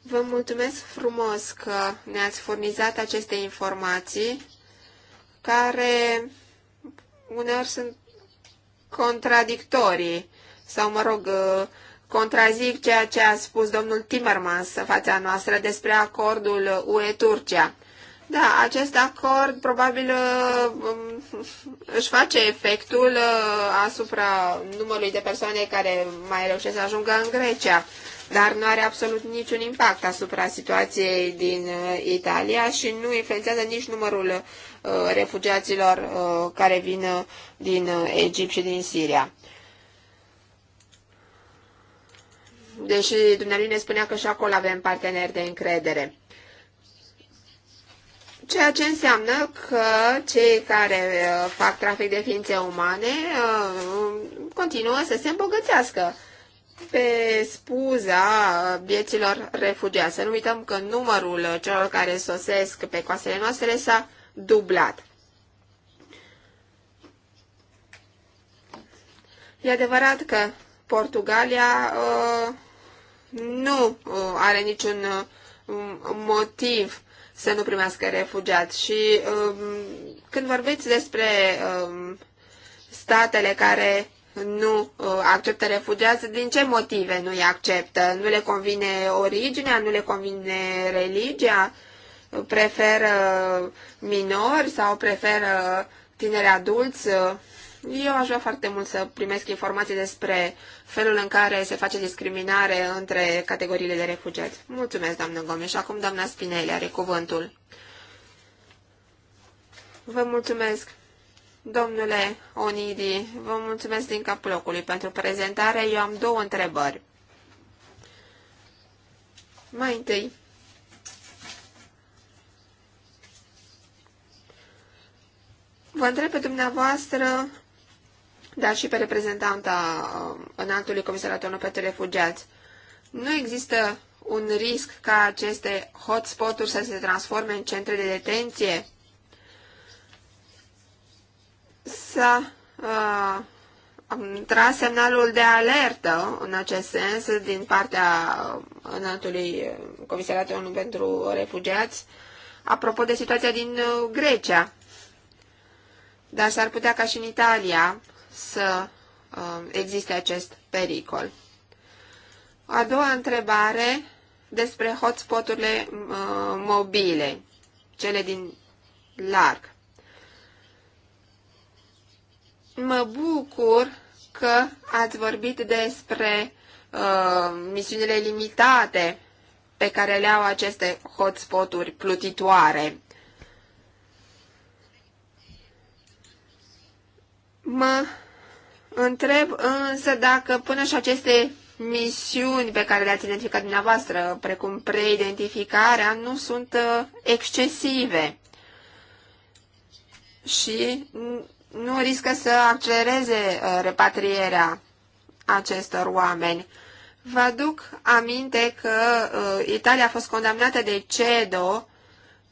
Vă mulțumesc frumos că ne-ați furnizat aceste informații care uneori sunt contradictorii sau, mă rog, uh, contrazic ceea ce a spus domnul Timmermans în fața noastră despre acordul UE-Turcia. Da, acest acord probabil uh, um, <laughs> își face efectul uh, asupra numărului de persoane care mai reușesc să ajungă în Grecia dar nu are absolut niciun impact asupra situației din uh, Italia și nu influențează nici numărul uh, refugiaților uh, care vin din Egipt și din Siria. Deși dumneavoastră ne spunea că și acolo avem parteneri de încredere. Ceea ce înseamnă că cei care fac trafic de ființe umane continuă să se îmbogățească pe spuza vieților refugiați. Să nu uităm că numărul celor care sosesc pe coastele noastre s-a dublat. E adevărat că Portugalia uh, nu uh, are niciun uh, motiv să nu primească refugiați. Și um, când vorbiți despre um, statele care nu uh, acceptă refugiați, din ce motive nu îi acceptă? Nu le convine originea, nu le convine religia, preferă minori sau preferă tineri adulți? Eu aș vrea foarte mult să primesc informații despre felul în care se face discriminare între categoriile de refugiați. Mulțumesc, doamnă Gomes. Și acum doamna Spinelli are cuvântul. Vă mulțumesc. Domnule Onidi, vă mulțumesc din capul locului pentru prezentare. Eu am două întrebări. Mai întâi, vă întreb pe dumneavoastră, dar și pe reprezentanta um, înaltului comisariat ONU pentru refugiați, nu există un risc ca aceste hotspot-uri să se transforme în centre de detenție? să uh, tra semnalul de alertă în acest sens din partea înaltului comisariat ONU pentru refugiați apropo de situația din uh, Grecia. Dar s-ar putea ca și în Italia să uh, existe acest pericol. A doua întrebare despre hotspoturile mobile, cele din larg. Mă bucur că ați vorbit despre uh, misiunile limitate pe care le au aceste hotspoturi plutitoare. Mă întreb însă dacă până și aceste misiuni pe care le-ați identificat dumneavoastră, precum preidentificarea, nu sunt uh, excesive și nu riscă să accelereze uh, repatrierea acestor oameni. Vă aduc aminte că uh, Italia a fost condamnată de CEDO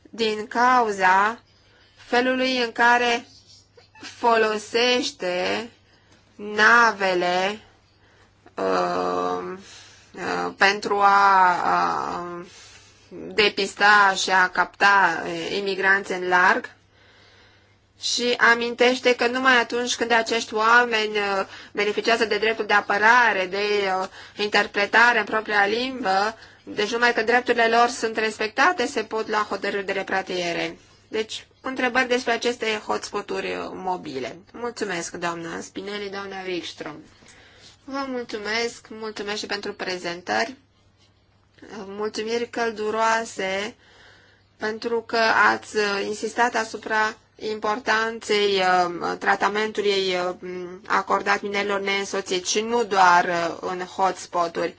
din cauza felului în care folosește navele uh, uh, pentru a, a depista și a capta uh, imigranți în larg și amintește că numai atunci când acești oameni uh, beneficiază de dreptul de apărare, de uh, interpretare în propria limbă, deci numai că drepturile lor sunt respectate, se pot lua hotărâri de repratiere. Deci, întrebări despre aceste hotspoturi uh, mobile. Mulțumesc, doamna Spinelli, doamna Wikström. Vă mulțumesc, mulțumesc și pentru prezentări. Mulțumiri călduroase pentru că ați insistat asupra importanței uh, tratamentului uh, acordat minerilor neînsoțiți și nu doar uh, în hotspoturi.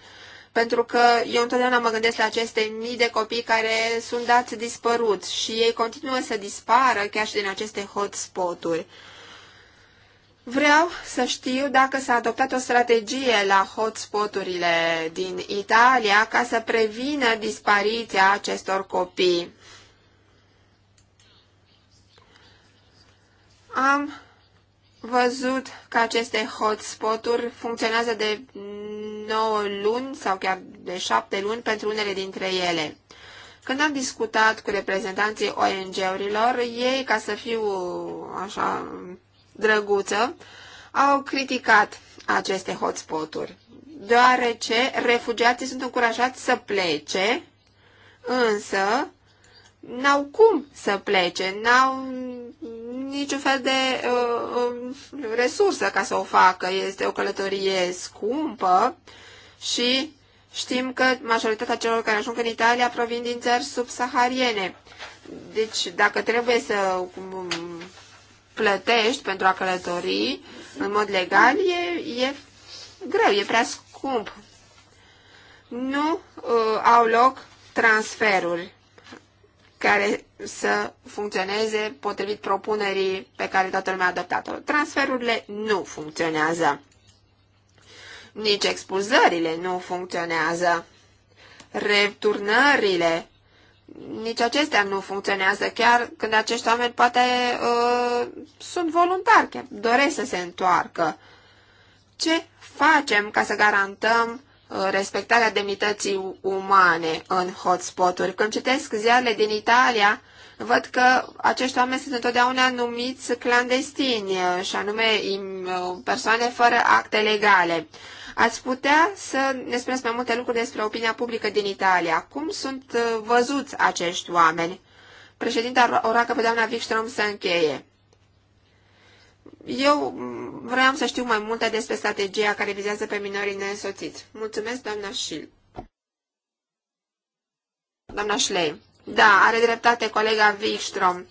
Pentru că eu întotdeauna mă gândesc la aceste mii de copii care sunt dați dispărut și ei continuă să dispară chiar și din aceste hotspoturi. Vreau să știu dacă s-a adoptat o strategie la hotspoturile din Italia ca să prevină dispariția acestor copii Am văzut că aceste hotspot-uri funcționează de 9 luni sau chiar de 7 luni pentru unele dintre ele. Când am discutat cu reprezentanții ONG-urilor, ei, ca să fiu așa drăguță, au criticat aceste hotspot-uri, deoarece refugiații sunt încurajați să plece, însă n-au cum să plece, n-au niciun fel de uh, um, resursă ca să o facă. Este o călătorie scumpă și știm că majoritatea celor care ajung în Italia provin din țări subsahariene. Deci, dacă trebuie să um, plătești pentru a călători în mod legal, e, e greu, e prea scump. Nu uh, au loc transferuri care să funcționeze potrivit propunerii pe care toată lumea a adoptat-o. Transferurile nu funcționează. Nici expulzările nu funcționează. Returnările, nici acestea nu funcționează, chiar când acești oameni poate uh, sunt voluntari, chiar doresc să se întoarcă. Ce facem ca să garantăm Uh, respectarea demnității umane în hotspoturi. Când citesc ziarele din Italia, văd că acești oameni sunt întotdeauna numiți clandestini, uh, și anume uh, persoane fără acte legale. Ați putea să ne spuneți mai multe lucruri despre opinia publică din Italia. Cum sunt văzuți acești oameni? Președinta Oracă roagă pe doamna Wikström să încheie. Eu vreau să știu mai multe despre strategia care vizează pe minorii neînsoțiți. Mulțumesc, doamna Șil. Doamna Șlei. Da, are dreptate colega Wikström.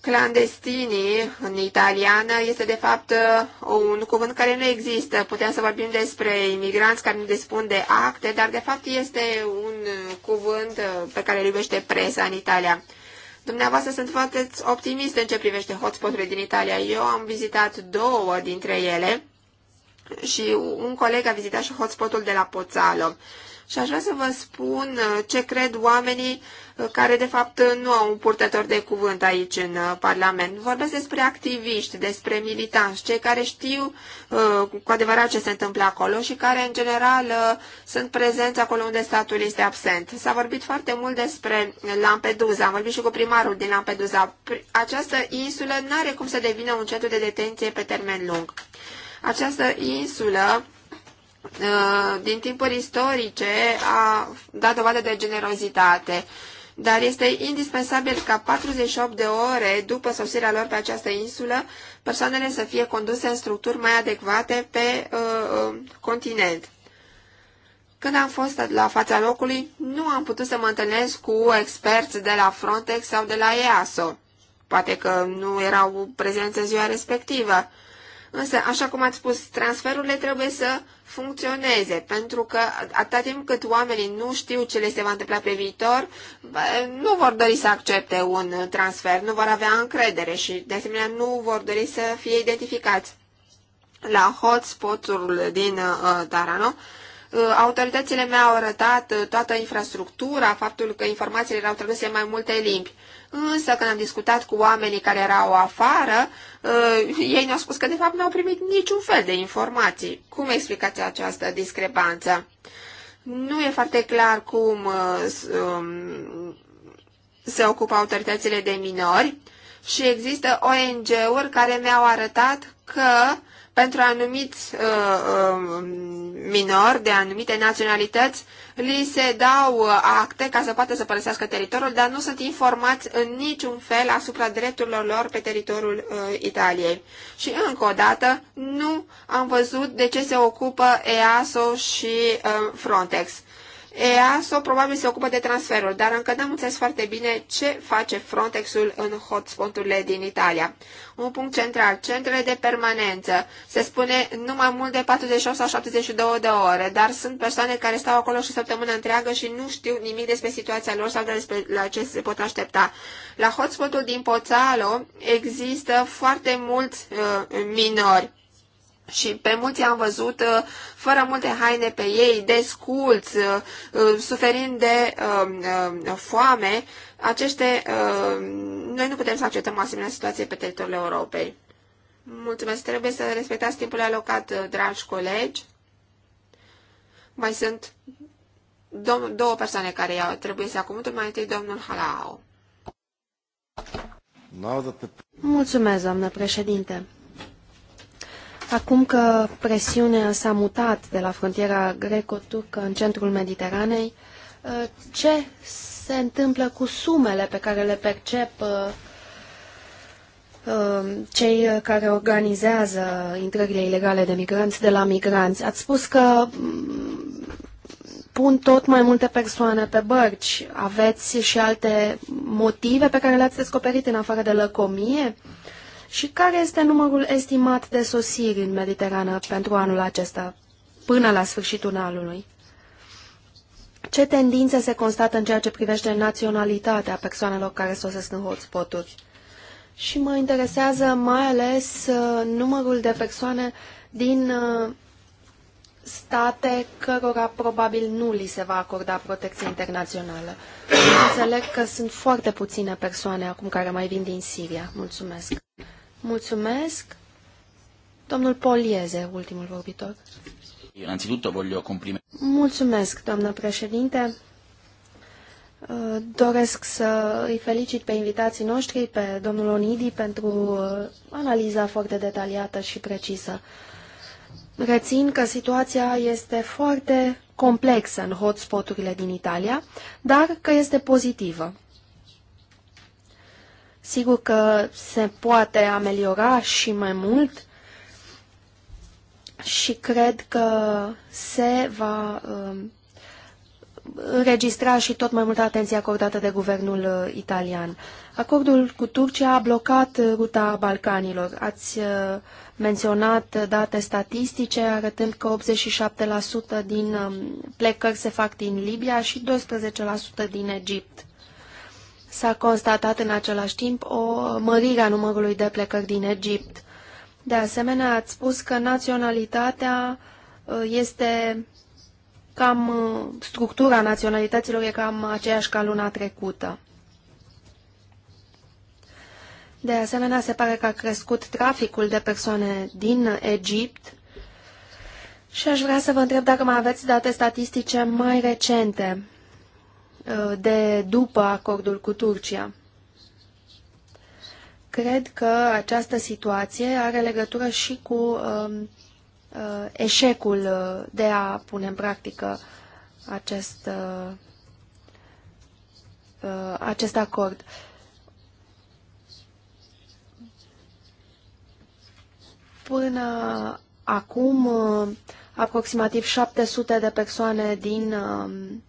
Clandestinii în italiană este de fapt un cuvânt care nu există. Putem să vorbim despre imigranți care nu dispun de acte, dar de fapt este un cuvânt pe care îl iubește presa în Italia. Dumneavoastră sunt foarte optimiste în ce privește hotspoturile din Italia. Eu am vizitat două dintre ele și un coleg a vizitat și hotspotul de la Pozzalo. Și aș vrea să vă spun uh, ce cred oamenii uh, care de fapt uh, nu au un purtător de cuvânt aici în Parlament. Vorbesc despre activiști, despre militanți, cei care știu cu adevărat ce se întâmplă acolo și care în general sunt prezenți acolo unde statul este absent. S-a vorbit foarte mult despre Lampedusa, am vorbit și cu primarul din Lampedusa. Această insulă nu are cum să devină un centru de detenție pe termen lung. Această insulă Uh, din timpuri istorice a dat dovadă de generozitate, dar este indispensabil ca 48 de ore după sosirea lor pe această insulă, persoanele să fie conduse în structuri mai adecvate pe uh, uh, continent. Când am fost la fața locului, nu am putut să mă întâlnesc cu experți de la Frontex sau de la EASO. Poate că nu erau prezenți în ziua respectivă Însă, așa cum ați spus, transferurile trebuie să funcționeze, pentru că atâta timp cât oamenii nu știu ce le se va întâmpla pe viitor, nu vor dori să accepte un transfer, nu vor avea încredere și, de asemenea, nu vor dori să fie identificați. La hotspot-ul din uh, Tarano, uh, autoritățile mi-au arătat uh, toată infrastructura, faptul că informațiile erau traduse în mai multe limbi. Însă când am discutat cu oamenii care erau afară, uh, ei ne-au spus că de fapt nu au primit niciun fel de informații. Cum explicați această discrepanță? Nu e foarte clar cum uh, um, se ocupă autoritățile de minori și există ONG-uri care mi-au arătat că pentru anumiți uh, uh, minori de anumite naționalități li se dau uh, acte ca să poată să părăsească teritoriul, dar nu sunt informați în niciun fel asupra drepturilor lor pe teritoriul uh, Italiei. Și încă o dată, nu am văzut de ce se ocupă EASO și uh, Frontex. EASO probabil se ocupă de transferul dar încă n-am înțeles foarte bine ce face Frontexul în hotspoturile din Italia. Un punct central, centrele de permanență. Se spune numai mult de 48 sau 72 de ore, dar sunt persoane care stau acolo și săptămână întreagă și nu știu nimic despre situația lor sau despre la ce se pot aștepta. La hotspotul din Poțalo există foarte mulți uh, minori și pe mulți am văzut uh, fără multe haine pe ei, desculți, uh, uh, suferind de um, foame. Aceste, noi nu putem să acceptăm asemenea situație pe teritoriul Europei. Mulțumesc, trebuie să respectați timpul alocat, dragi colegi. Mai sunt două persoane care iau, trebuie să acum mai întâi domnul Halao. Mulțumesc, doamnă președinte. Acum că presiunea s-a mutat de la frontiera greco-turcă în centrul Mediteranei, uh, ce se întâmplă cu sumele pe care le percep uh, uh, cei care organizează intrările ilegale de migranți de la migranți? Ați spus că mm, pun tot mai multe persoane pe bărci. Aveți și alte motive pe care le-ați descoperit în afară de lăcomie? Uh, și care este numărul estimat de sosiri în Mediterană pentru anul acesta, până la sfârșitul anului? Ce tendințe se constată în ceea ce privește naționalitatea persoanelor care sosesc în hotspoturi? Și mă interesează mai ales uh, numărul de persoane din uh, state cărora probabil nu li se va acorda protecție internațională. Înțeleg că sunt foarte puține persoane acum care mai vin din Siria. Mulțumesc. Mulțumesc. Domnul Polieze, ultimul vorbitor. Innanzitutto voglio compliment. Mulțumesc, doamnă președinte. Uh, doresc să îi felicit pe invitații noștri, pe domnul Onidi, pentru uh, analiza foarte detaliată și precisă. Rețin că situația este foarte complexă în hotspoturile din Italia, dar că este pozitivă. Sigur că se poate ameliora și mai mult și cred că se va um, înregistra și tot mai multă atenție acordată de guvernul uh, italian. Acordul cu Turcia a blocat uh, ruta Balcanilor. Ați uh, menționat date statistice arătând că 87% din um, plecări se fac din Libia și 12% din Egipt s-a constatat în același timp o mărire a numărului de plecări din Egipt. De asemenea, ați spus că naționalitatea uh, este cam, uh, structura naționalităților e cam aceeași ca luna trecută. De asemenea, se pare că a crescut traficul de persoane din Egipt și aș vrea să vă întreb dacă mai aveți date statistice mai recente Uh, de după acordul cu Turcia. Cred că această situație are legătură și cu uh, uh, eșecul uh, de a pune în practică acest, uh, uh acest acord. Până acum, aproximativ 700 de persoane din um,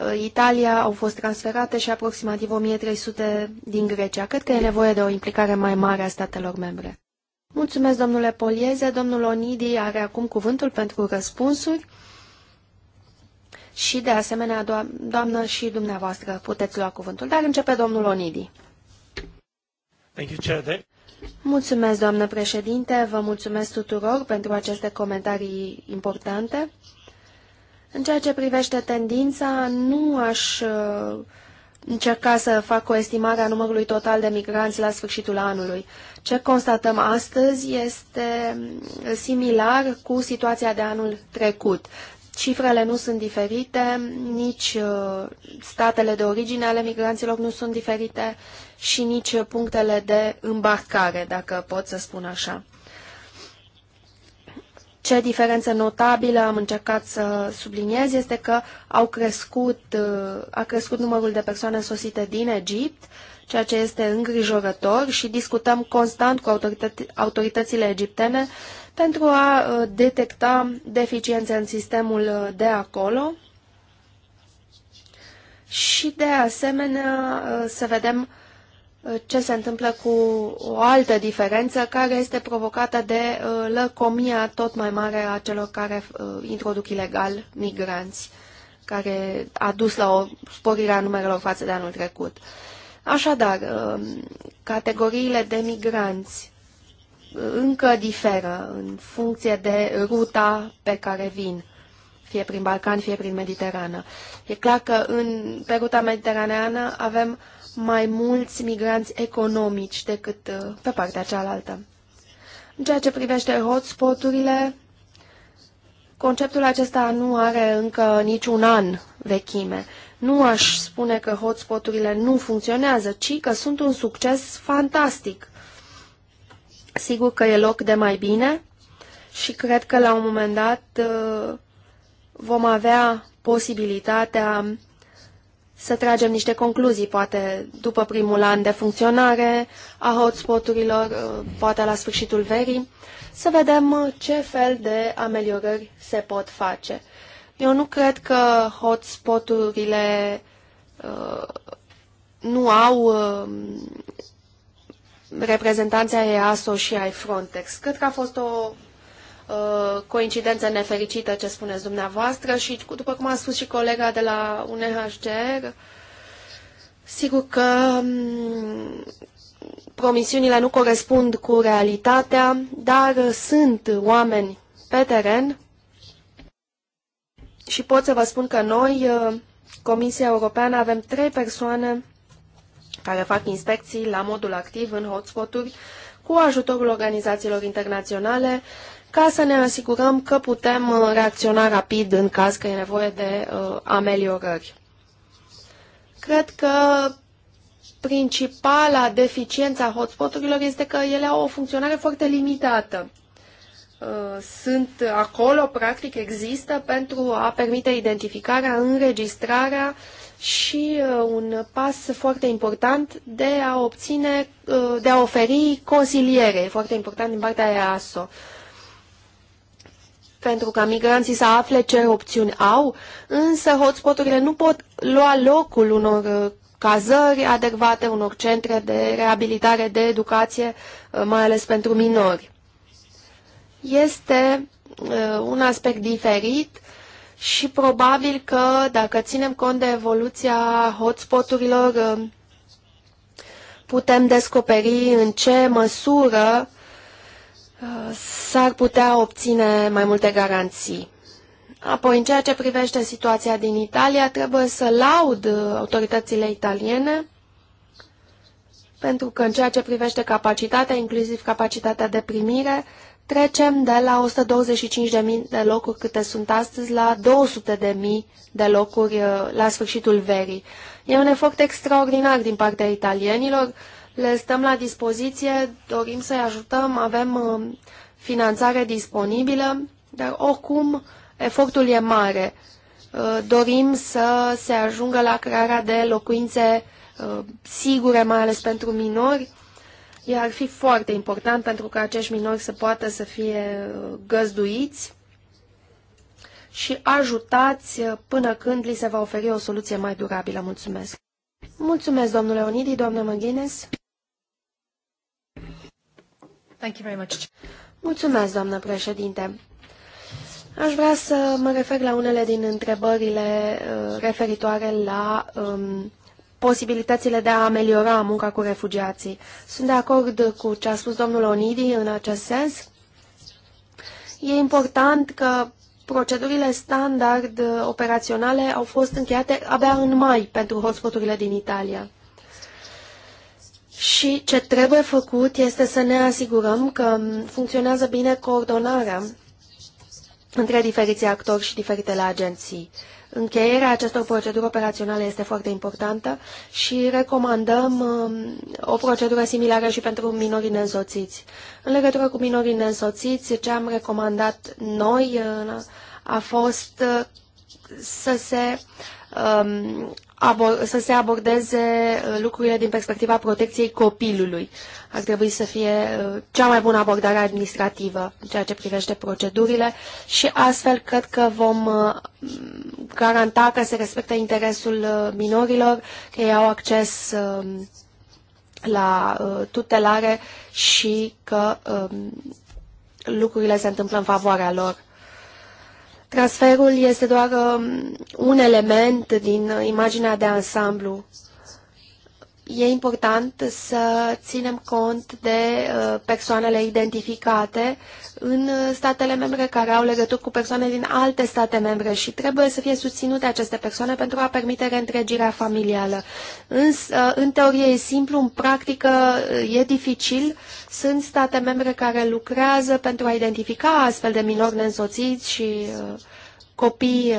Uh, Italia au fost transferate și aproximativ 1300 din Grecia. Cred că e nevoie de o implicare mai mare a statelor membre. Mulțumesc, domnule Polieze. Domnul Onidi are acum cuvântul pentru răspunsuri. Și, de asemenea, doamnă și dumneavoastră puteți lua cuvântul, dar începe domnul Onidi. Mulțumesc, doamnă președinte, vă mulțumesc tuturor pentru aceste comentarii importante. În ceea ce privește tendința, nu aș uh, încerca să fac o estimare a numărului total de migranți la sfârșitul anului. Ce constatăm astăzi este uh, similar cu situația de anul trecut. Cifrele nu sunt diferite, nici uh, statele de origine ale migranților nu sunt diferite și nici punctele de îmbarcare, dacă pot să spun așa. Ce diferență notabilă am încercat să subliniez este că au crescut, uh, a crescut numărul de persoane sosite din Egipt, ceea ce este îngrijorător și discutăm constant cu autoritățile egiptene pentru a uh, detecta deficiențe în sistemul uh, de acolo și de asemenea să vedem ce se întâmplă cu o altă diferență care este provocată de uh, lăcomia tot mai mare a celor care uh, introduc ilegal migranți, care a dus la o sporire a numerelor față de anul trecut. Așadar, um, categoriile de migranți uh, încă diferă în funcție de ruta pe care vin, fie prin Balcan, fie prin Mediterană. E clar că în, pe ruta mediteraneană avem uh, mai mulți migranți economici decât uh, pe partea cealaltă. În ceea ce privește hotspoturile, conceptul acesta nu are încă niciun an vechime. Nu aș spune că hotspoturile nu funcționează, ci că sunt un succes fantastic. Sigur că e loc de mai bine și cred că la un moment dat uh, vom avea posibilitatea să tragem niște concluzii, poate după primul an de funcționare a hotspoturilor, uh, poate la sfârșitul verii, să vedem uh, ce fel de ameliorări se pot face. Eu nu cred că hotspoturile uh, nu au uh, reprezentanții EASO și ai Frontex. Cred că a fost o Uh, coincidență nefericită ce spuneți dumneavoastră și, după cum a spus și colega de la UNHCR, sigur că mm, promisiunile nu corespund cu realitatea, dar sunt oameni pe teren și pot să vă spun că noi, uh, Comisia Europeană, avem trei persoane care fac inspecții la modul activ în hotspoturi cu ajutorul organizațiilor internaționale ca să ne asigurăm că putem uh, reacționa rapid în caz că e nevoie de uh, ameliorări. Cred că principala deficiență a hotspoturilor este că ele au o funcționare foarte limitată. Uh, sunt acolo, practic există pentru a permite identificarea, înregistrarea și uh, un pas foarte important de a obține, de a oferi consiliere, foarte important din partea EASO pentru ca migranții să afle ce opțiuni au, însă hotspoturile nu pot lua locul unor uh, cazări adecvate, unor centre de reabilitare, de educație, uh, mai ales pentru minori. Este uh, un aspect diferit și probabil că dacă ținem cont de evoluția hotspoturilor, putem descoperi în ce măsură s-ar putea obține mai multe garanții. Apoi, în ceea ce privește situația din Italia, trebuie să laud uh, autoritățile italiene, pentru că în ceea ce privește capacitatea, inclusiv capacitatea de primire, trecem de la 125.000 de locuri câte sunt astăzi la 200.000 de locuri uh, la sfârșitul verii. E un efort extraordinar din partea italienilor, le stăm la dispoziție, dorim să-i ajutăm, avem uh, finanțare disponibilă, dar oricum efortul e mare. Uh, dorim să se ajungă la crearea de locuințe uh, sigure, mai ales pentru minori, iar ar fi foarte important pentru că acești minori să poată să fie găzduiți și ajutați până când li se va oferi o soluție mai durabilă. Mulțumesc! Mulțumesc, domnule Onidi, doamnă McGuinness. Thank you very much. Mulțumesc, doamnă președinte. Aș vrea să mă refer la unele din întrebările uh, referitoare la um, posibilitățile de a ameliora munca cu refugiații. Sunt de acord cu ce a spus domnul Onidi în acest sens. E important că procedurile standard uh, operaționale au fost încheiate abia în mai pentru hotspoturile din Italia. Și ce trebuie făcut este să ne asigurăm că funcționează bine coordonarea între diferiții actori și diferitele agenții. Încheierea acestor proceduri operaționale este foarte importantă și recomandăm um, o procedură similară și pentru minorii neînsoțiți. În legătură cu minorii neînsoțiți, ce am recomandat noi uh, a fost uh, să se um, să se abordeze uh, lucrurile din perspectiva protecției copilului. Ar trebui să fie uh, cea mai bună abordare administrativă în ceea ce privește procedurile și astfel cred că vom uh, garanta că se respectă interesul minorilor, că ei au acces um, la tutelare și că um, lucrurile se întâmplă în favoarea lor. Transferul este doar um, un element din uh, imaginea de ansamblu e important să ținem cont de uh, persoanele identificate în statele membre care au legături cu persoane din alte state membre și trebuie să fie susținute aceste persoane pentru a permite reîntregirea familială. Însă, uh, în teorie e simplu, în practică uh, e dificil. Sunt state membre care lucrează pentru a identifica astfel de minori neînsoțiți și copii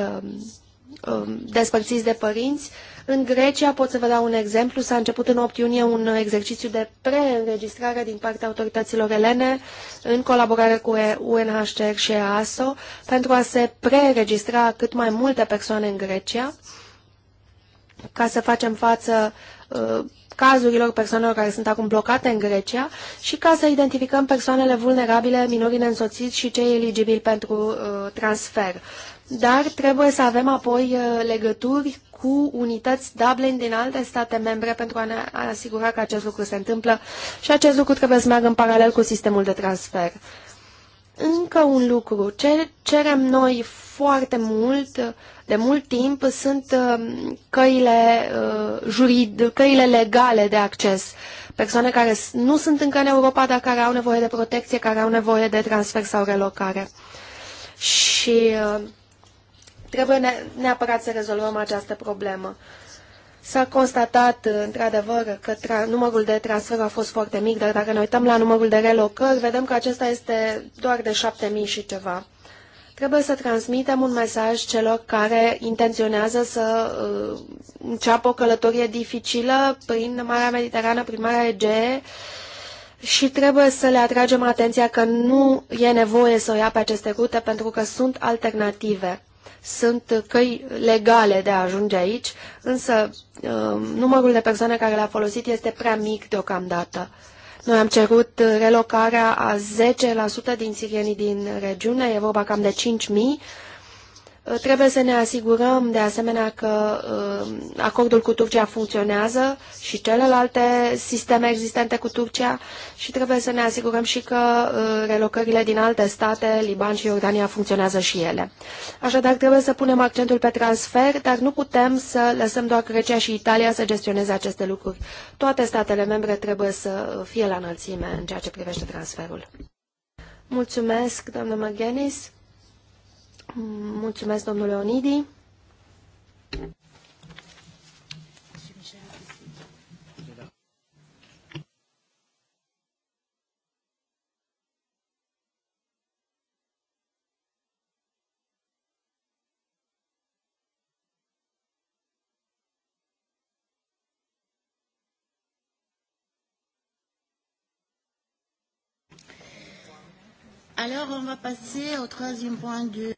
um, despărțiți de părinți, în Grecia, pot să vă dau un exemplu, s-a început în 8 iunie un exercițiu de preînregistrare din partea autorităților elene în colaborare cu UNHCR și EASO pentru a se preregistra cât mai multe persoane în Grecia ca să facem față uh, cazurilor persoanelor care sunt acum blocate în Grecia și ca să identificăm persoanele vulnerabile, minorii neînsoțiți și cei eligibili pentru uh, transfer dar trebuie să avem apoi uh, legături cu unități Dublin din alte state membre pentru a ne asigura că acest lucru se întâmplă și acest lucru trebuie să meargă în paralel cu sistemul de transfer. Încă un lucru, ce cerem noi foarte mult, de mult timp, sunt uh, căile, uh, jurid, căile legale de acces. Persoane care nu sunt încă în Europa, dar care au nevoie de protecție, care au nevoie de transfer sau relocare. Și uh, Trebuie neapărat să rezolvăm această problemă. S-a constatat, într-adevăr, că numărul de transfer a fost foarte mic, dar dacă ne uităm la numărul de relocări, vedem că acesta este doar de 7.000 și ceva. Trebuie să transmitem un mesaj celor care intenționează să uh, înceapă o călătorie dificilă prin Marea Mediterană, prin Marea Egee și trebuie să le atragem atenția că nu e nevoie să o ia pe aceste rute pentru că sunt alternative. Sunt căi legale de a ajunge aici, însă um, numărul de persoane care le-a folosit este prea mic deocamdată. Noi am cerut relocarea a 10% din sirienii din regiune, e vorba cam de 5.000, Uh, trebuie să ne asigurăm, de asemenea, că uh, acordul cu Turcia funcționează și celelalte sisteme existente cu Turcia și trebuie să ne asigurăm și că uh, relocările din alte state, Liban și Iordania, funcționează și ele. Așadar, trebuie să punem accentul pe transfer, dar nu putem să lăsăm doar Grecia și Italia să gestioneze aceste lucruri. Toate statele membre trebuie să fie la înălțime în ceea ce privește transferul. Mulțumesc, doamnă McGuinness. Mulțumesc, domnule Onidi.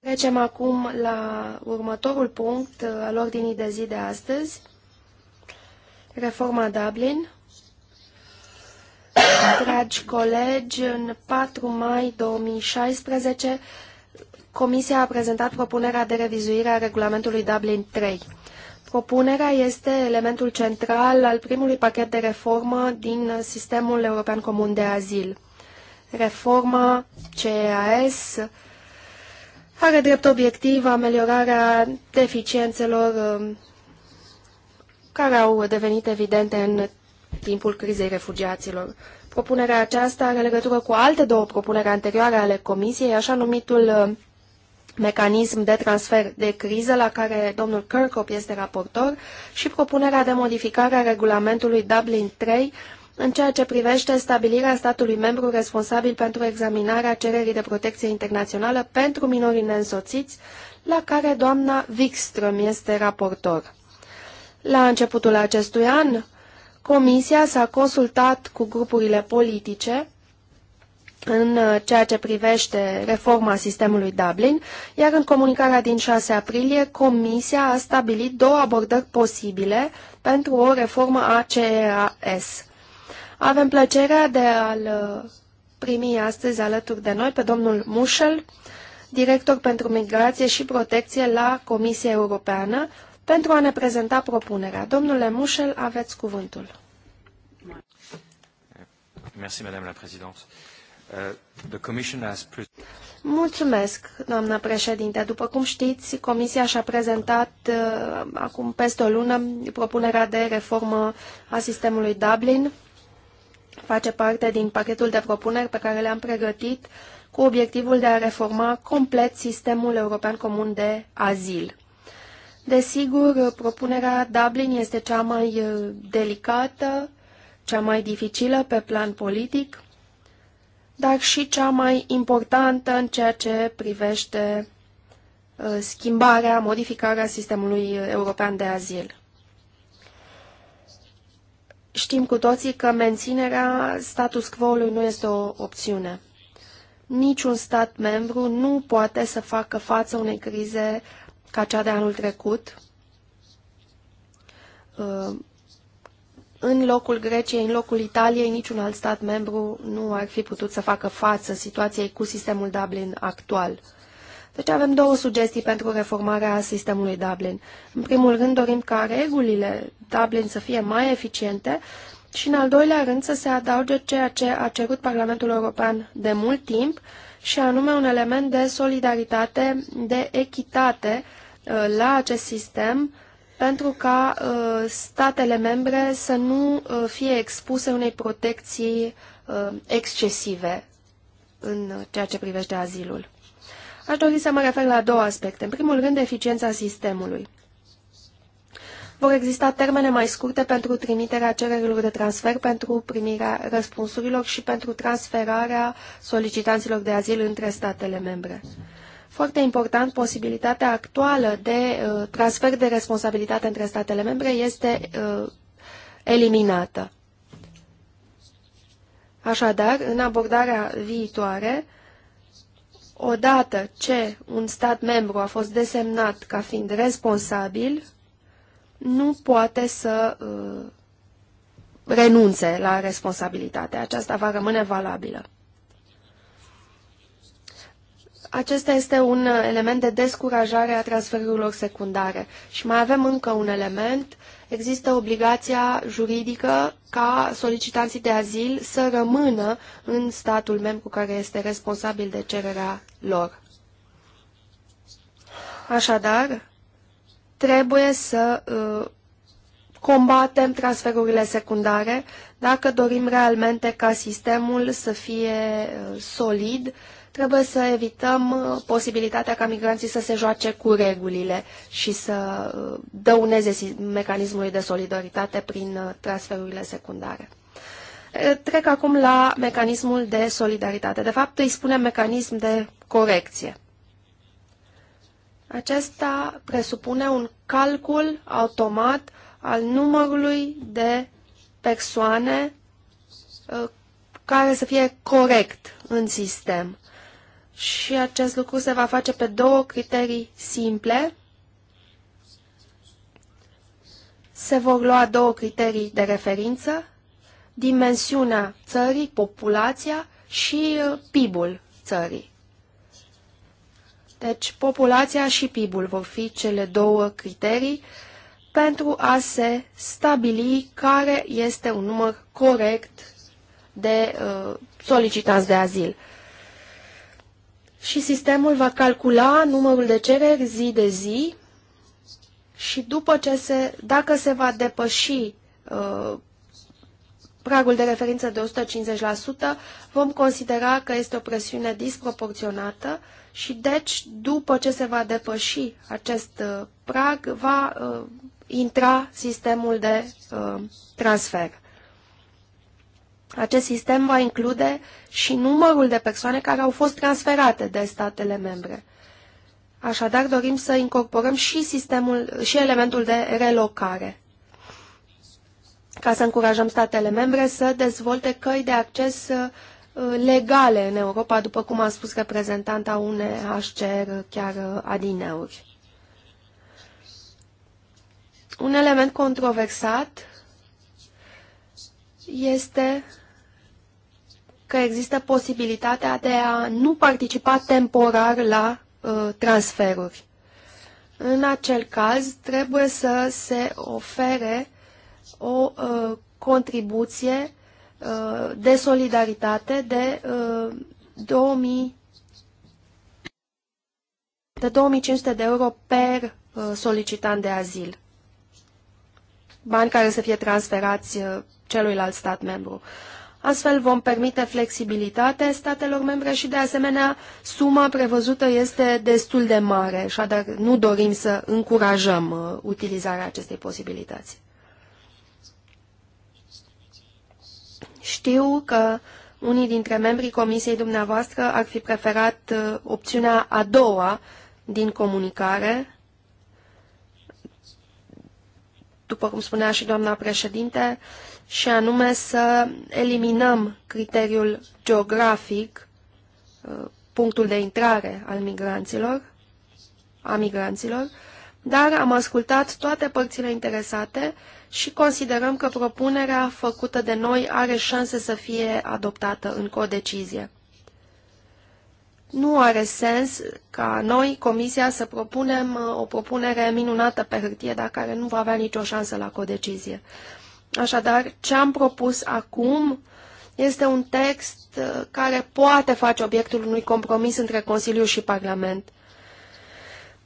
Trecem acum la următorul punct uh, al ordinii de zi de astăzi, reforma Dublin. Dragi colegi, în 4 mai 2016, Comisia a prezentat propunerea de revizuire a regulamentului Dublin 3. Propunerea este elementul central al primului pachet de reformă din sistemul european comun de azil. Reforma CAS are drept obiectiv ameliorarea deficiențelor um, care au devenit evidente în timpul crizei refugiaților. Propunerea aceasta are legătură cu alte două propuneri anterioare ale Comisiei, așa numitul um, mecanism de transfer de criză la care domnul Kirkhope este raportor și propunerea de modificare a regulamentului Dublin 3 în ceea ce privește stabilirea statului membru responsabil pentru examinarea cererii de protecție internațională pentru minorii neînsoțiți, la care doamna Wikström este raportor. La începutul acestui an, Comisia s-a consultat cu grupurile politice în ceea ce privește reforma sistemului Dublin, iar în comunicarea din 6 aprilie, Comisia a stabilit două abordări posibile pentru o reformă a CEAS. Avem plăcerea de a-l uh, primi astăzi alături de noi pe domnul Mușel, director pentru migrație și protecție la Comisia Europeană, pentru a ne prezenta propunerea. Domnule Mușel, aveți cuvântul. Merci, Madame la Présidente. Uh, the Commission has... Mulțumesc, doamna președinte. După cum știți, Comisia și-a prezentat uh, acum peste o lună propunerea de reformă a sistemului Dublin face parte din pachetul de propuneri pe care le-am pregătit cu obiectivul de a reforma complet sistemul european comun de azil. Desigur, propunerea Dublin este cea mai uh, delicată, cea mai dificilă pe plan politic, dar și cea mai importantă în ceea ce privește uh, schimbarea, modificarea sistemului european de azil. Știm cu toții că menținerea status quo-ului nu este o opțiune. Niciun stat membru nu poate să facă față unei crize ca cea de anul trecut. Uh, în locul Greciei, în locul Italiei, niciun alt stat membru nu ar fi putut să facă față situației cu sistemul Dublin actual. Deci avem două sugestii pentru reformarea sistemului Dublin. În primul rând dorim ca regulile Dublin să fie mai eficiente și în al doilea rând să se adauge ceea ce a cerut Parlamentul European de mult timp și anume un element de solidaritate, de echitate uh, la acest sistem pentru ca uh, statele membre să nu uh, fie expuse unei protecții excesive în ceea ce privește azilul. Aș dori să mă refer la două aspecte. În primul rând, eficiența sistemului. Vor exista termene mai scurte pentru trimiterea cererilor de transfer, pentru primirea răspunsurilor și pentru transferarea solicitanților de azil între statele membre. Foarte important, posibilitatea actuală de uh, transfer de responsabilitate între statele membre este uh, eliminată. Așadar, în abordarea viitoare, uh, Odată ce un stat membru a fost desemnat ca fiind responsabil, nu poate să uh, renunțe la responsabilitate. Aceasta va rămâne valabilă. Acesta este un element de descurajare a transferurilor secundare. Și mai avem încă un element uh, există obligația juridică ca solicitanții de azil să rămână în statul membru care este responsabil de cererea lor. Așadar, trebuie să uh, combatem transferurile secundare dacă dorim realmente ca sistemul să fie uh, solid Trebuie să evităm uh, posibilitatea ca migranții să se joace cu regulile și să uh, dăuneze mecanismului de solidaritate prin uh, transferurile secundare. Trec acum la mecanismul de solidaritate. De fapt, îi spunem mecanism de corecție. Acesta presupune un calcul automat al numărului de persoane care să fie corect în sistem și acest lucru se va face pe două criterii simple. Se vor lua două criterii de referință, dimensiunea țării, populația și uh, PIB-ul țării. Deci populația și PIB-ul vor fi cele două criterii pentru a se stabili care este un număr corect de uh, solicitanți de azil și sistemul va calcula numărul de cereri zi de zi și după ce se, dacă se va depăși uh, pragul de referință de 150%, vom considera că este o presiune disproporționată și deci, după ce se va depăși acest uh, prag, va uh, intra sistemul de uh, transfer. Acest sistem va include și numărul de persoane care au fost transferate de statele membre. Așadar, dorim să incorporăm și, sistemul, și elementul de relocare, ca să încurajăm statele membre să dezvolte căi de acces uh, legale în Europa, după cum a spus reprezentanta UNHCR chiar uh, adineuri. Un element controversat este că există posibilitatea de a nu participa temporar la uh, transferuri. În acel caz, trebuie să se ofere o uh, contribuție uh, de solidaritate de, uh, 2000, de 2500 de euro per uh, solicitant de azil. Bani care să fie transferați uh, celuilalt stat membru. Uh, Astfel vom permite flexibilitate statelor membre și, de asemenea, suma prevăzută este destul de mare, și adică nu dorim să încurajăm uh, utilizarea acestei posibilități. Știu că unii dintre membrii comisiei dumneavoastră ar fi preferat uh, opțiunea a doua din comunicare. După cum spunea și doamna președinte, uh, și anume să eliminăm criteriul geografic, uh, punctul de intrare al migranților, a migranților, dar am ascultat toate părțile interesate și considerăm că propunerea făcută de noi are șanse să fie adoptată în codecizie. Nu are sens ca noi, Comisia, să propunem uh, o propunere minunată pe hârtie, dar care nu va avea nicio șansă la codecizie. Așadar, ce am propus acum este un text uh, care poate face obiectul unui compromis între Consiliu și Parlament.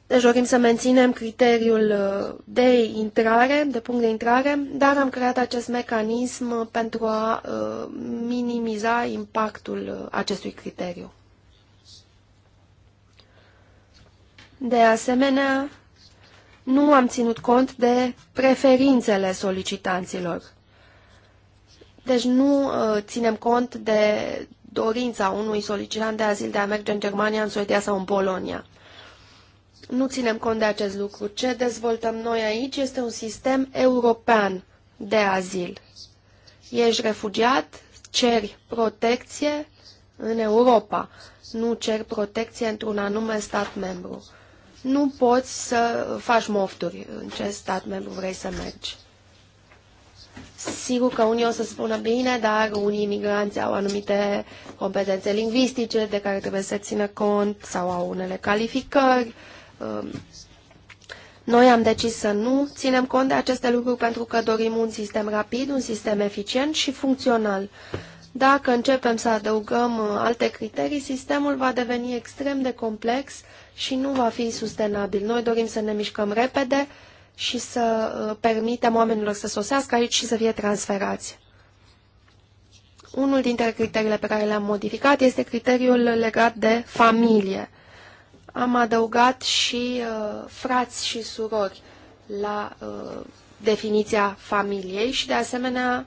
Deci dorim să menținem criteriul uh, de intrare, de punct de intrare, dar am creat acest mecanism pentru a uh, minimiza impactul acestui criteriu. De asemenea, nu am ținut cont de preferințele solicitanților. Deci nu uh, ținem cont de dorința unui solicitant de azil de a merge în Germania, în Suedia sau în Polonia. Nu ținem cont de acest lucru. Ce dezvoltăm noi aici este un sistem european de azil. Ești refugiat, ceri protecție în Europa, nu ceri protecție într-un anume stat membru nu poți să faci mofturi în ce stat membru vrei să mergi. Sigur că unii o să spună bine, dar unii imigranți au anumite competențe lingvistice de care trebuie să țină cont sau au unele calificări. Um, noi am decis să nu ținem cont de aceste lucruri pentru că dorim un sistem rapid, un sistem eficient și funcțional. Dacă începem să adăugăm uh, alte criterii, sistemul va deveni extrem de complex și nu va fi sustenabil. Noi dorim să ne mișcăm repede și să uh, permitem oamenilor să sosească aici și să fie transferați. Unul dintre criteriile pe care le-am modificat este criteriul legat de familie. Am adăugat și uh, frați și surori la uh, definiția familiei și, de asemenea,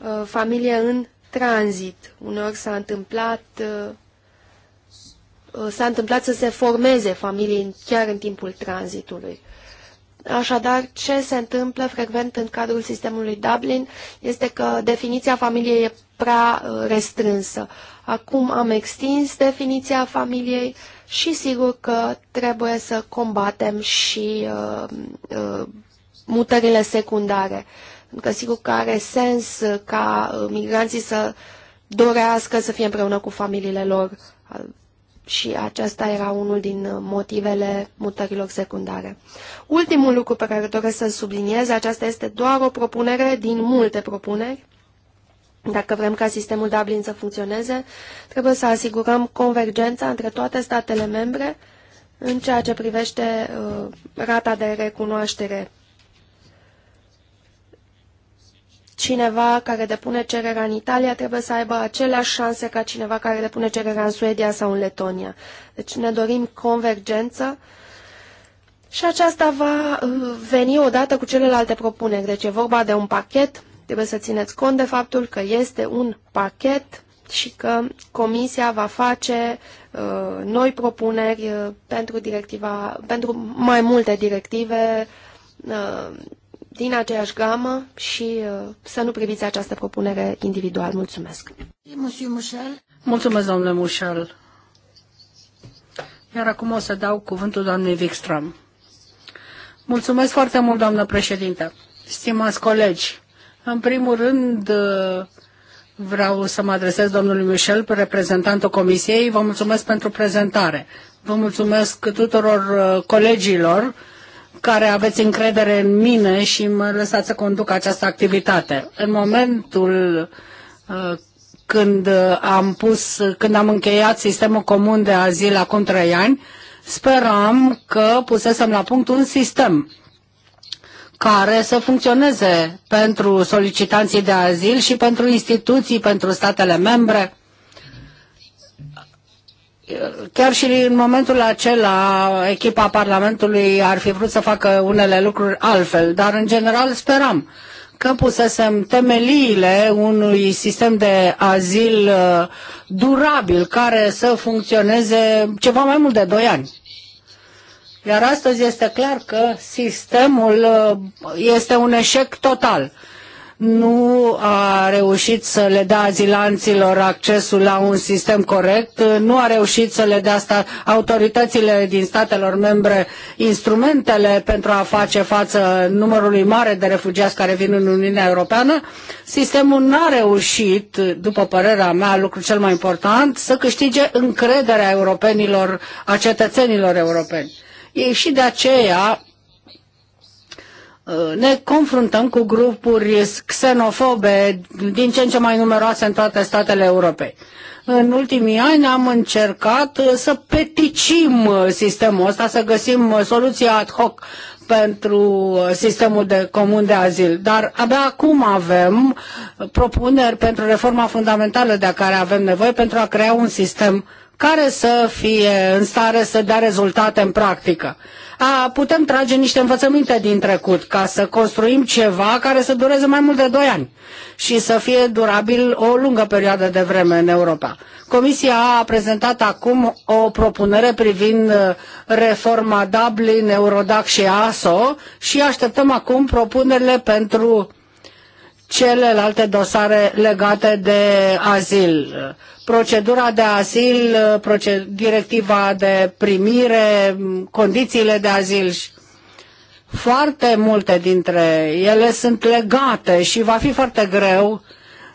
uh, familie în tranzit. Uneori s-a întâmplat uh, Uh, s-a întâmplat să se formeze familii chiar în timpul tranzitului. Așadar, ce se întâmplă frecvent în cadrul sistemului Dublin este că definiția familiei e prea uh, restrânsă. Acum am extins definiția familiei și sigur că trebuie să combatem și uh, uh, mutările secundare. Pentru că sigur că are sens uh, ca migranții să dorească să fie împreună cu familiile lor și acesta era unul din motivele mutărilor secundare. Ultimul lucru pe care doresc să-l subliniez, aceasta este doar o propunere din multe propuneri. Dacă vrem ca sistemul Dublin să funcționeze, trebuie să asigurăm convergența între toate statele membre în ceea ce privește uh, rata de recunoaștere cineva care depune cererea în Italia trebuie să aibă aceleași șanse ca cineva care depune cererea în Suedia sau în Letonia. Deci ne dorim convergență și aceasta va uh, veni odată cu celelalte propuneri. Deci e vorba de un pachet, trebuie să țineți cont de faptul că este un pachet și că Comisia va face uh, noi propuneri uh, pentru, directiva, pentru mai multe directive uh, din aceeași gamă și uh, să nu priviți această propunere individual. Mulțumesc. Mulțumesc, domnule Mușel. Iar acum o să dau cuvântul doamnei Wikström. Mulțumesc foarte mult, doamnă președinte. Stimați colegi, în primul rând uh, vreau să mă adresez domnului Michel, reprezentantul Comisiei. Vă mulțumesc pentru prezentare. Vă mulțumesc tuturor uh, colegilor care aveți încredere în mine și mă lăsați să conduc această activitate. În momentul uh, când uh, am pus, când am încheiat sistemul comun de azil acum trei ani, speram că pusesem la punct un sistem care să funcționeze pentru solicitanții de azil și pentru instituții, pentru statele membre chiar și în momentul acela echipa Parlamentului ar fi vrut să facă unele lucruri altfel, dar în general speram că pusesem temeliile unui sistem de azil uh, durabil care să funcționeze ceva mai mult de 2 ani. Iar astăzi este clar că sistemul uh, este un eșec total nu a reușit să le dea azilanților accesul la un sistem corect, nu a reușit să le dea asta autoritățile din statelor membre instrumentele pentru a face față numărului mare de refugiați care vin în Uniunea Europeană. Sistemul n-a reușit, după părerea mea, lucru cel mai important, să câștige încrederea europenilor, a cetățenilor europeni. Ei și de aceea Uh, ne confruntăm cu grupuri xenofobe din ce în ce mai numeroase în toate statele europei. În ultimii ani am încercat uh, să peticim uh, sistemul ăsta, să găsim soluții ad hoc pentru sistemul de comun de azil, dar abia acum avem propuneri pentru reforma fundamentală de care avem nevoie pentru a crea un sistem care să fie în stare să dea rezultate în practică a, putem trage niște învățăminte din trecut ca să construim ceva care să dureze mai mult de 2 ani și să fie durabil o lungă perioadă de vreme în Europa. Comisia a prezentat acum o propunere privind uh, reforma Dublin, Eurodac și ASO și așteptăm acum propunerile pentru celelalte dosare legate de azil. Procedura de azil, directiva de primire, condițiile de azil. Foarte multe dintre ele sunt legate și va fi foarte greu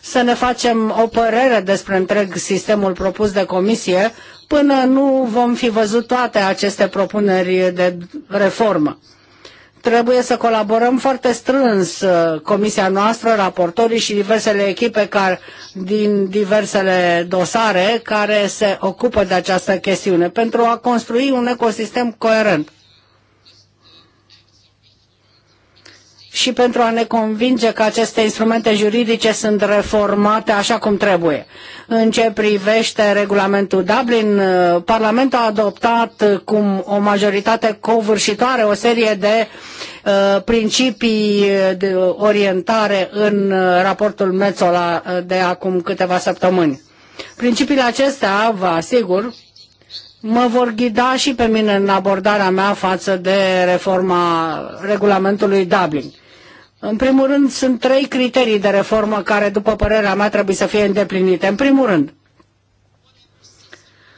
să ne facem o părere despre întreg sistemul propus de comisie până nu vom fi văzut toate aceste propuneri de reformă trebuie să colaborăm foarte strâns uh, comisia noastră, raportorii și diversele echipe care, din diversele dosare care se ocupă de această chestiune pentru a construi un ecosistem coerent. și pentru a ne convinge că aceste instrumente juridice sunt reformate așa cum trebuie. În ce privește regulamentul Dublin, uh, Parlamentul a adoptat cu o majoritate covârșitoare o serie de uh, principii de orientare în uh, raportul Mețola de acum câteva săptămâni. Principiile acestea, vă asigur, mă vor ghida și pe mine în abordarea mea față de reforma regulamentului Dublin. În primul rând, sunt trei criterii de reformă care, după părerea mea, trebuie să fie îndeplinite. În primul rând,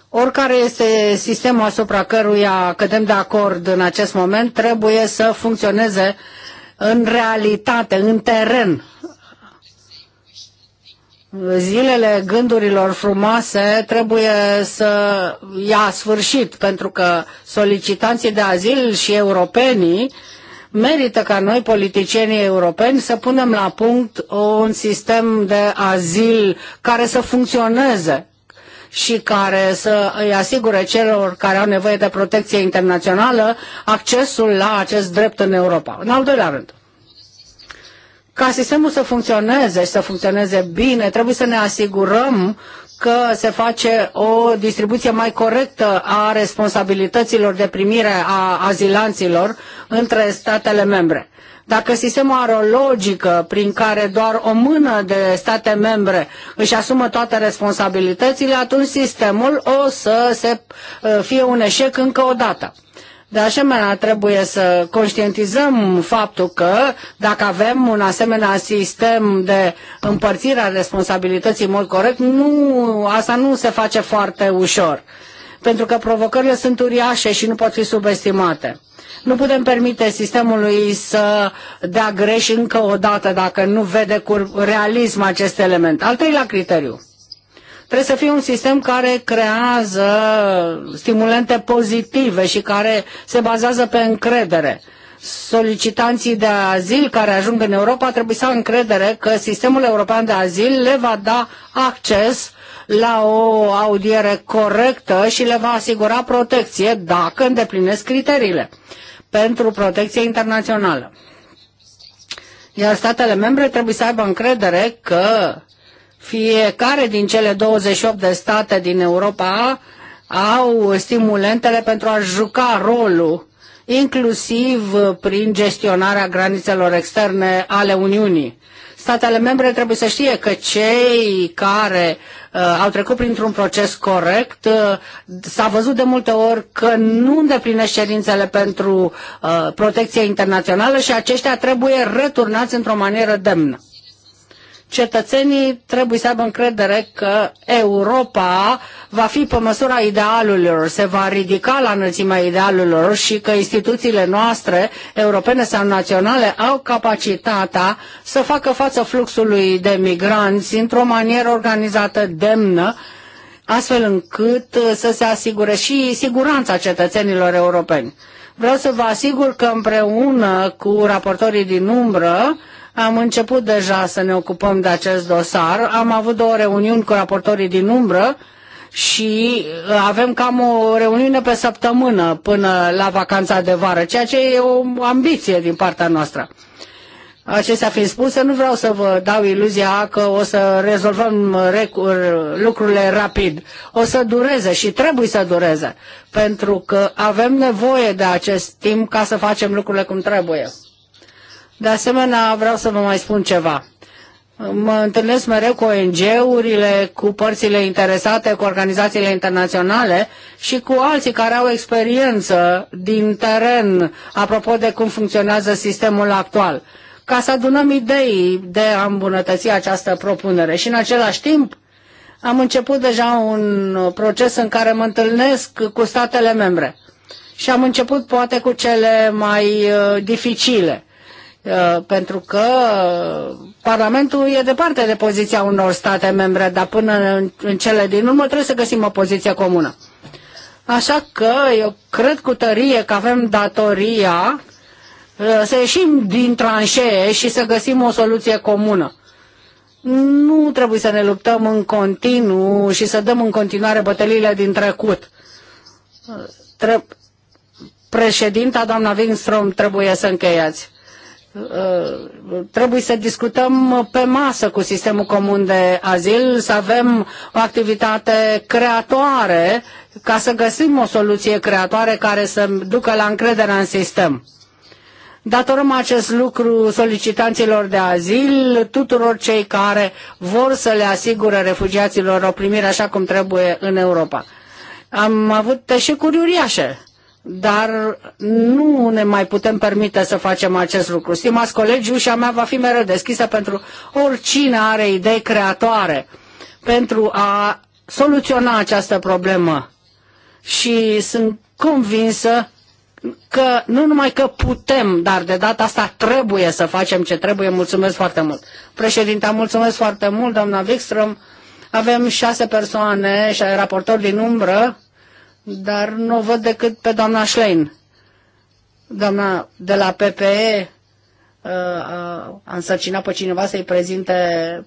oricare este sistemul asupra căruia cădem de acord în acest moment, trebuie să funcționeze în realitate, în teren. Zilele gândurilor frumoase trebuie să ia sfârșit, pentru că solicitanții de azil și europenii uh, merită ca noi, politicienii europeni, să punem la punct un sistem de azil care să funcționeze și care să îi asigure celor care au nevoie de protecție internațională accesul la acest drept în Europa. În al doilea rând, ca sistemul să funcționeze și să funcționeze bine, trebuie să ne asigurăm că se face o distribuție mai corectă a responsabilităților de primire a azilanților între statele membre. Dacă sistemul are o logică prin care doar o mână de state membre își asumă toate responsabilitățile, atunci sistemul o să se fie un eșec încă o dată. De asemenea, trebuie să conștientizăm faptul că dacă avem un asemenea sistem de împărțire a responsabilității în mod corect, nu, asta nu se face foarte ușor, pentru că provocările sunt uriașe și nu pot fi subestimate. Nu putem permite sistemului să dea greș încă o dată dacă nu vede cu realism acest element. Al treilea criteriu Trebuie să fie un sistem care creează stimulente pozitive și care se bazează pe încredere solicitanții de azil care ajung în Europa trebuie să au încredere că sistemul european de azil le va da acces la o audiere corectă și le va asigura protecție dacă îndeplinesc criteriile pentru protecție internațională. Iar statele membre trebuie să aibă încredere că uh, fiecare din cele 28 de state din Europa au stimulentele pentru a juca rolul, inclusiv prin gestionarea granițelor externe ale Uniunii statele membre trebuie să știe că cei care uh, au trecut printr-un proces corect uh, s-a văzut de multe ori că nu îndeplinesc cerințele pentru uh, protecție internațională și aceștia trebuie returnați într-o manieră demnă cetățenii trebuie să aibă încredere că Europa va fi pe măsura idealurilor, se va ridica la înălțimea idealurilor și că instituțiile noastre, europene sau naționale, au capacitatea să facă față fluxului de migranți într-o manieră organizată demnă, astfel încât să se asigure și siguranța cetățenilor europeni. Vreau să vă asigur că împreună cu raportorii din umbră, am început deja să ne ocupăm de acest dosar. Am avut două reuniuni cu raportorii din umbră și uh, avem cam o reuniune pe săptămână până la vacanța de vară, ceea ce e o ambiție din partea noastră. Acestea fiind spuse, nu vreau să vă dau iluzia că o să rezolvăm uh, uh, lucrurile rapid. O să dureze și trebuie să dureze, pentru că avem nevoie de acest timp ca să facem lucrurile cum trebuie. De asemenea, vreau să vă mai spun ceva. Mă întâlnesc mereu cu ONG-urile, cu părțile interesate, cu organizațiile internaționale și cu alții care au experiență din teren apropo de cum funcționează sistemul actual, ca să adunăm idei de a îmbunătăți această propunere. Și în același timp am început deja un proces în care mă întâlnesc cu statele membre și am început poate cu cele mai uh, dificile Uh, pentru că Parlamentul e departe de poziția unor state membre, dar până în cele din urmă trebuie să găsim o poziție comună. Așa că eu cred cu tărie că avem datoria uh, să ieșim din tranșee și să găsim o soluție comună. Nu trebuie să ne luptăm în continuu și să dăm în continuare bătăliile din trecut. Uh, Tre- Președinta, doamna Wingstrom, trebuie să încheiați. Uh, trebuie să discutăm pe masă cu sistemul comun de azil, să avem o activitate creatoare ca să găsim o soluție creatoare care să ducă la încrederea în sistem. Datorăm acest lucru solicitanților de azil, tuturor cei care vor să le asigure refugiaților o primire așa cum trebuie în Europa. Am avut și curiuriașe dar nu ne mai putem permite să facem acest lucru. Stimați colegi, ușa mea va fi mereu deschisă pentru oricine are idei creatoare pentru a soluționa această problemă. Și sunt convinsă că nu numai că putem, dar de data asta trebuie să facem ce trebuie. Mulțumesc foarte mult. Președinte, mulțumesc foarte mult, doamna Wikström. Avem șase persoane, și raportori din umbră, dar nu o văd decât pe doamna Schlein. Doamna de la PPE uh, uh, a însărcinat pe cineva să-i prezinte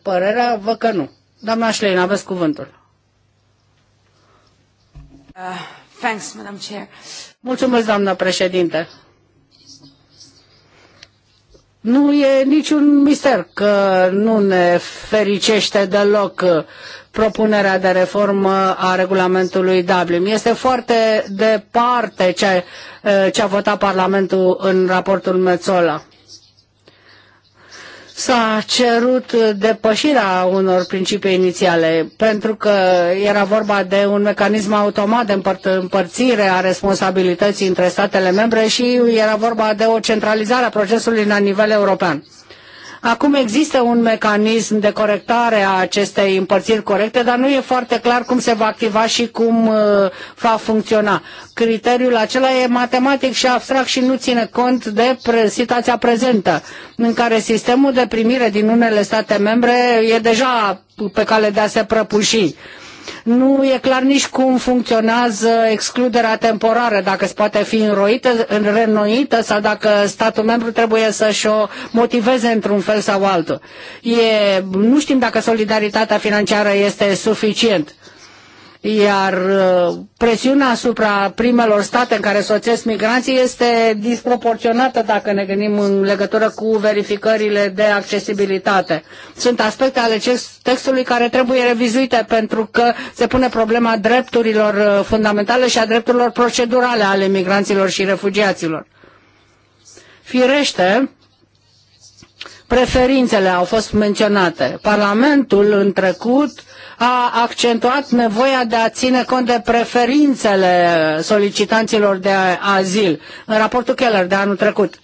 părerea? Văd că nu. Doamna Schlein, aveți cuvântul. Uh, thanks, Madam Chair. Mulțumesc, doamnă președinte. Nu e niciun mister că nu ne fericește deloc propunerea de reformă a regulamentului Dublin. Este foarte departe ce, ce a votat Parlamentul în raportul Mețola s-a cerut depășirea unor principii inițiale, pentru că era vorba de un mecanism automat de împăr- împărțire a responsabilității între statele membre și era vorba de o centralizare a procesului la nivel european. Acum există un mecanism de corectare a acestei împărțiri corecte, dar nu e foarte clar cum se va activa și cum uh, va funcționa. Criteriul acela e matematic și abstract și nu ține cont de pre- situația prezentă, în care sistemul de primire din unele state membre e deja pe cale de a se prăpuși nu e clar nici cum funcționează excluderea temporară, dacă se poate fi înroită, înrenoită sau dacă statul membru trebuie să-și o motiveze într-un fel sau altul. E, nu știm dacă solidaritatea financiară este suficient iar uh, presiunea asupra primelor state în care soțesc migranții este disproporționată dacă ne gândim în legătură cu verificările de accesibilitate. Sunt aspecte ale textului care trebuie revizuite pentru că se pune problema drepturilor uh, fundamentale și a drepturilor procedurale ale migranților și refugiaților. Firește, preferințele au fost menționate. Parlamentul în trecut a accentuat nevoia de a ține cont de preferințele solicitanților de azil în raportul Keller de anul trecut.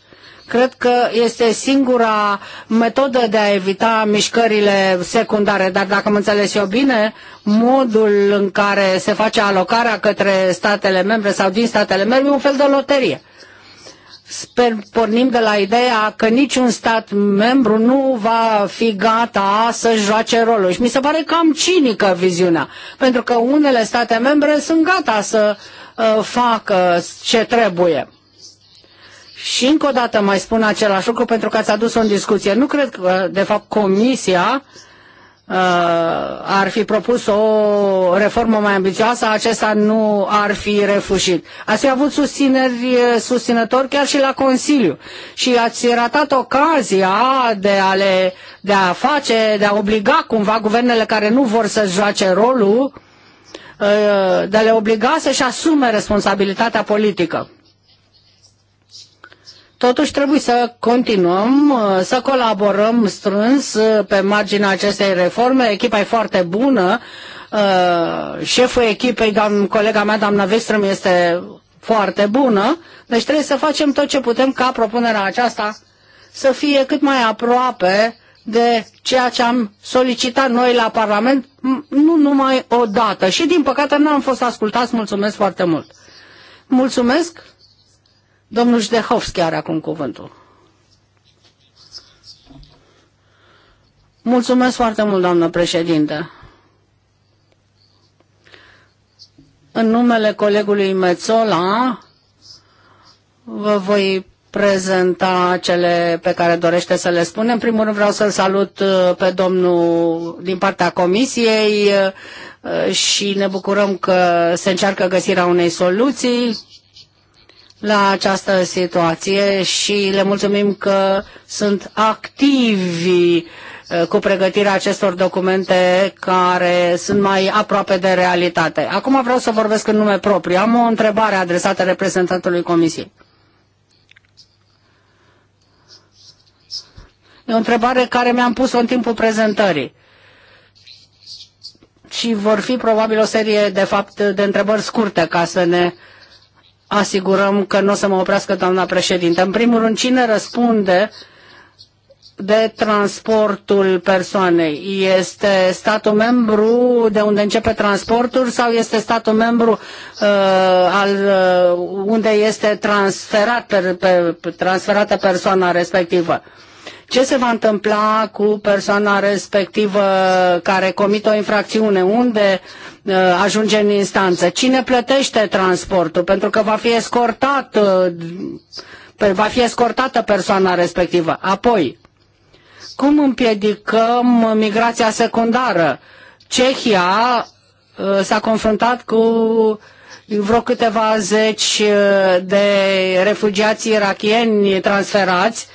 Cred că este singura metodă de a evita mișcările secundare, dar dacă am înțeles eu bine, modul în care se face alocarea către statele membre sau din statele membre e un fel de loterie. Sper, pornim de la ideea că niciun stat membru nu va fi gata să joace rolul. Și mi se pare cam cinică viziunea, pentru că unele state membre sunt gata să uh, facă ce trebuie. Și încă o dată mai spun același lucru pentru că ați adus-o în discuție. Nu cred că, de fapt, Comisia uh, Uh, ar fi propus o reformă mai ambițioasă, acesta nu ar fi refușit. Ați fi avut susțineri, uh, susținători chiar și la Consiliu și ați ratat ocazia de a, le, de a face, de a obliga cumva guvernele care nu vor să joace rolul, uh, de a le obliga să-și asume responsabilitatea politică. Totuși trebuie să continuăm, uh, să colaborăm strâns uh, pe marginea acestei reforme. Echipa e foarte bună. Uh, șeful echipei, colega mea, doamna Vestrum, este foarte bună. Deci trebuie să facem tot ce putem ca propunerea aceasta să fie cât mai aproape de ceea ce am solicitat noi la Parlament, nu numai o dată. Și din păcate n-am fost ascultați. Mulțumesc foarte mult. Mulțumesc. Domnul Jdehovski are acum cuvântul. Mulțumesc foarte mult, doamnă președinte. În numele colegului Mețola vă voi prezenta cele pe care dorește să le spunem. În primul rând vreau să-l salut uh, pe domnul din partea comisiei uh, și ne bucurăm că se încearcă găsirea unei soluții la această situație și le mulțumim că sunt activi uh, cu pregătirea acestor documente care sunt mai aproape de realitate. Acum vreau să vorbesc în nume propriu. Am o întrebare adresată reprezentantului Comisiei. E o întrebare care mi-am pus-o în timpul prezentării. Și vor fi probabil o serie, de fapt, de întrebări scurte ca să ne uh, asigurăm că nu o să mă oprească doamna președintă. În primul rând, cine răspunde de transportul persoanei? Este statul membru de unde începe transportul sau este statul membru uh, al, uh, unde este transferat per, pe, transferată persoana respectivă? Uh, ce se va întâmpla cu persoana respectivă care comite o infracțiune? Unde uh, ajunge în instanță? Cine plătește transportul? Pentru că va fi escortat uh, va fi escortată persoana respectivă. Apoi, cum împiedicăm migrația secundară? Cehia uh, s-a confruntat cu vreo câteva zeci de refugiați irachieni transferați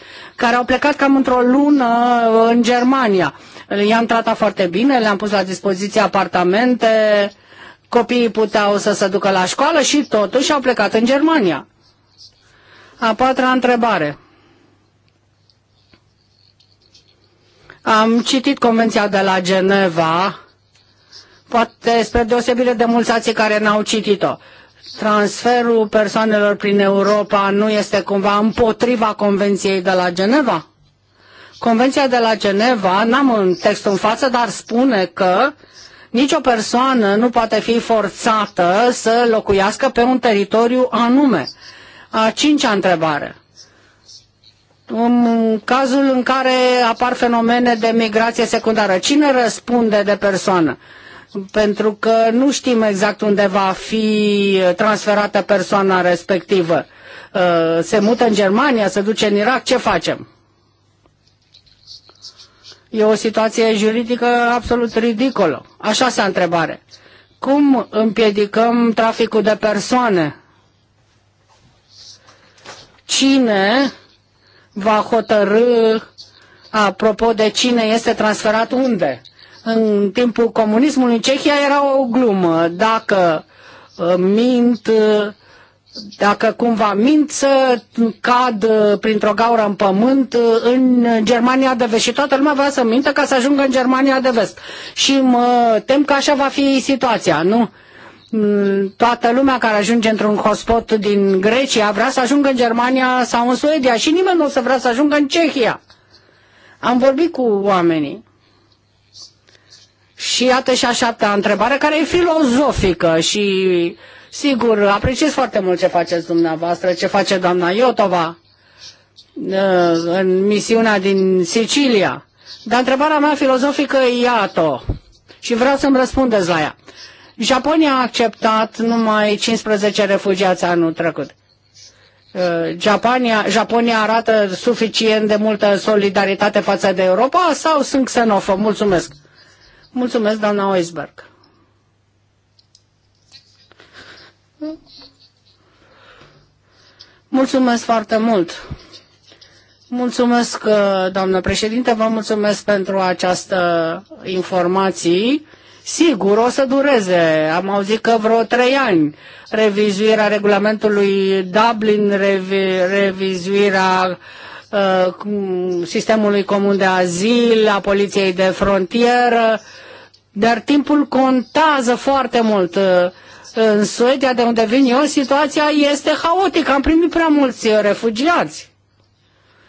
care au plecat cam într-o lună uh, în Germania. I-am tratat foarte bine, le-am pus la dispoziție apartamente, copiii puteau să se ducă la școală și totuși au plecat în Germania. A patra întrebare. Am citit Convenția de la Geneva, poate spre deosebire de mulți alții care n-au citit-o transferul persoanelor prin Europa nu este cumva împotriva Convenției de la Geneva? Convenția de la Geneva, n-am un text în față, dar spune că nicio persoană nu poate fi forțată să locuiască pe un teritoriu anume. A cincea întrebare. În cazul în care apar fenomene de migrație secundară, cine răspunde de persoană? pentru că nu știm exact unde va fi transferată persoana respectivă. Uh, se mută în Germania, se duce în Irak, ce facem? E o situație juridică absolut ridicolă. Așa s-a întrebare. Cum împiedicăm traficul de persoane? Cine va hotărâ apropo de cine este transferat unde? În timpul comunismului în Cehia era o glumă. Dacă uh, mint, uh, dacă cumva mint să cad uh, printr-o gaură în pământ în Germania de vest. Și toată lumea vrea să mintă ca să ajungă în Germania de vest. Și mă tem că așa va fi situația, nu? Mm, toată lumea care ajunge într-un hotspot din Grecia vrea să ajungă în Germania sau în Suedia și nimeni nu o să vrea să ajungă în Cehia. Am vorbit cu oamenii și iată și a șaptea întrebare, care e filozofică și, sigur, apreciez foarte mult ce faceți dumneavoastră, ce face doamna Iotova ă, în misiunea din Sicilia. Dar întrebarea mea filozofică e iată și vreau să-mi răspundeți la ea. Japonia a acceptat numai 15 refugiați anul trecut. Ă, Japonia, Japonia arată suficient de multă solidaritate față de Europa sau sunt xenofob? Mulțumesc! Mulțumesc, doamna Oisberg. Mulțumesc foarte mult. Mulțumesc, uh, doamnă președinte, vă mulțumesc pentru această informație. Sigur, o să dureze. Am auzit că vreo trei ani revizuirea regulamentului Dublin, revi, revizuirea Uh, sistemului comun de azil, a poliției de frontieră, dar timpul contează foarte mult. Uh, în Suedia, de unde vin eu, situația este haotică. Am primit prea mulți refugiați.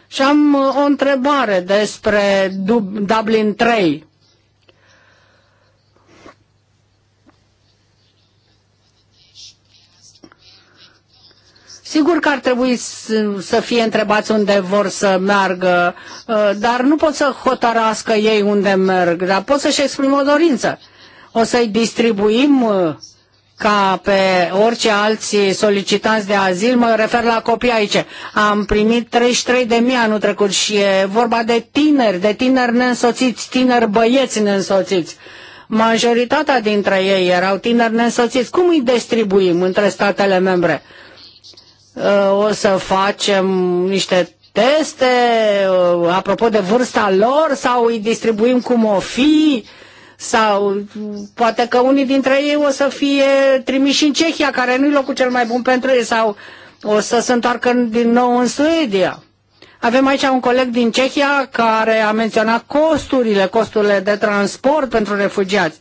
Și am uh, o întrebare despre Dublin 3. Sigur că ar trebui să fie întrebați unde vor să meargă, uh, dar nu pot să hotărască ei unde merg, dar pot să-și exprimă o dorință. O să-i distribuim uh, ca pe orice alți solicitanți de azil, mă refer la copii aici. Am primit 33 de mii anul trecut și e vorba de tineri, de tineri neînsoțiți, tineri băieți neînsoțiți. Majoritatea dintre ei erau tineri neînsoțiți. Cum îi distribuim între statele membre? Uh, o să facem niște teste uh, apropo de vârsta lor sau îi distribuim cum o fi sau poate că unii dintre ei o să fie trimiși în Cehia, care nu-i locul cel mai bun pentru ei, sau o să se întoarcă din nou în Suedia. Avem aici un coleg din Cehia care a menționat costurile, costurile de transport pentru refugiați.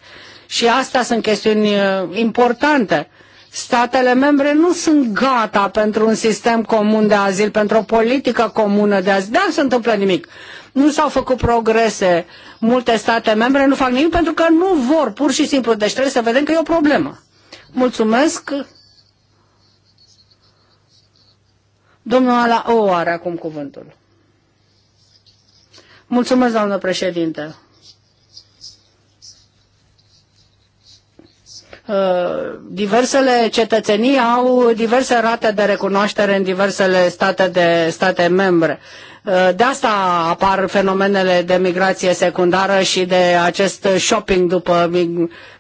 Și astea sunt chestiuni uh, importante statele membre nu sunt gata pentru un sistem comun de azil, pentru o politică comună de azil, dar se întâmplă nimic. Nu s-au făcut progrese. Multe state membre nu fac nimic pentru că nu vor, pur și simplu. Deci trebuie să vedem că e o problemă. Mulțumesc. Domnul Ala O are acum cuvântul. Mulțumesc, doamnă președinte. diversele cetățenii au diverse rate de recunoaștere în diversele state, de, state membre. De asta apar fenomenele de migrație secundară și de acest shopping după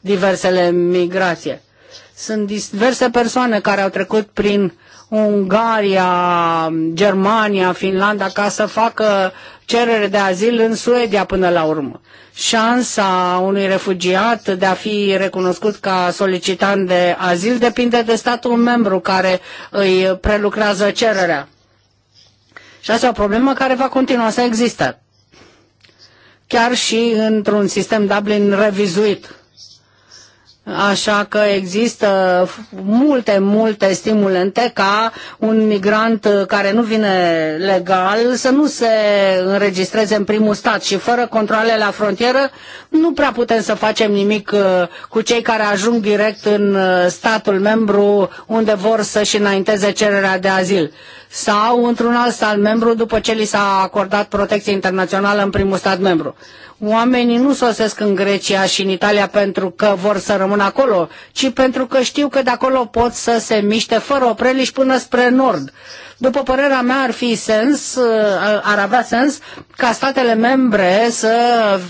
diversele migrație. Sunt diverse persoane care au trecut prin Ungaria, Germania, Finlanda ca să facă cerere de azil în Suedia până la urmă. Șansa unui refugiat de a fi recunoscut ca solicitant de azil depinde de statul membru care îi prelucrează cererea. Și asta e o problemă care va continua să existe. Chiar și într-un sistem Dublin revizuit Așa că există multe, multe stimulente ca un migrant care nu vine legal să nu se înregistreze în primul stat și fără controle la frontieră nu prea putem să facem nimic uh, cu cei care ajung direct în uh, statul membru unde vor să-și înainteze cererea de azil sau într-un alt stat membru după ce li s-a acordat protecție internațională în primul stat membru. Oamenii nu sosesc în Grecia și în Italia pentru că vor să rămână acolo, ci pentru că știu că de acolo pot să se miște fără opreliș până spre nord. După părerea mea, ar fi sens, uh, ar avea sens ca statele membre să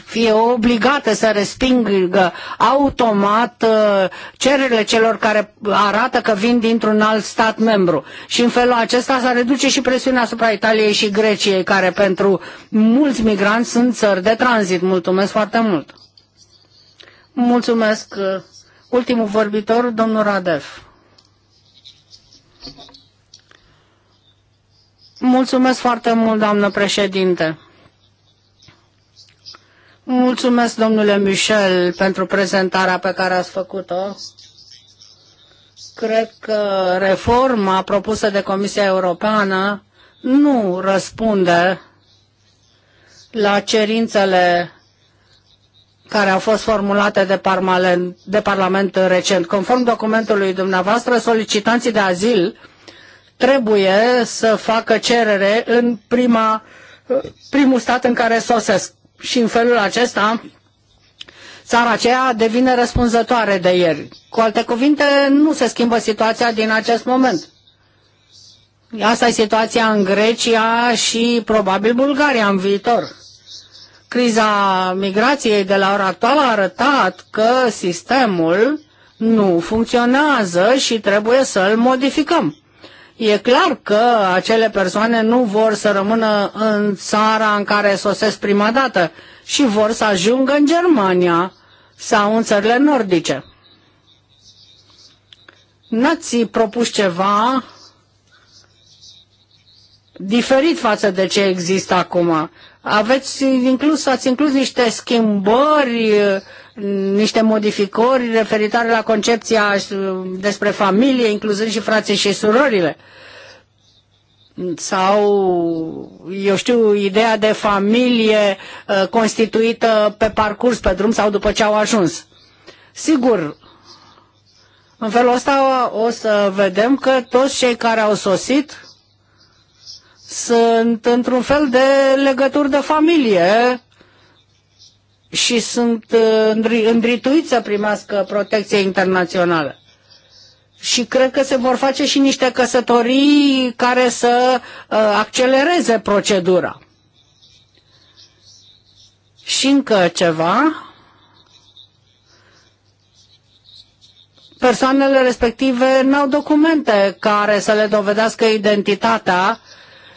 fie obligate să respingă automat uh, cererile celor care arată că vin dintr-un alt stat membru. Și în felul acesta s-ar reduce și presiunea asupra Italiei și Greciei, care pentru mulți migranți sunt țări de tranzit. Mulțumesc foarte mult! Mulțumesc! Uh, ultimul vorbitor, domnul Radev. Mulțumesc foarte mult, doamnă președinte. Mulțumesc, domnule Michel, pentru prezentarea pe care ați făcut-o. Cred că reforma propusă de Comisia Europeană nu răspunde la cerințele care au fost formulate de Parlament, de parlament recent. Conform documentului dumneavoastră, solicitanții de azil trebuie să facă cerere în prima, primul stat în care sosesc. Și în felul acesta, țara aceea devine răspunzătoare de ieri. Cu alte cuvinte, nu se schimbă situația din acest moment. Asta e situația în Grecia și probabil Bulgaria în viitor. Criza migrației de la ora actuală a arătat că sistemul nu funcționează și trebuie să-l modificăm. E clar că acele persoane nu vor să rămână în țara în care sosesc prima dată și vor să ajungă în Germania sau în țările nordice. N-ați propus ceva diferit față de ce există acum. Aveți inclus, ați inclus niște schimbări niște modificări referitoare la concepția despre familie, incluzând și frații și surorile. Sau, eu știu, ideea de familie uh, constituită pe parcurs, pe drum sau după ce au ajuns. Sigur, în felul ăsta o să vedem că toți cei care au sosit sunt într-un fel de legături de familie și sunt uh, îndrituiți să primească protecție internațională. Și cred că se vor face și niște căsătorii care să uh, accelereze procedura. Și încă ceva, persoanele respective n-au documente care să le dovedească identitatea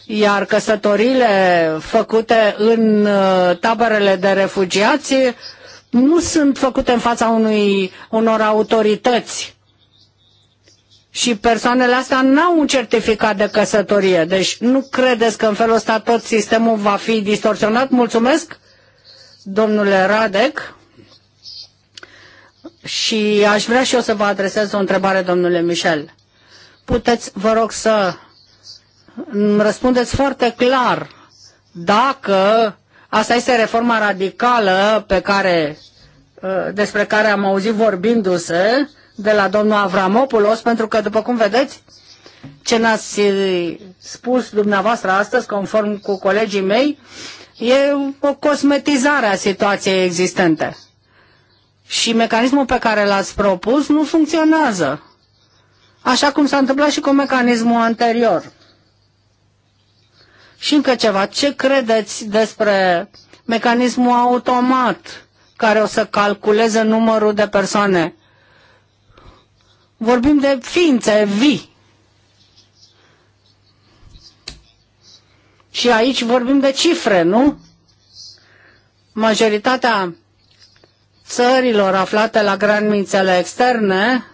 iar căsătorile făcute în uh, taberele de refugiați nu sunt făcute în fața unui, unor autorități. Și persoanele astea nu au un certificat de căsătorie. Deci nu credeți că în felul ăsta tot sistemul va fi distorsionat? Mulțumesc, domnule Radec. Și aș vrea și eu să vă adresez o întrebare, domnule Michel. Puteți, vă rog, să îmi răspundeți foarte clar dacă asta este reforma radicală pe care, uh, despre care am auzit vorbindu-se de la domnul Avramopoulos, pentru că, după cum vedeți, ce ne-ați spus dumneavoastră astăzi, conform cu colegii mei, e o cosmetizare a situației existente. Și mecanismul pe care l-ați propus nu funcționează, așa cum s-a întâmplat și cu mecanismul anterior. Și încă ceva, ce credeți despre mecanismul automat care o să calculeze numărul de persoane? Vorbim de ființe vii. Și aici vorbim de cifre, nu? Majoritatea țărilor aflate la granițele externe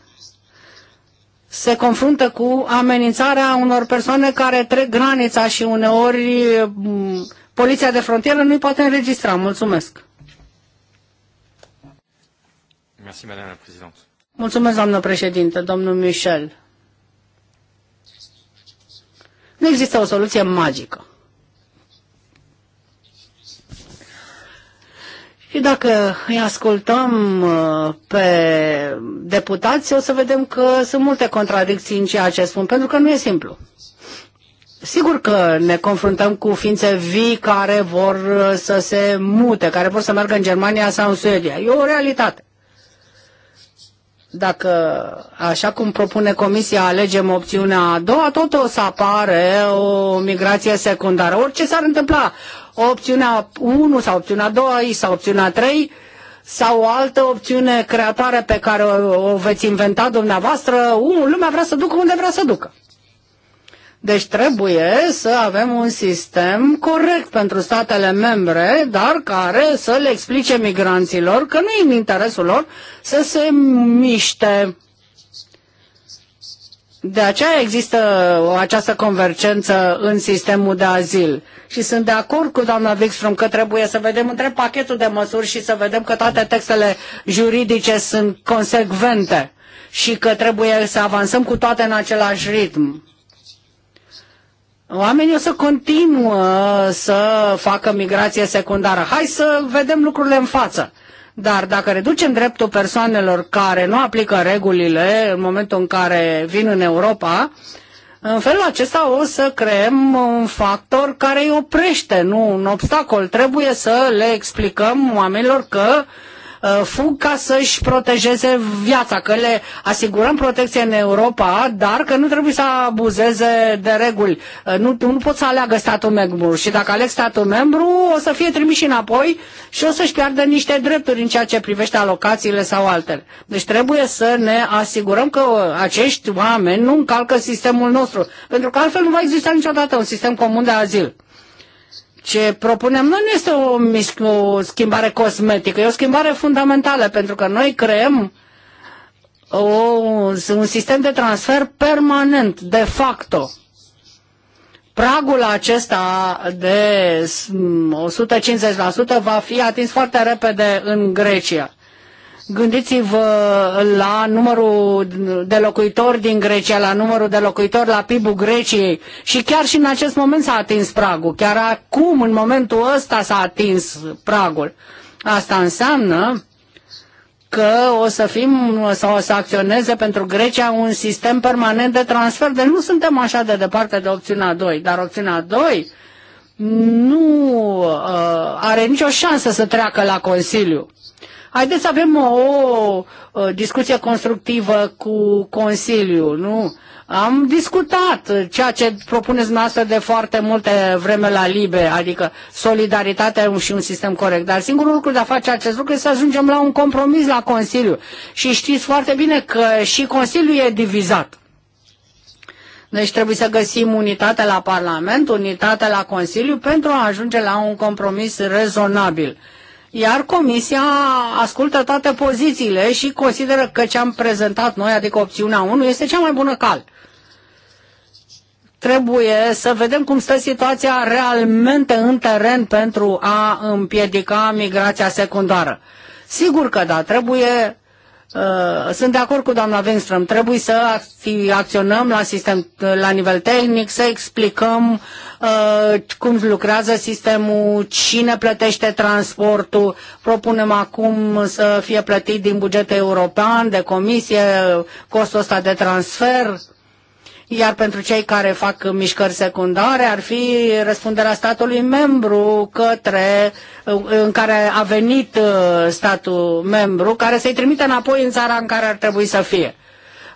se confruntă cu amenințarea unor persoane care trec granița și uneori mm, poliția de frontieră nu-i poate înregistra. Mulțumesc. Merci, Madame la Présidente. Mulțumesc, doamnă președinte, domnul Michel. Nu există o soluție magică. Și dacă îi ascultăm uh, pe deputați, o să vedem că sunt multe contradicții în ceea ce spun, pentru că nu e simplu. Sigur că ne confruntăm cu ființe vii care vor uh, să se mute, care vor să meargă în Germania sau în Suedia. E o realitate. Dacă, așa cum propune Comisia, alegem opțiunea a doua, tot o să apare o migrație secundară. Orice s-ar întâmpla, opțiunea 1 sau opțiunea 2 sau opțiunea 3 sau o altă opțiune creatoare pe care o, o veți inventa dumneavoastră, unul lumea vrea să ducă unde vrea să ducă. Deci trebuie să avem un sistem corect pentru statele membre, dar care să le explice migranților că nu e în interesul lor să se miște de aceea există această convergență în sistemul de azil. Și sunt de acord cu doamna Wikström că trebuie să vedem întreg pachetul de măsuri și să vedem că toate textele juridice sunt consecvente și că trebuie să avansăm cu toate în același ritm. Oamenii o să continuă să facă migrație secundară. Hai să vedem lucrurile în față. Dar dacă reducem dreptul persoanelor care nu aplică regulile în momentul în care vin în Europa, în felul acesta o să creăm un factor care îi oprește, nu un obstacol. Trebuie să le explicăm oamenilor că uh, Uh, fug ca să-și protejeze viața, că le asigurăm protecție în Europa, dar că nu trebuie să abuzeze de reguli. Uh, nu, nu pot să aleagă statul membru și dacă aleg statul membru o să fie trimis și înapoi și o să-și piardă niște drepturi în ceea ce privește alocațiile sau altele. Deci trebuie să ne asigurăm că uh, acești oameni nu încalcă sistemul nostru, pentru că altfel nu va exista niciodată un sistem comun de azil ce propunem noi nu este o, o schimbare cosmetică, e o schimbare fundamentală, pentru că noi creăm o, un sistem de transfer permanent, de facto. Pragul acesta de 150% va fi atins foarte repede în Grecia. Gândiți-vă la numărul de locuitori din Grecia, la numărul de locuitori la PIB-ul Greciei și chiar și în acest moment s-a atins pragul. Chiar acum, în momentul ăsta, s-a atins pragul. Asta înseamnă că o să fim sau o să acționeze pentru Grecia un sistem permanent de transfer. Deci nu suntem așa de departe de opțiunea 2, dar opțiunea 2 nu uh, are nicio șansă să treacă la Consiliu. Haideți să avem o, o discuție constructivă cu Consiliul, nu? Am discutat ceea ce propuneți noastră de foarte multe vreme la libe, adică solidaritatea și un sistem corect. Dar singurul lucru de a face acest lucru este să ajungem la un compromis la Consiliu. Și știți foarte bine că și Consiliul e divizat. Deci trebuie să găsim unitate la Parlament, unitate la Consiliu pentru a ajunge la un compromis rezonabil iar Comisia ascultă toate pozițiile și consideră că ce am prezentat noi, adică opțiunea 1, este cea mai bună cal. Trebuie să vedem cum stă situația realmente în teren pentru a împiedica migrația secundară. Sigur că da, trebuie uh, sunt de acord cu doamna Wenström, trebuie să acționăm la, sistem, la nivel tehnic, să explicăm Uh, cum lucrează sistemul, cine plătește transportul. Propunem acum să fie plătit din bugetul european, de comisie, costul ăsta de transfer. Iar pentru cei care fac mișcări secundare ar fi răspunderea statului membru către, uh, în care a venit uh, statul membru, care să-i trimite înapoi în țara în care ar trebui să fie.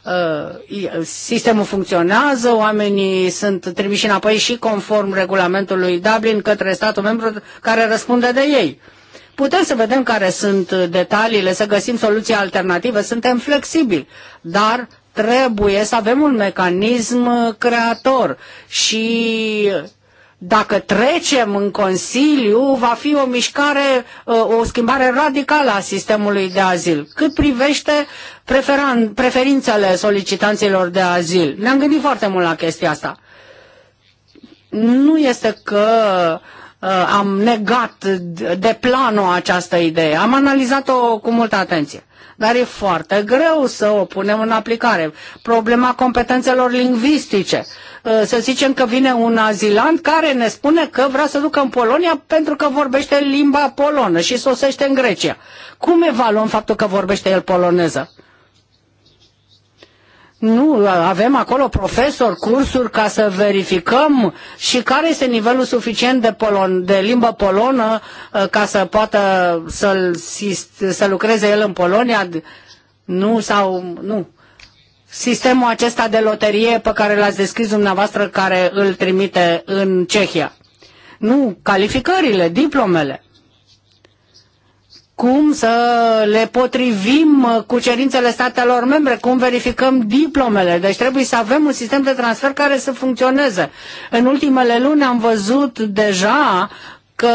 Uh, sistemul funcționează, oamenii sunt trimiși înapoi și conform regulamentului Dublin către statul membru care răspunde de ei. Putem să vedem care sunt detaliile, să găsim soluții alternative, suntem flexibili, dar trebuie să avem un mecanism creator și dacă trecem în Consiliu, va fi o mișcare, uh, o schimbare radicală a sistemului de azil. Cât privește preferan, preferințele solicitanților de azil, ne-am gândit foarte mult la chestia asta. Nu este că Uh, am negat de planul această idee. Am analizat-o cu multă atenție. Dar e foarte greu să o punem în aplicare. Problema competențelor lingvistice. Uh, să zicem că vine un azilant care ne spune că vrea să ducă în Polonia pentru că vorbește limba polonă și sosește în Grecia. Cum evaluăm faptul că vorbește el poloneză? Nu, avem acolo profesori, cursuri ca să verificăm și care este nivelul suficient de, polon, de limbă polonă uh, ca să poată să, să lucreze el în Polonia. Nu, sau nu. Sistemul acesta de loterie pe care l-ați descris dumneavoastră, care îl trimite în Cehia. Nu, calificările, diplomele cum să le potrivim uh, cu cerințele statelor membre, cum verificăm diplomele. Deci trebuie să avem un sistem de transfer care să funcționeze. În ultimele luni am văzut deja că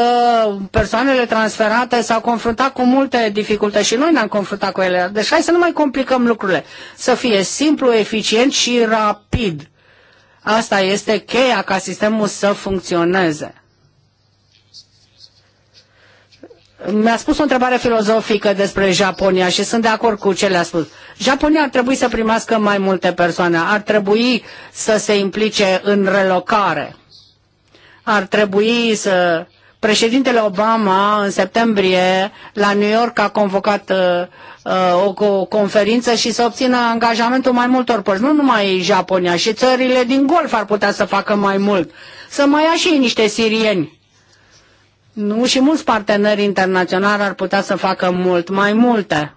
persoanele transferate s-au confruntat cu multe dificultăți și noi ne-am confruntat cu ele. Deci hai să nu mai complicăm lucrurile. Să fie simplu, eficient și rapid. Asta este cheia ca sistemul să funcționeze. mi-a spus o întrebare filozofică despre Japonia și sunt de acord cu ce le-a spus. Japonia ar trebui să primească mai multe persoane, ar trebui să se implice în relocare, ar trebui să... Președintele Obama în septembrie la New York a convocat uh, uh o, o conferință și să obțină angajamentul mai multor părți, nu numai Japonia, și țările din Golf ar putea să facă mai mult. Să mai ia și niște sirieni nu, și mulți parteneri internaționali ar putea să facă mult mai multe.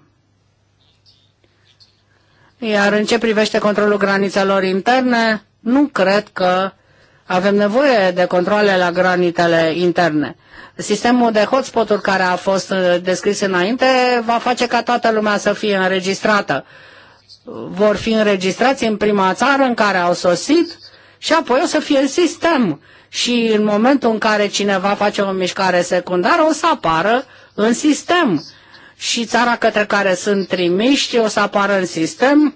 Iar în ce privește controlul granițelor interne, nu cred că avem nevoie de controle la granitele interne. Sistemul de hotspot-uri care a fost uh, descris înainte va face ca toată lumea să fie înregistrată. Vor fi înregistrați în prima țară în care au sosit și apoi o să fie în sistem și în momentul în care cineva face o mișcare secundară o să apară în sistem și țara către care sunt trimiști o să apară în sistem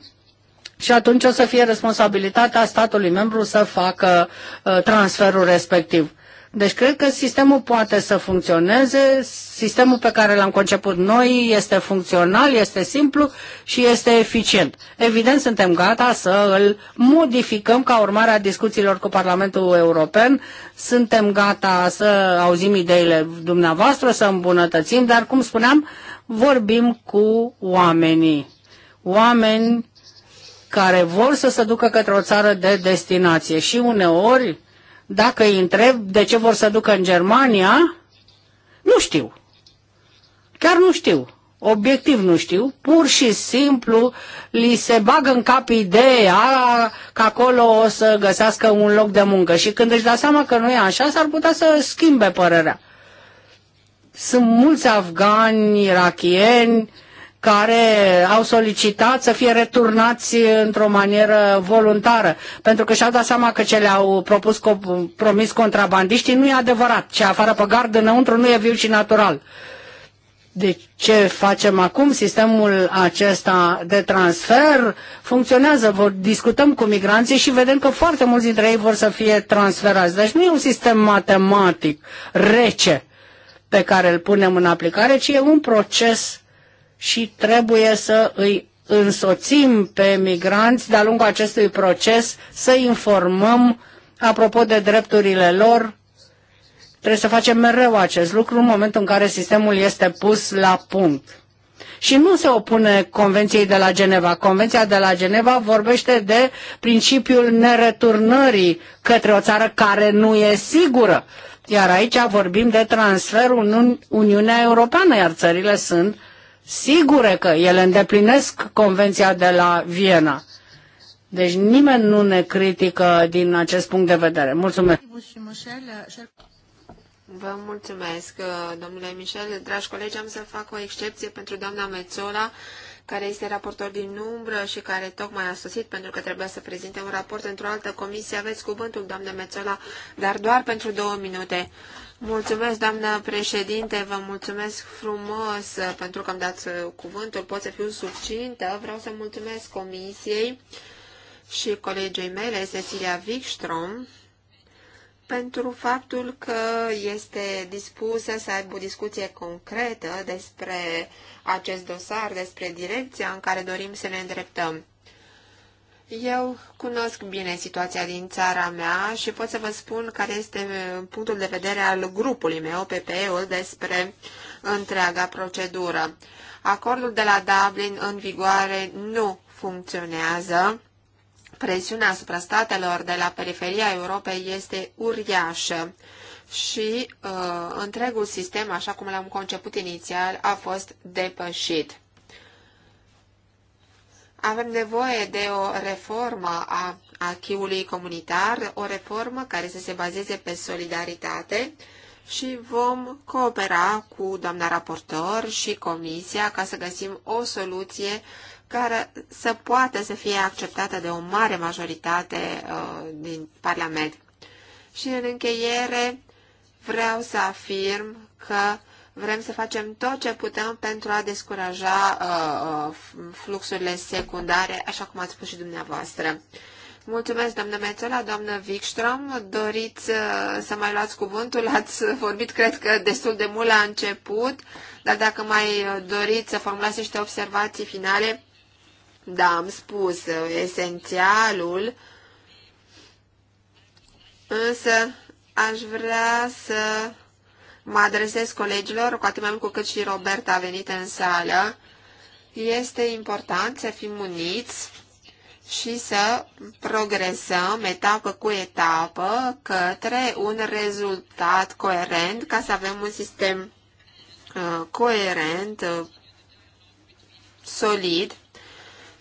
și atunci o să fie responsabilitatea statului membru să facă uh, transferul respectiv. Deci cred că sistemul poate să funcționeze, sistemul pe care l-am conceput noi este funcțional, este simplu și este eficient. Evident, suntem gata să îl modificăm ca urmare a discuțiilor cu Parlamentul European, suntem gata să auzim ideile dumneavoastră, să îmbunătățim, dar, cum spuneam, vorbim cu oamenii. Oameni care vor să se ducă către o țară de destinație și uneori dacă îi întreb de ce vor să ducă în Germania, nu știu. Chiar nu știu. Obiectiv nu știu, pur și simplu li se bagă în cap ideea că acolo o să găsească un loc de muncă și când își da seama că nu e așa, s-ar putea să schimbe părerea. Sunt mulți afgani, irachieni, care au solicitat să fie returnați într-o manieră voluntară, pentru că și-au dat seama că ce le-au propus, promis contrabandiștii nu e adevărat. Ce afară pe gard înăuntru nu e viu și natural. Deci ce facem acum? Sistemul acesta de transfer funcționează. Vor, discutăm cu migranții și vedem că foarte mulți dintre ei vor să fie transferați. Deci nu e un sistem matematic rece pe care îl punem în aplicare, ci e un proces și trebuie să îi însoțim pe migranți de-a lungul acestui proces, să informăm apropo de drepturile lor. Trebuie să facem mereu acest lucru în momentul în care sistemul este pus la punct. Și nu se opune Convenției de la Geneva. Convenția de la Geneva vorbește de principiul nereturnării către o țară care nu e sigură. Iar aici vorbim de transferul în Uniunea Europeană, iar țările sunt sigure că ele îndeplinesc Convenția de la Viena. Deci nimeni nu ne critică din acest punct de vedere. Mulțumesc! Vă mulțumesc, domnule Michel. Dragi colegi, am să fac o excepție pentru doamna Mețola, care este raportor din umbră și care tocmai a sosit pentru că trebuia să prezinte un raport într-o altă comisie. Aveți cuvântul, doamnă Mețola, dar doar pentru două minute. Mulțumesc, doamnă președinte, vă mulțumesc frumos pentru că am dat cuvântul, pot să fiu subțintă. Vreau să mulțumesc comisiei și colegii mele, Cecilia Wikström, pentru faptul că este dispusă să aibă o discuție concretă despre acest dosar, despre direcția în care dorim să ne îndreptăm. Eu cunosc bine situația din țara mea și pot să vă spun care este uh, punctul de vedere al grupului meu, PPE-ul, despre întreaga procedură. Acordul de la Dublin în vigoare nu funcționează. Presiunea asupra statelor de la periferia Europei este uriașă și uh, întregul sistem, așa cum l-am conceput inițial, a fost depășit. Avem nevoie de o reformă a achiului comunitar, o reformă care să se bazeze pe solidaritate și vom coopera cu doamna raportor și comisia ca să găsim o soluție care să poată să fie acceptată de o mare majoritate uh, din Parlament. Și în încheiere vreau să afirm că Vrem să facem tot ce putem pentru a descuraja uh, uh, fluxurile secundare, așa cum ați spus și dumneavoastră. Mulțumesc, doamnă Mețola, doamnă Wikström. Doriți uh, să mai luați cuvântul? Ați vorbit, cred că, destul de mult la început, dar dacă mai uh, doriți să formulați niște observații finale, da, am spus, esențialul, însă aș vrea să mă adresez colegilor, cu atât mai mult cu cât și Roberta a venit în sală, este important să fim uniți și să progresăm etapă cu etapă către un rezultat coerent ca să avem un sistem uh, coerent, uh, solid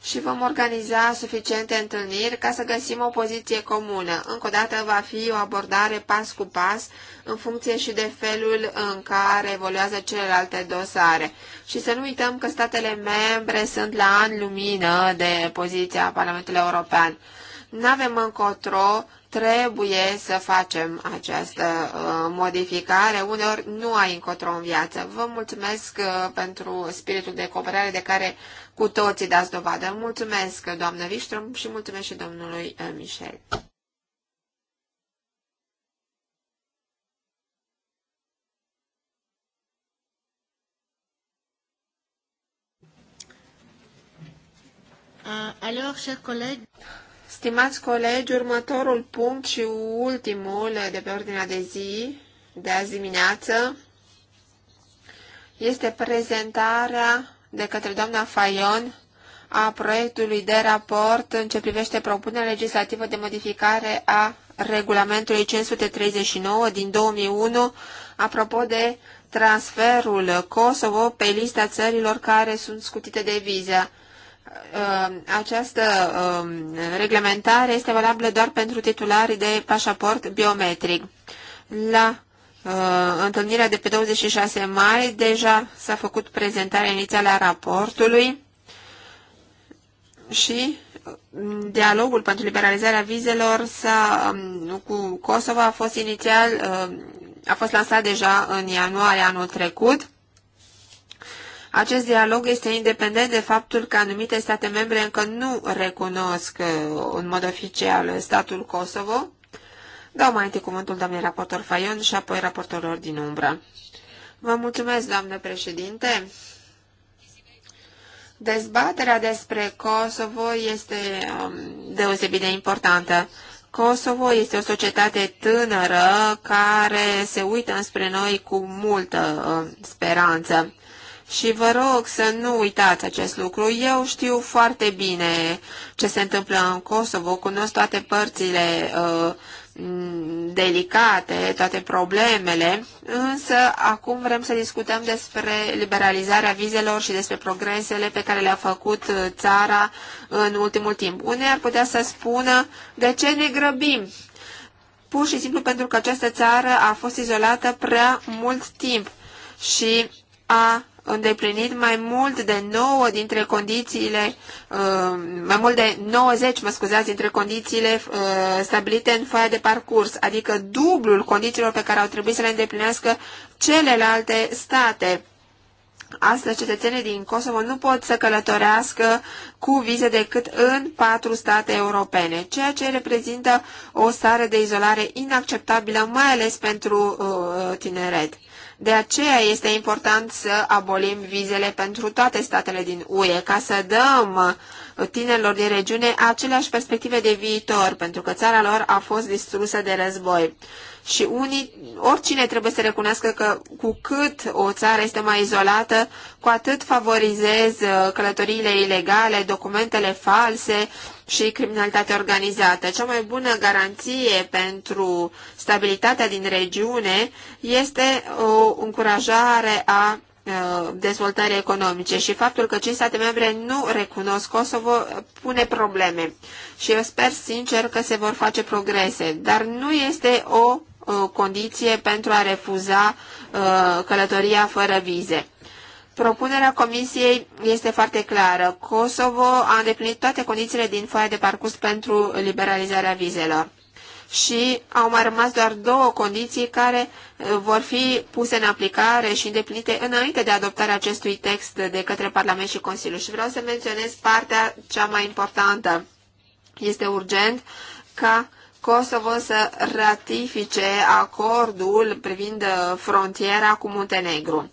și vom organiza suficiente întâlniri ca să găsim o poziție comună. Încă o dată va fi o abordare pas cu pas în funcție și de felul în care evoluează celelalte dosare. Și să nu uităm că statele membre sunt la an lumină de poziția Parlamentului European. Nu avem încotro trebuie să facem această uh, modificare. Uneori nu ai încotro în viață. Vă mulțumesc uh, pentru spiritul de cooperare de care cu toții dați dovadă. Mulțumesc, doamnă Viștrom, și mulțumesc și domnului uh, Michel. Uh, alors, chers collègues, Stimați colegi, următorul punct și ultimul de pe ordinea de zi de azi dimineață este prezentarea de către doamna Fayon a proiectului de raport în ce privește propunerea legislativă de modificare a regulamentului 539 din 2001 apropo de transferul Kosovo pe lista țărilor care sunt scutite de viză. Um, această um, reglementare este valabilă doar pentru titulari de pașaport biometric. La uh, întâlnirea de pe 26 mai deja s-a făcut prezentarea inițială a raportului și um, dialogul pentru liberalizarea vizelor a cu Kosovo a fost inițial a fost lansat deja în ianuarie anul trecut acest dialog este independent de faptul că anumite state membre încă nu recunosc uh, în mod oficial statul Kosovo. Dau mai întâi cuvântul doamnei raportor faion și apoi raportorilor din umbră. Vă mulțumesc, doamnă președinte. Dezbaterea despre Kosovo este um, deosebit de importantă. Kosovo este o societate tânără care se uită înspre noi cu multă uh, speranță. Și vă rog să nu uitați acest lucru. Eu știu foarte bine ce se întâmplă în Kosovo, cunosc toate părțile uh, delicate, toate problemele, însă acum vrem să discutăm despre liberalizarea vizelor și despre progresele pe care le-a făcut uh, țara în ultimul timp. Unii ar putea să spună de ce ne grăbim, pur și simplu pentru că această țară a fost izolată prea mult timp și a îndeplinit mai mult de 9 dintre condițiile, uh, mai mult de 90, mă scuzați, dintre condițiile uh, stabilite în foaia de parcurs, adică dublul condițiilor pe care au trebuit să le îndeplinească celelalte state. Astăzi, cetățenii din Kosovo nu pot să călătorească cu vize decât în patru state europene, ceea ce reprezintă o stare de izolare inacceptabilă, mai ales pentru uh, tineret. De aceea este important să abolim vizele pentru toate statele din UE, ca să dăm tinerilor din regiune aceleași perspective de viitor, pentru că țara lor a fost distrusă de război. Și unii, oricine trebuie să recunoască că cu cât o țară este mai izolată, cu atât favorizez uh, călătoriile ilegale, documentele false, și criminalitatea organizată. Cea mai bună garanție pentru stabilitatea din regiune este uh, o încurajare a uh, dezvoltării economice și faptul că cinci state membre nu recunosc Kosovo pune probleme. Și eu sper sincer că se vor face progrese, dar nu este o uh, condiție pentru a refuza călătoria fără vize. Propunerea Comisiei este foarte clară. Kosovo a îndeplinit toate condițiile din foaia de parcurs pentru liberalizarea vizelor. Și au mai rămas doar două condiții care uh, vor fi puse în aplicare și îndeplinite înainte de adoptarea acestui text de către Parlament și Consiliu. Și vreau să menționez partea cea mai importantă. Este urgent ca Kosovo să ratifice acordul privind uh, frontiera cu Muntenegru.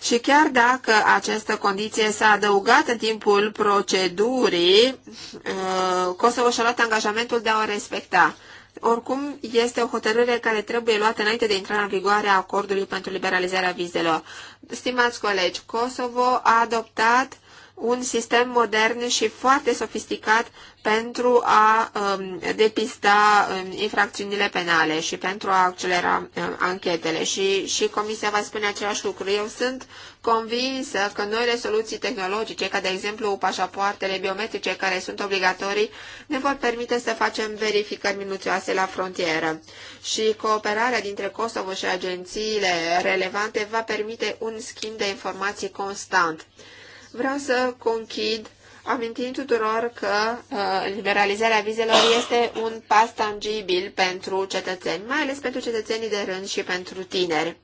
Și chiar dacă această condiție s-a adăugat în timpul procedurii, uh, Kosovo și-a luat angajamentul de a o respecta. Oricum, este o hotărâre care trebuie luată înainte de intrarea în vigoare a acordului pentru liberalizarea vizelor. Stimați colegi, Kosovo a adoptat un sistem modern și foarte sofisticat pentru a um, depista um, infracțiunile penale și pentru a accelera um, anchetele. Și, și Comisia va spune același lucru. Eu sunt convinsă că noile soluții tehnologice, ca de exemplu pașapoartele biometrice care sunt obligatorii, ne vor permite să facem verificări minuțioase la frontieră. Și cooperarea dintre Kosovo și agențiile relevante va permite un schimb de informații constant. Vreau să conchid amintind tuturor că uh, liberalizarea vizelor este un pas tangibil pentru cetățeni, mai ales pentru cetățenii de rând și pentru tineri.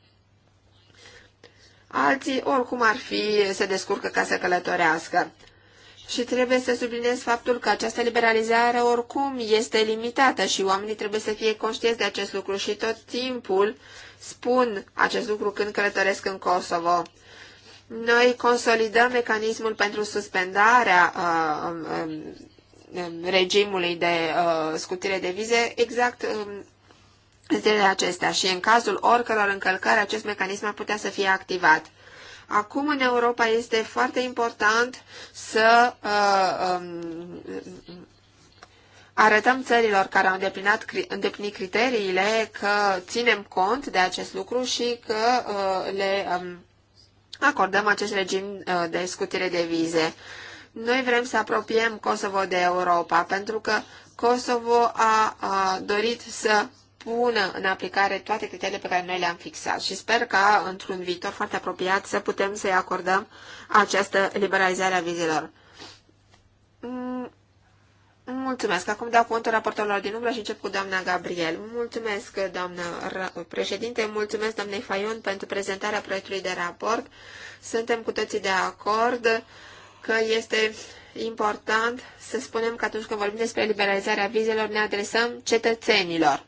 Alții, oricum ar fi, se descurcă ca să călătorească. Și trebuie să subliniez faptul că această liberalizare oricum este limitată și oamenii trebuie să fie conștienți de acest lucru și tot timpul spun acest lucru când călătoresc în Kosovo. Noi consolidăm mecanismul pentru suspendarea uh, um, um, um, regimului de uh, scutire de vize exact um, în zilele acestea și în cazul oricăror încălcări acest mecanism ar putea să fie activat. Acum în Europa este foarte important să uh, um, arătăm țărilor care au îndeplinat, îndeplinit criteriile că ținem cont de acest lucru și că uh, le um, acordăm acest regim uh, de scutire de vize. Noi vrem să apropiem Kosovo de Europa, pentru că Kosovo a, a dorit să pună în aplicare toate criteriile pe care noi le-am fixat și sper ca într-un viitor foarte apropiat să putem să-i acordăm această liberalizare a vizelor. Mm, Mulțumesc. Acum dau cuvântul raportorilor din umbră și încep cu doamna Gabriel. Mulțumesc, doamna președinte, mulțumesc doamnei Faion pentru prezentarea proiectului de raport. Suntem cu toții de acord că este important să spunem că atunci când vorbim despre liberalizarea vizelor ne adresăm cetățenilor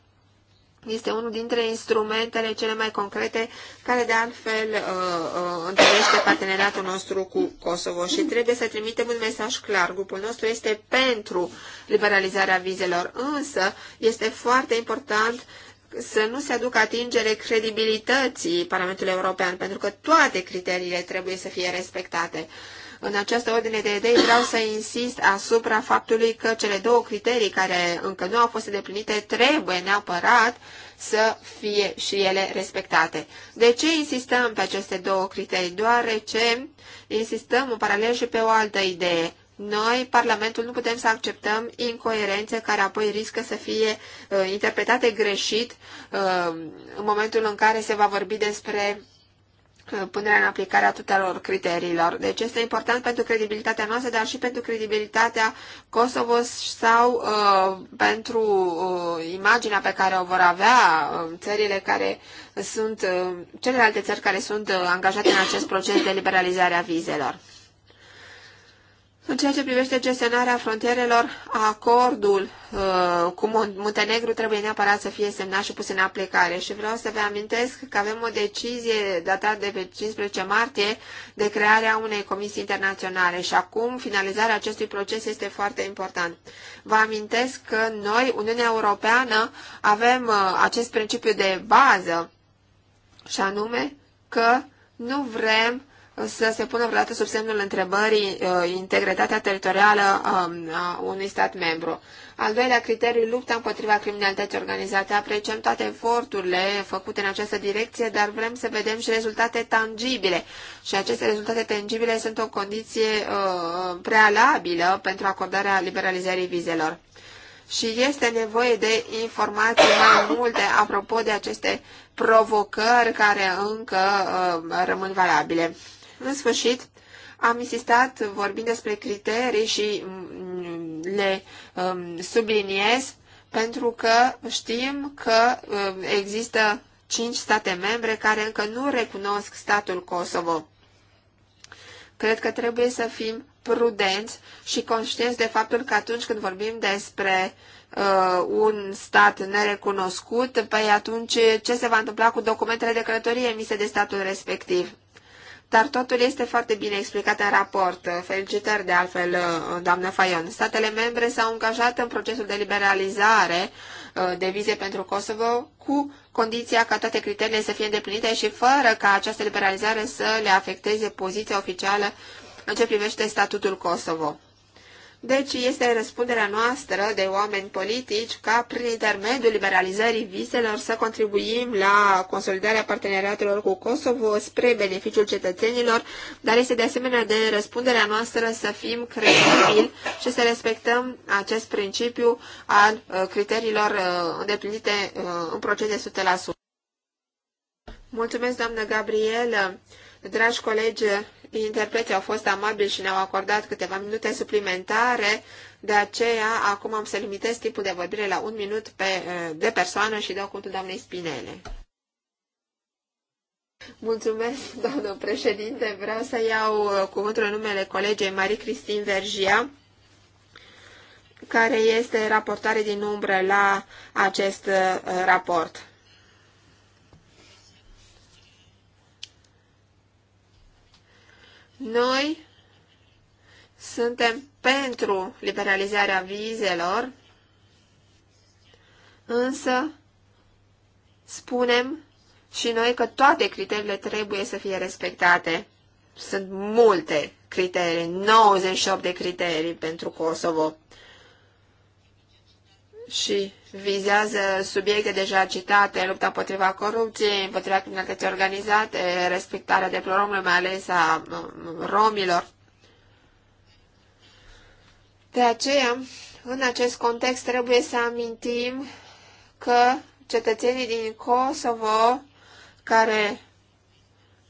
este unul dintre instrumentele cele mai concrete care de altfel uh, uh, întâlnește parteneriatul nostru cu Kosovo și trebuie să trimitem un mesaj clar. Grupul nostru este pentru liberalizarea vizelor, însă este foarte important să nu se aducă atingere credibilității Parlamentului European, pentru că toate criteriile trebuie să fie respectate. În această ordine de idei vreau să insist asupra faptului că cele două criterii care încă nu au fost îndeplinite trebuie neapărat să fie și ele respectate. De ce insistăm pe aceste două criterii? Deoarece insistăm în paralel și pe o altă idee. Noi, Parlamentul, nu putem să acceptăm incoerențe care apoi riscă să fie uh, interpretate greșit uh, în momentul în care se va vorbi despre punerea în aplicare a tuturor criteriilor. Deci este important pentru credibilitatea noastră, dar și pentru credibilitatea Kosovo sau uh, pentru uh, imaginea pe care o vor avea uh, țările care sunt, uh, celelalte țări care sunt uh, angajate în acest proces de liberalizare a vizelor. În ceea ce privește gestionarea frontierelor, acordul uh, cu Muntenegru trebuie neapărat să fie semnat și pus în aplicare și vreau să vă amintesc că avem o decizie datată de pe 15 martie de crearea unei comisii internaționale și acum finalizarea acestui proces este foarte important. Vă amintesc că noi, Uniunea Europeană, avem uh, acest principiu de bază și anume că nu vrem să se pună vreodată sub semnul întrebării uh, integritatea teritorială um, a unui stat membru. Al doilea criteriu, lupta împotriva criminalității organizate. Apreciem toate eforturile făcute în această direcție, dar vrem să vedem și rezultate tangibile. Și aceste rezultate tangibile sunt o condiție uh, prealabilă pentru acordarea liberalizării vizelor și este nevoie de informații mai multe apropo de aceste provocări care încă uh, rămân valabile. În sfârșit, am insistat vorbind despre criterii și mm, mm, le um, subliniez pentru că știm că um, există cinci state membre care încă nu recunosc statul Kosovo. Cred că trebuie să fim prudenți și conștienți de faptul că atunci când vorbim despre uh, un stat nerecunoscut, păi atunci ce se va întâmpla cu documentele de călătorie emise de statul respectiv? dar totul este foarte bine explicat în raport. Felicitări de altfel, doamnă Fayon. Statele membre s-au angajat în procesul de liberalizare uh, de vize pentru Kosovo cu condiția ca toate criteriile să fie îndeplinite și fără ca această liberalizare să le afecteze poziția oficială în ce privește statutul Kosovo. Deci este răspunderea noastră de oameni politici ca prin intermediul liberalizării vizelor să contribuim la consolidarea parteneriatelor cu Kosovo spre beneficiul cetățenilor, dar este de asemenea de răspunderea noastră să fim credibili și să respectăm acest principiu al uh, criteriilor uh, îndeplinite uh, în proces de 100%. Mulțumesc, doamnă Gabriel. Dragi colegi, Interpreții au fost amabili și ne-au acordat câteva minute suplimentare, de aceea acum am să limitez timpul de vorbire la un minut pe, eh, de persoană și dau cuvântul doamnei Spinele. Mulțumesc, <laughs> doamnă președinte. Vreau să iau eh, cuvântul în numele colegei Marie Cristin Vergia, care este raportare din umbră la acest eh, raport. Noi suntem pentru liberalizarea vizelor, însă spunem și noi că toate criteriile trebuie să fie respectate. Sunt multe criterii, 98 de criterii pentru Kosovo. Și vizează subiecte deja citate, lupta împotriva corupției, împotriva criminalității organizate, respectarea drepturilor omului, mai ales a romilor. De aceea, în acest context, trebuie să amintim că cetățenii din Kosovo care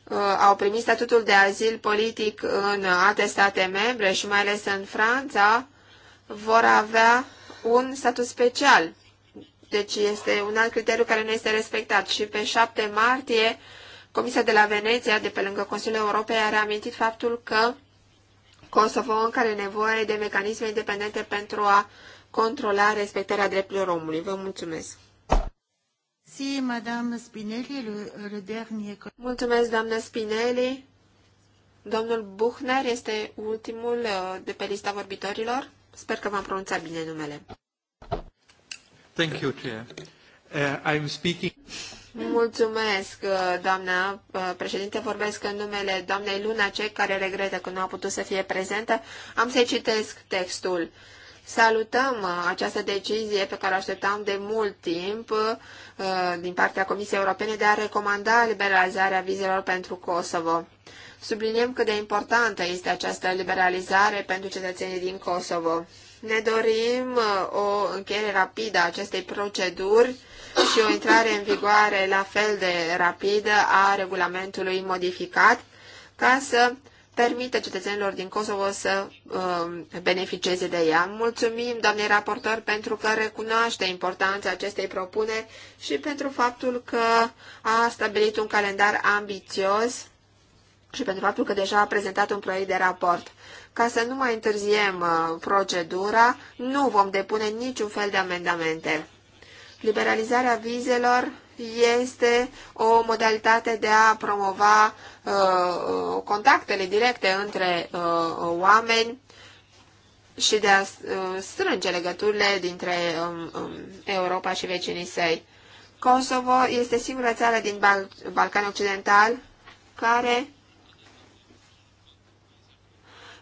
uh, au primit statutul de azil politic în alte state membre și mai ales în Franța, vor avea un statut special deci este un alt criteriu care nu este respectat. Și pe 7 martie, Comisia de la Veneția, de pe lângă Consiliul Europei, a reamintit faptul că Kosovo încă are nevoie de mecanisme independente pentru a controla respectarea drepturilor omului. Vă mulțumesc! Si, Madame Spinelli, le, le dernier... Mulțumesc, doamnă Spinelli. Domnul Buchner este ultimul uh, de pe lista vorbitorilor. Sper că v-am pronunțat bine numele. Thank you, Chair. Uh, I'm speaking... Mulțumesc, uh, doamna uh, președinte. Vorbesc în numele doamnei Lunacek, care regretă că nu a putut să fie prezentă. Am să citesc textul. Salutăm uh, această decizie pe care o așteptam de mult timp din partea Comisiei Europene de a recomanda liberalizarea vizelor pentru Kosovo. Subliniem cât de importantă este această liberalizare pentru cetățenii din Kosovo. Ne dorim uh, o încheiere rapidă a acestei proceduri și o intrare în vigoare la fel de rapidă a regulamentului modificat ca să permită cetățenilor din Kosovo să uh, beneficieze de ea. Mulțumim, doamnei raportor, pentru că recunoaște importanța acestei propuneri și pentru faptul că a stabilit un calendar ambițios și pentru faptul că deja a prezentat un proiect de raport ca să nu mai întârziem uh, procedura, nu vom depune niciun fel de amendamente. Liberalizarea vizelor este o modalitate de a promova uh, uh contactele directe între uh, uh, oameni și de a strânge legăturile dintre um, um, Europa și vecinii săi. Kosovo este singura țară din Bal Occidental care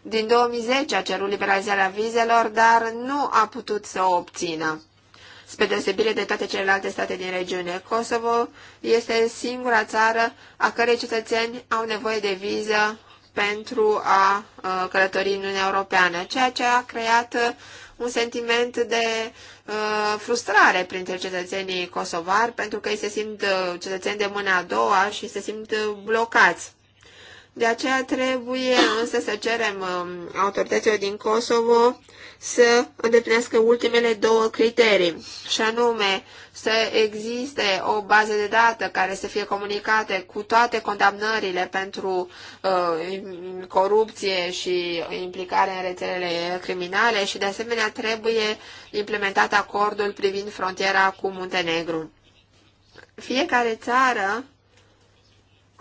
din 2010 a cerut liberalizarea vizelor, dar nu a putut să o obțină. Spre deosebire de toate celelalte state din regiune, Kosovo este singura țară a cărei cetățeni au nevoie de viză pentru a uh, călători în Uniunea Europeană, ceea ce a creat uh, un sentiment de uh, frustrare printre cetățenii kosovari pentru că ei se simt uh, cetățeni de mâna a doua și se simt blocați. De aceea trebuie însă să cerem um, autorităților din Kosovo să îndeplinească ultimele două criterii, și anume să existe o bază de dată care să fie comunicate cu toate condamnările pentru uh, corupție și implicare în rețelele criminale și de asemenea trebuie implementat acordul privind frontiera cu Muntenegru. Fiecare țară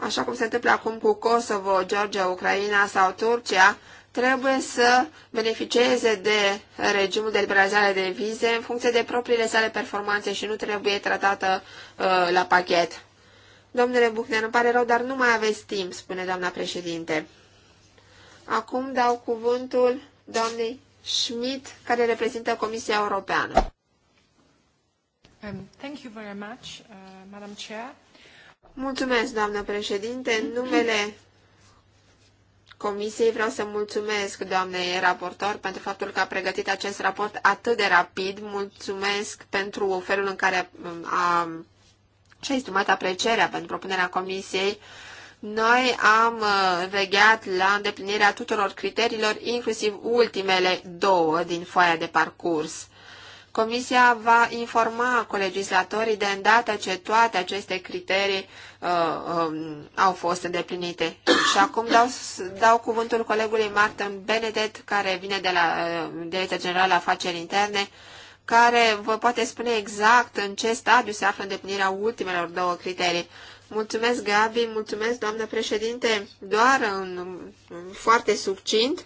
așa cum se întâmplă acum cu Kosovo, Georgia, Ucraina sau Turcia, trebuie să beneficieze de regimul de liberalizare de vize în funcție de propriile sale performanțe și nu trebuie tratată uh, la pachet. Domnule Buchner, îmi pare rău, dar nu mai aveți timp, spune doamna președinte. Acum dau cuvântul doamnei Schmidt, care reprezintă Comisia Europeană. Um, thank you very much, uh, Madam Chair. Mulțumesc, doamnă președinte. În numele Comisiei vreau să mulțumesc doamnei raportor pentru faptul că a pregătit acest raport atât de rapid. Mulțumesc pentru felul în care um, a, și-a estimat aprecierea pentru propunerea Comisiei. Noi am uh, vegheat la îndeplinirea tuturor criteriilor, inclusiv ultimele două din foaia de parcurs. Comisia va informa colegislatorii de îndată ce toate aceste criterii uh, um, au fost îndeplinite. Și acum dau, dau cuvântul colegului Martin Benedet, care vine de la uh, Direcția Generală Afaceri Interne, care vă poate spune exact în ce stadiu se află îndeplinirea ultimelor două criterii. Mulțumesc, Gabi, mulțumesc, doamnă președinte, doar în, în foarte succint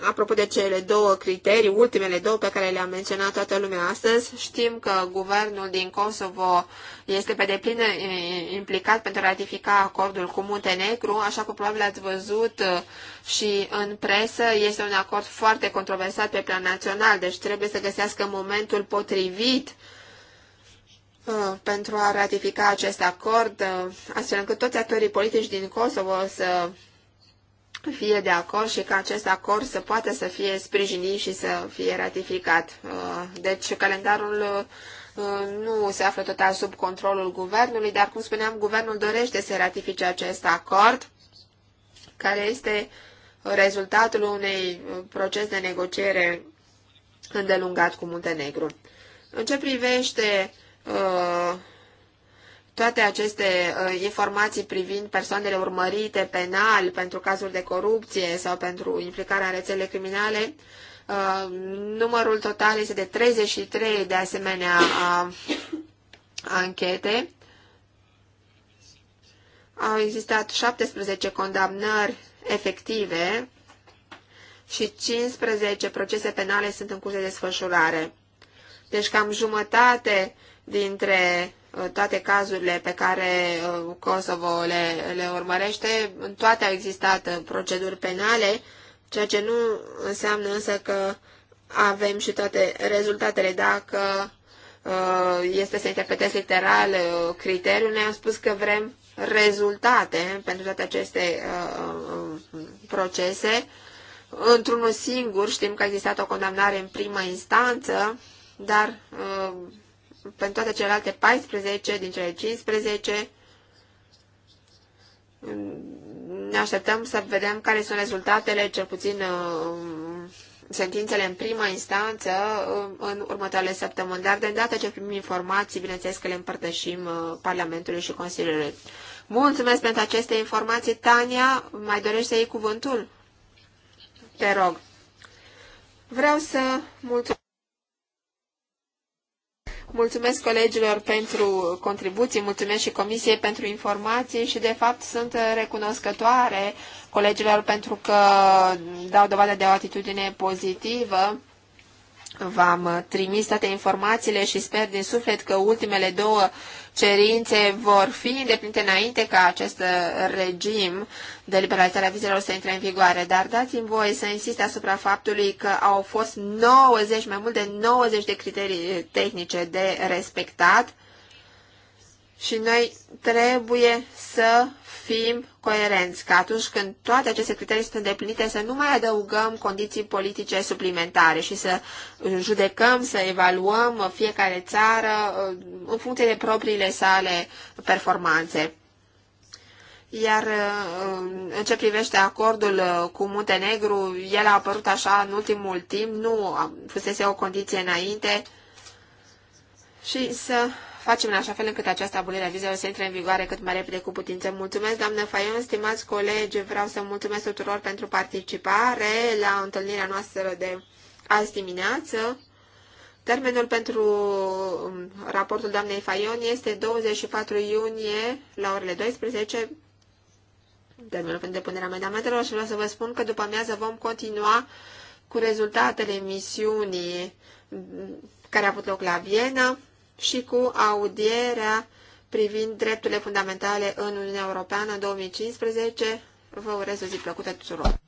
apropo de cele două criterii, ultimele două pe care le-a menționat toată lumea astăzi, știm că guvernul din Kosovo este pe deplin eh, implicat pentru a ratifica acordul cu Muntenegru, așa cum probabil ați văzut eh, și în presă, este un acord foarte controversat pe plan național, deci trebuie să găsească momentul potrivit eh, pentru a ratifica acest acord, astfel încât toți actorii politici din Kosovo să fie de acord și ca acest acord să poată să fie sprijinit și să fie ratificat. Uh, deci calendarul uh, nu se află total sub controlul guvernului, dar, cum spuneam, guvernul dorește să ratifice acest acord, care este rezultatul unei uh, proces de negociere îndelungat cu Muntenegru. În ce privește uh, toate aceste uh, informații privind persoanele urmărite penal pentru cazuri de corupție sau pentru implicarea în rețele criminale, uh, numărul total este de 33 de asemenea uh, anchete. Au existat 17 condamnări efective și 15 procese penale sunt în curs de desfășurare. Deci cam jumătate dintre Uh, toate cazurile pe care uh, Kosovo le, le urmărește, în toate au existat uh, proceduri penale, ceea ce nu înseamnă însă că avem și toate rezultatele. Dacă este să interpretez literal criteriul, ne-am spus că vrem rezultate pentru toate aceste procese. Într-unul singur știm că a existat o condamnare în primă instanță, dar pentru toate celelalte 14 din cele 15. Ne așteptăm să vedem care sunt rezultatele, cel puțin uh, sentințele în primă instanță uh, în următoarele săptămâni, dar de îndată ce primim informații, bineînțeles că le împărtășim uh, Parlamentului și Consiliului. Mulțumesc pentru aceste informații. Tania, mai dorești să iei cuvântul? Te rog. Vreau să mulțumesc. Mulțumesc colegilor pentru contribuții, mulțumesc și Comisiei pentru informații și, de fapt, sunt recunoscătoare colegilor pentru că dau dovadă de o atitudine pozitivă. V-am trimis toate informațiile și sper din suflet că ultimele două cerințe vor fi îndeplinite înainte ca acest uh, regim de liberalizare a vizelor să intre în vigoare. Dar dați-mi voie să insist asupra faptului că au fost 90, mai mult de 90 de criterii uh, tehnice de respectat și noi trebuie să fim coerenți, că atunci când toate aceste criterii sunt îndeplinite, să nu mai adăugăm condiții politice suplimentare și să judecăm, să evaluăm fiecare țară uh, în funcție de propriile sale performanțe. Iar uh, în ce privește acordul uh, cu Muntenegru, el a apărut așa în ultimul timp, nu fusese o condiție înainte și să facem în așa fel încât această abolire a vizelor să intre în vigoare cât mai repede cu putință. Mulțumesc, doamnă Faion, stimați colegi, vreau să mulțumesc tuturor pentru participare la întâlnirea noastră de azi dimineață. Termenul pentru um, raportul doamnei Faion este 24 iunie la orele 12, termenul pentru depunerea amendamentelor și vreau să vă spun că după amiază vom continua cu rezultatele misiunii care a avut loc la Viena și cu audierea privind drepturile fundamentale în Uniunea Europeană în 2015. Vă urez o zi plăcută tuturor!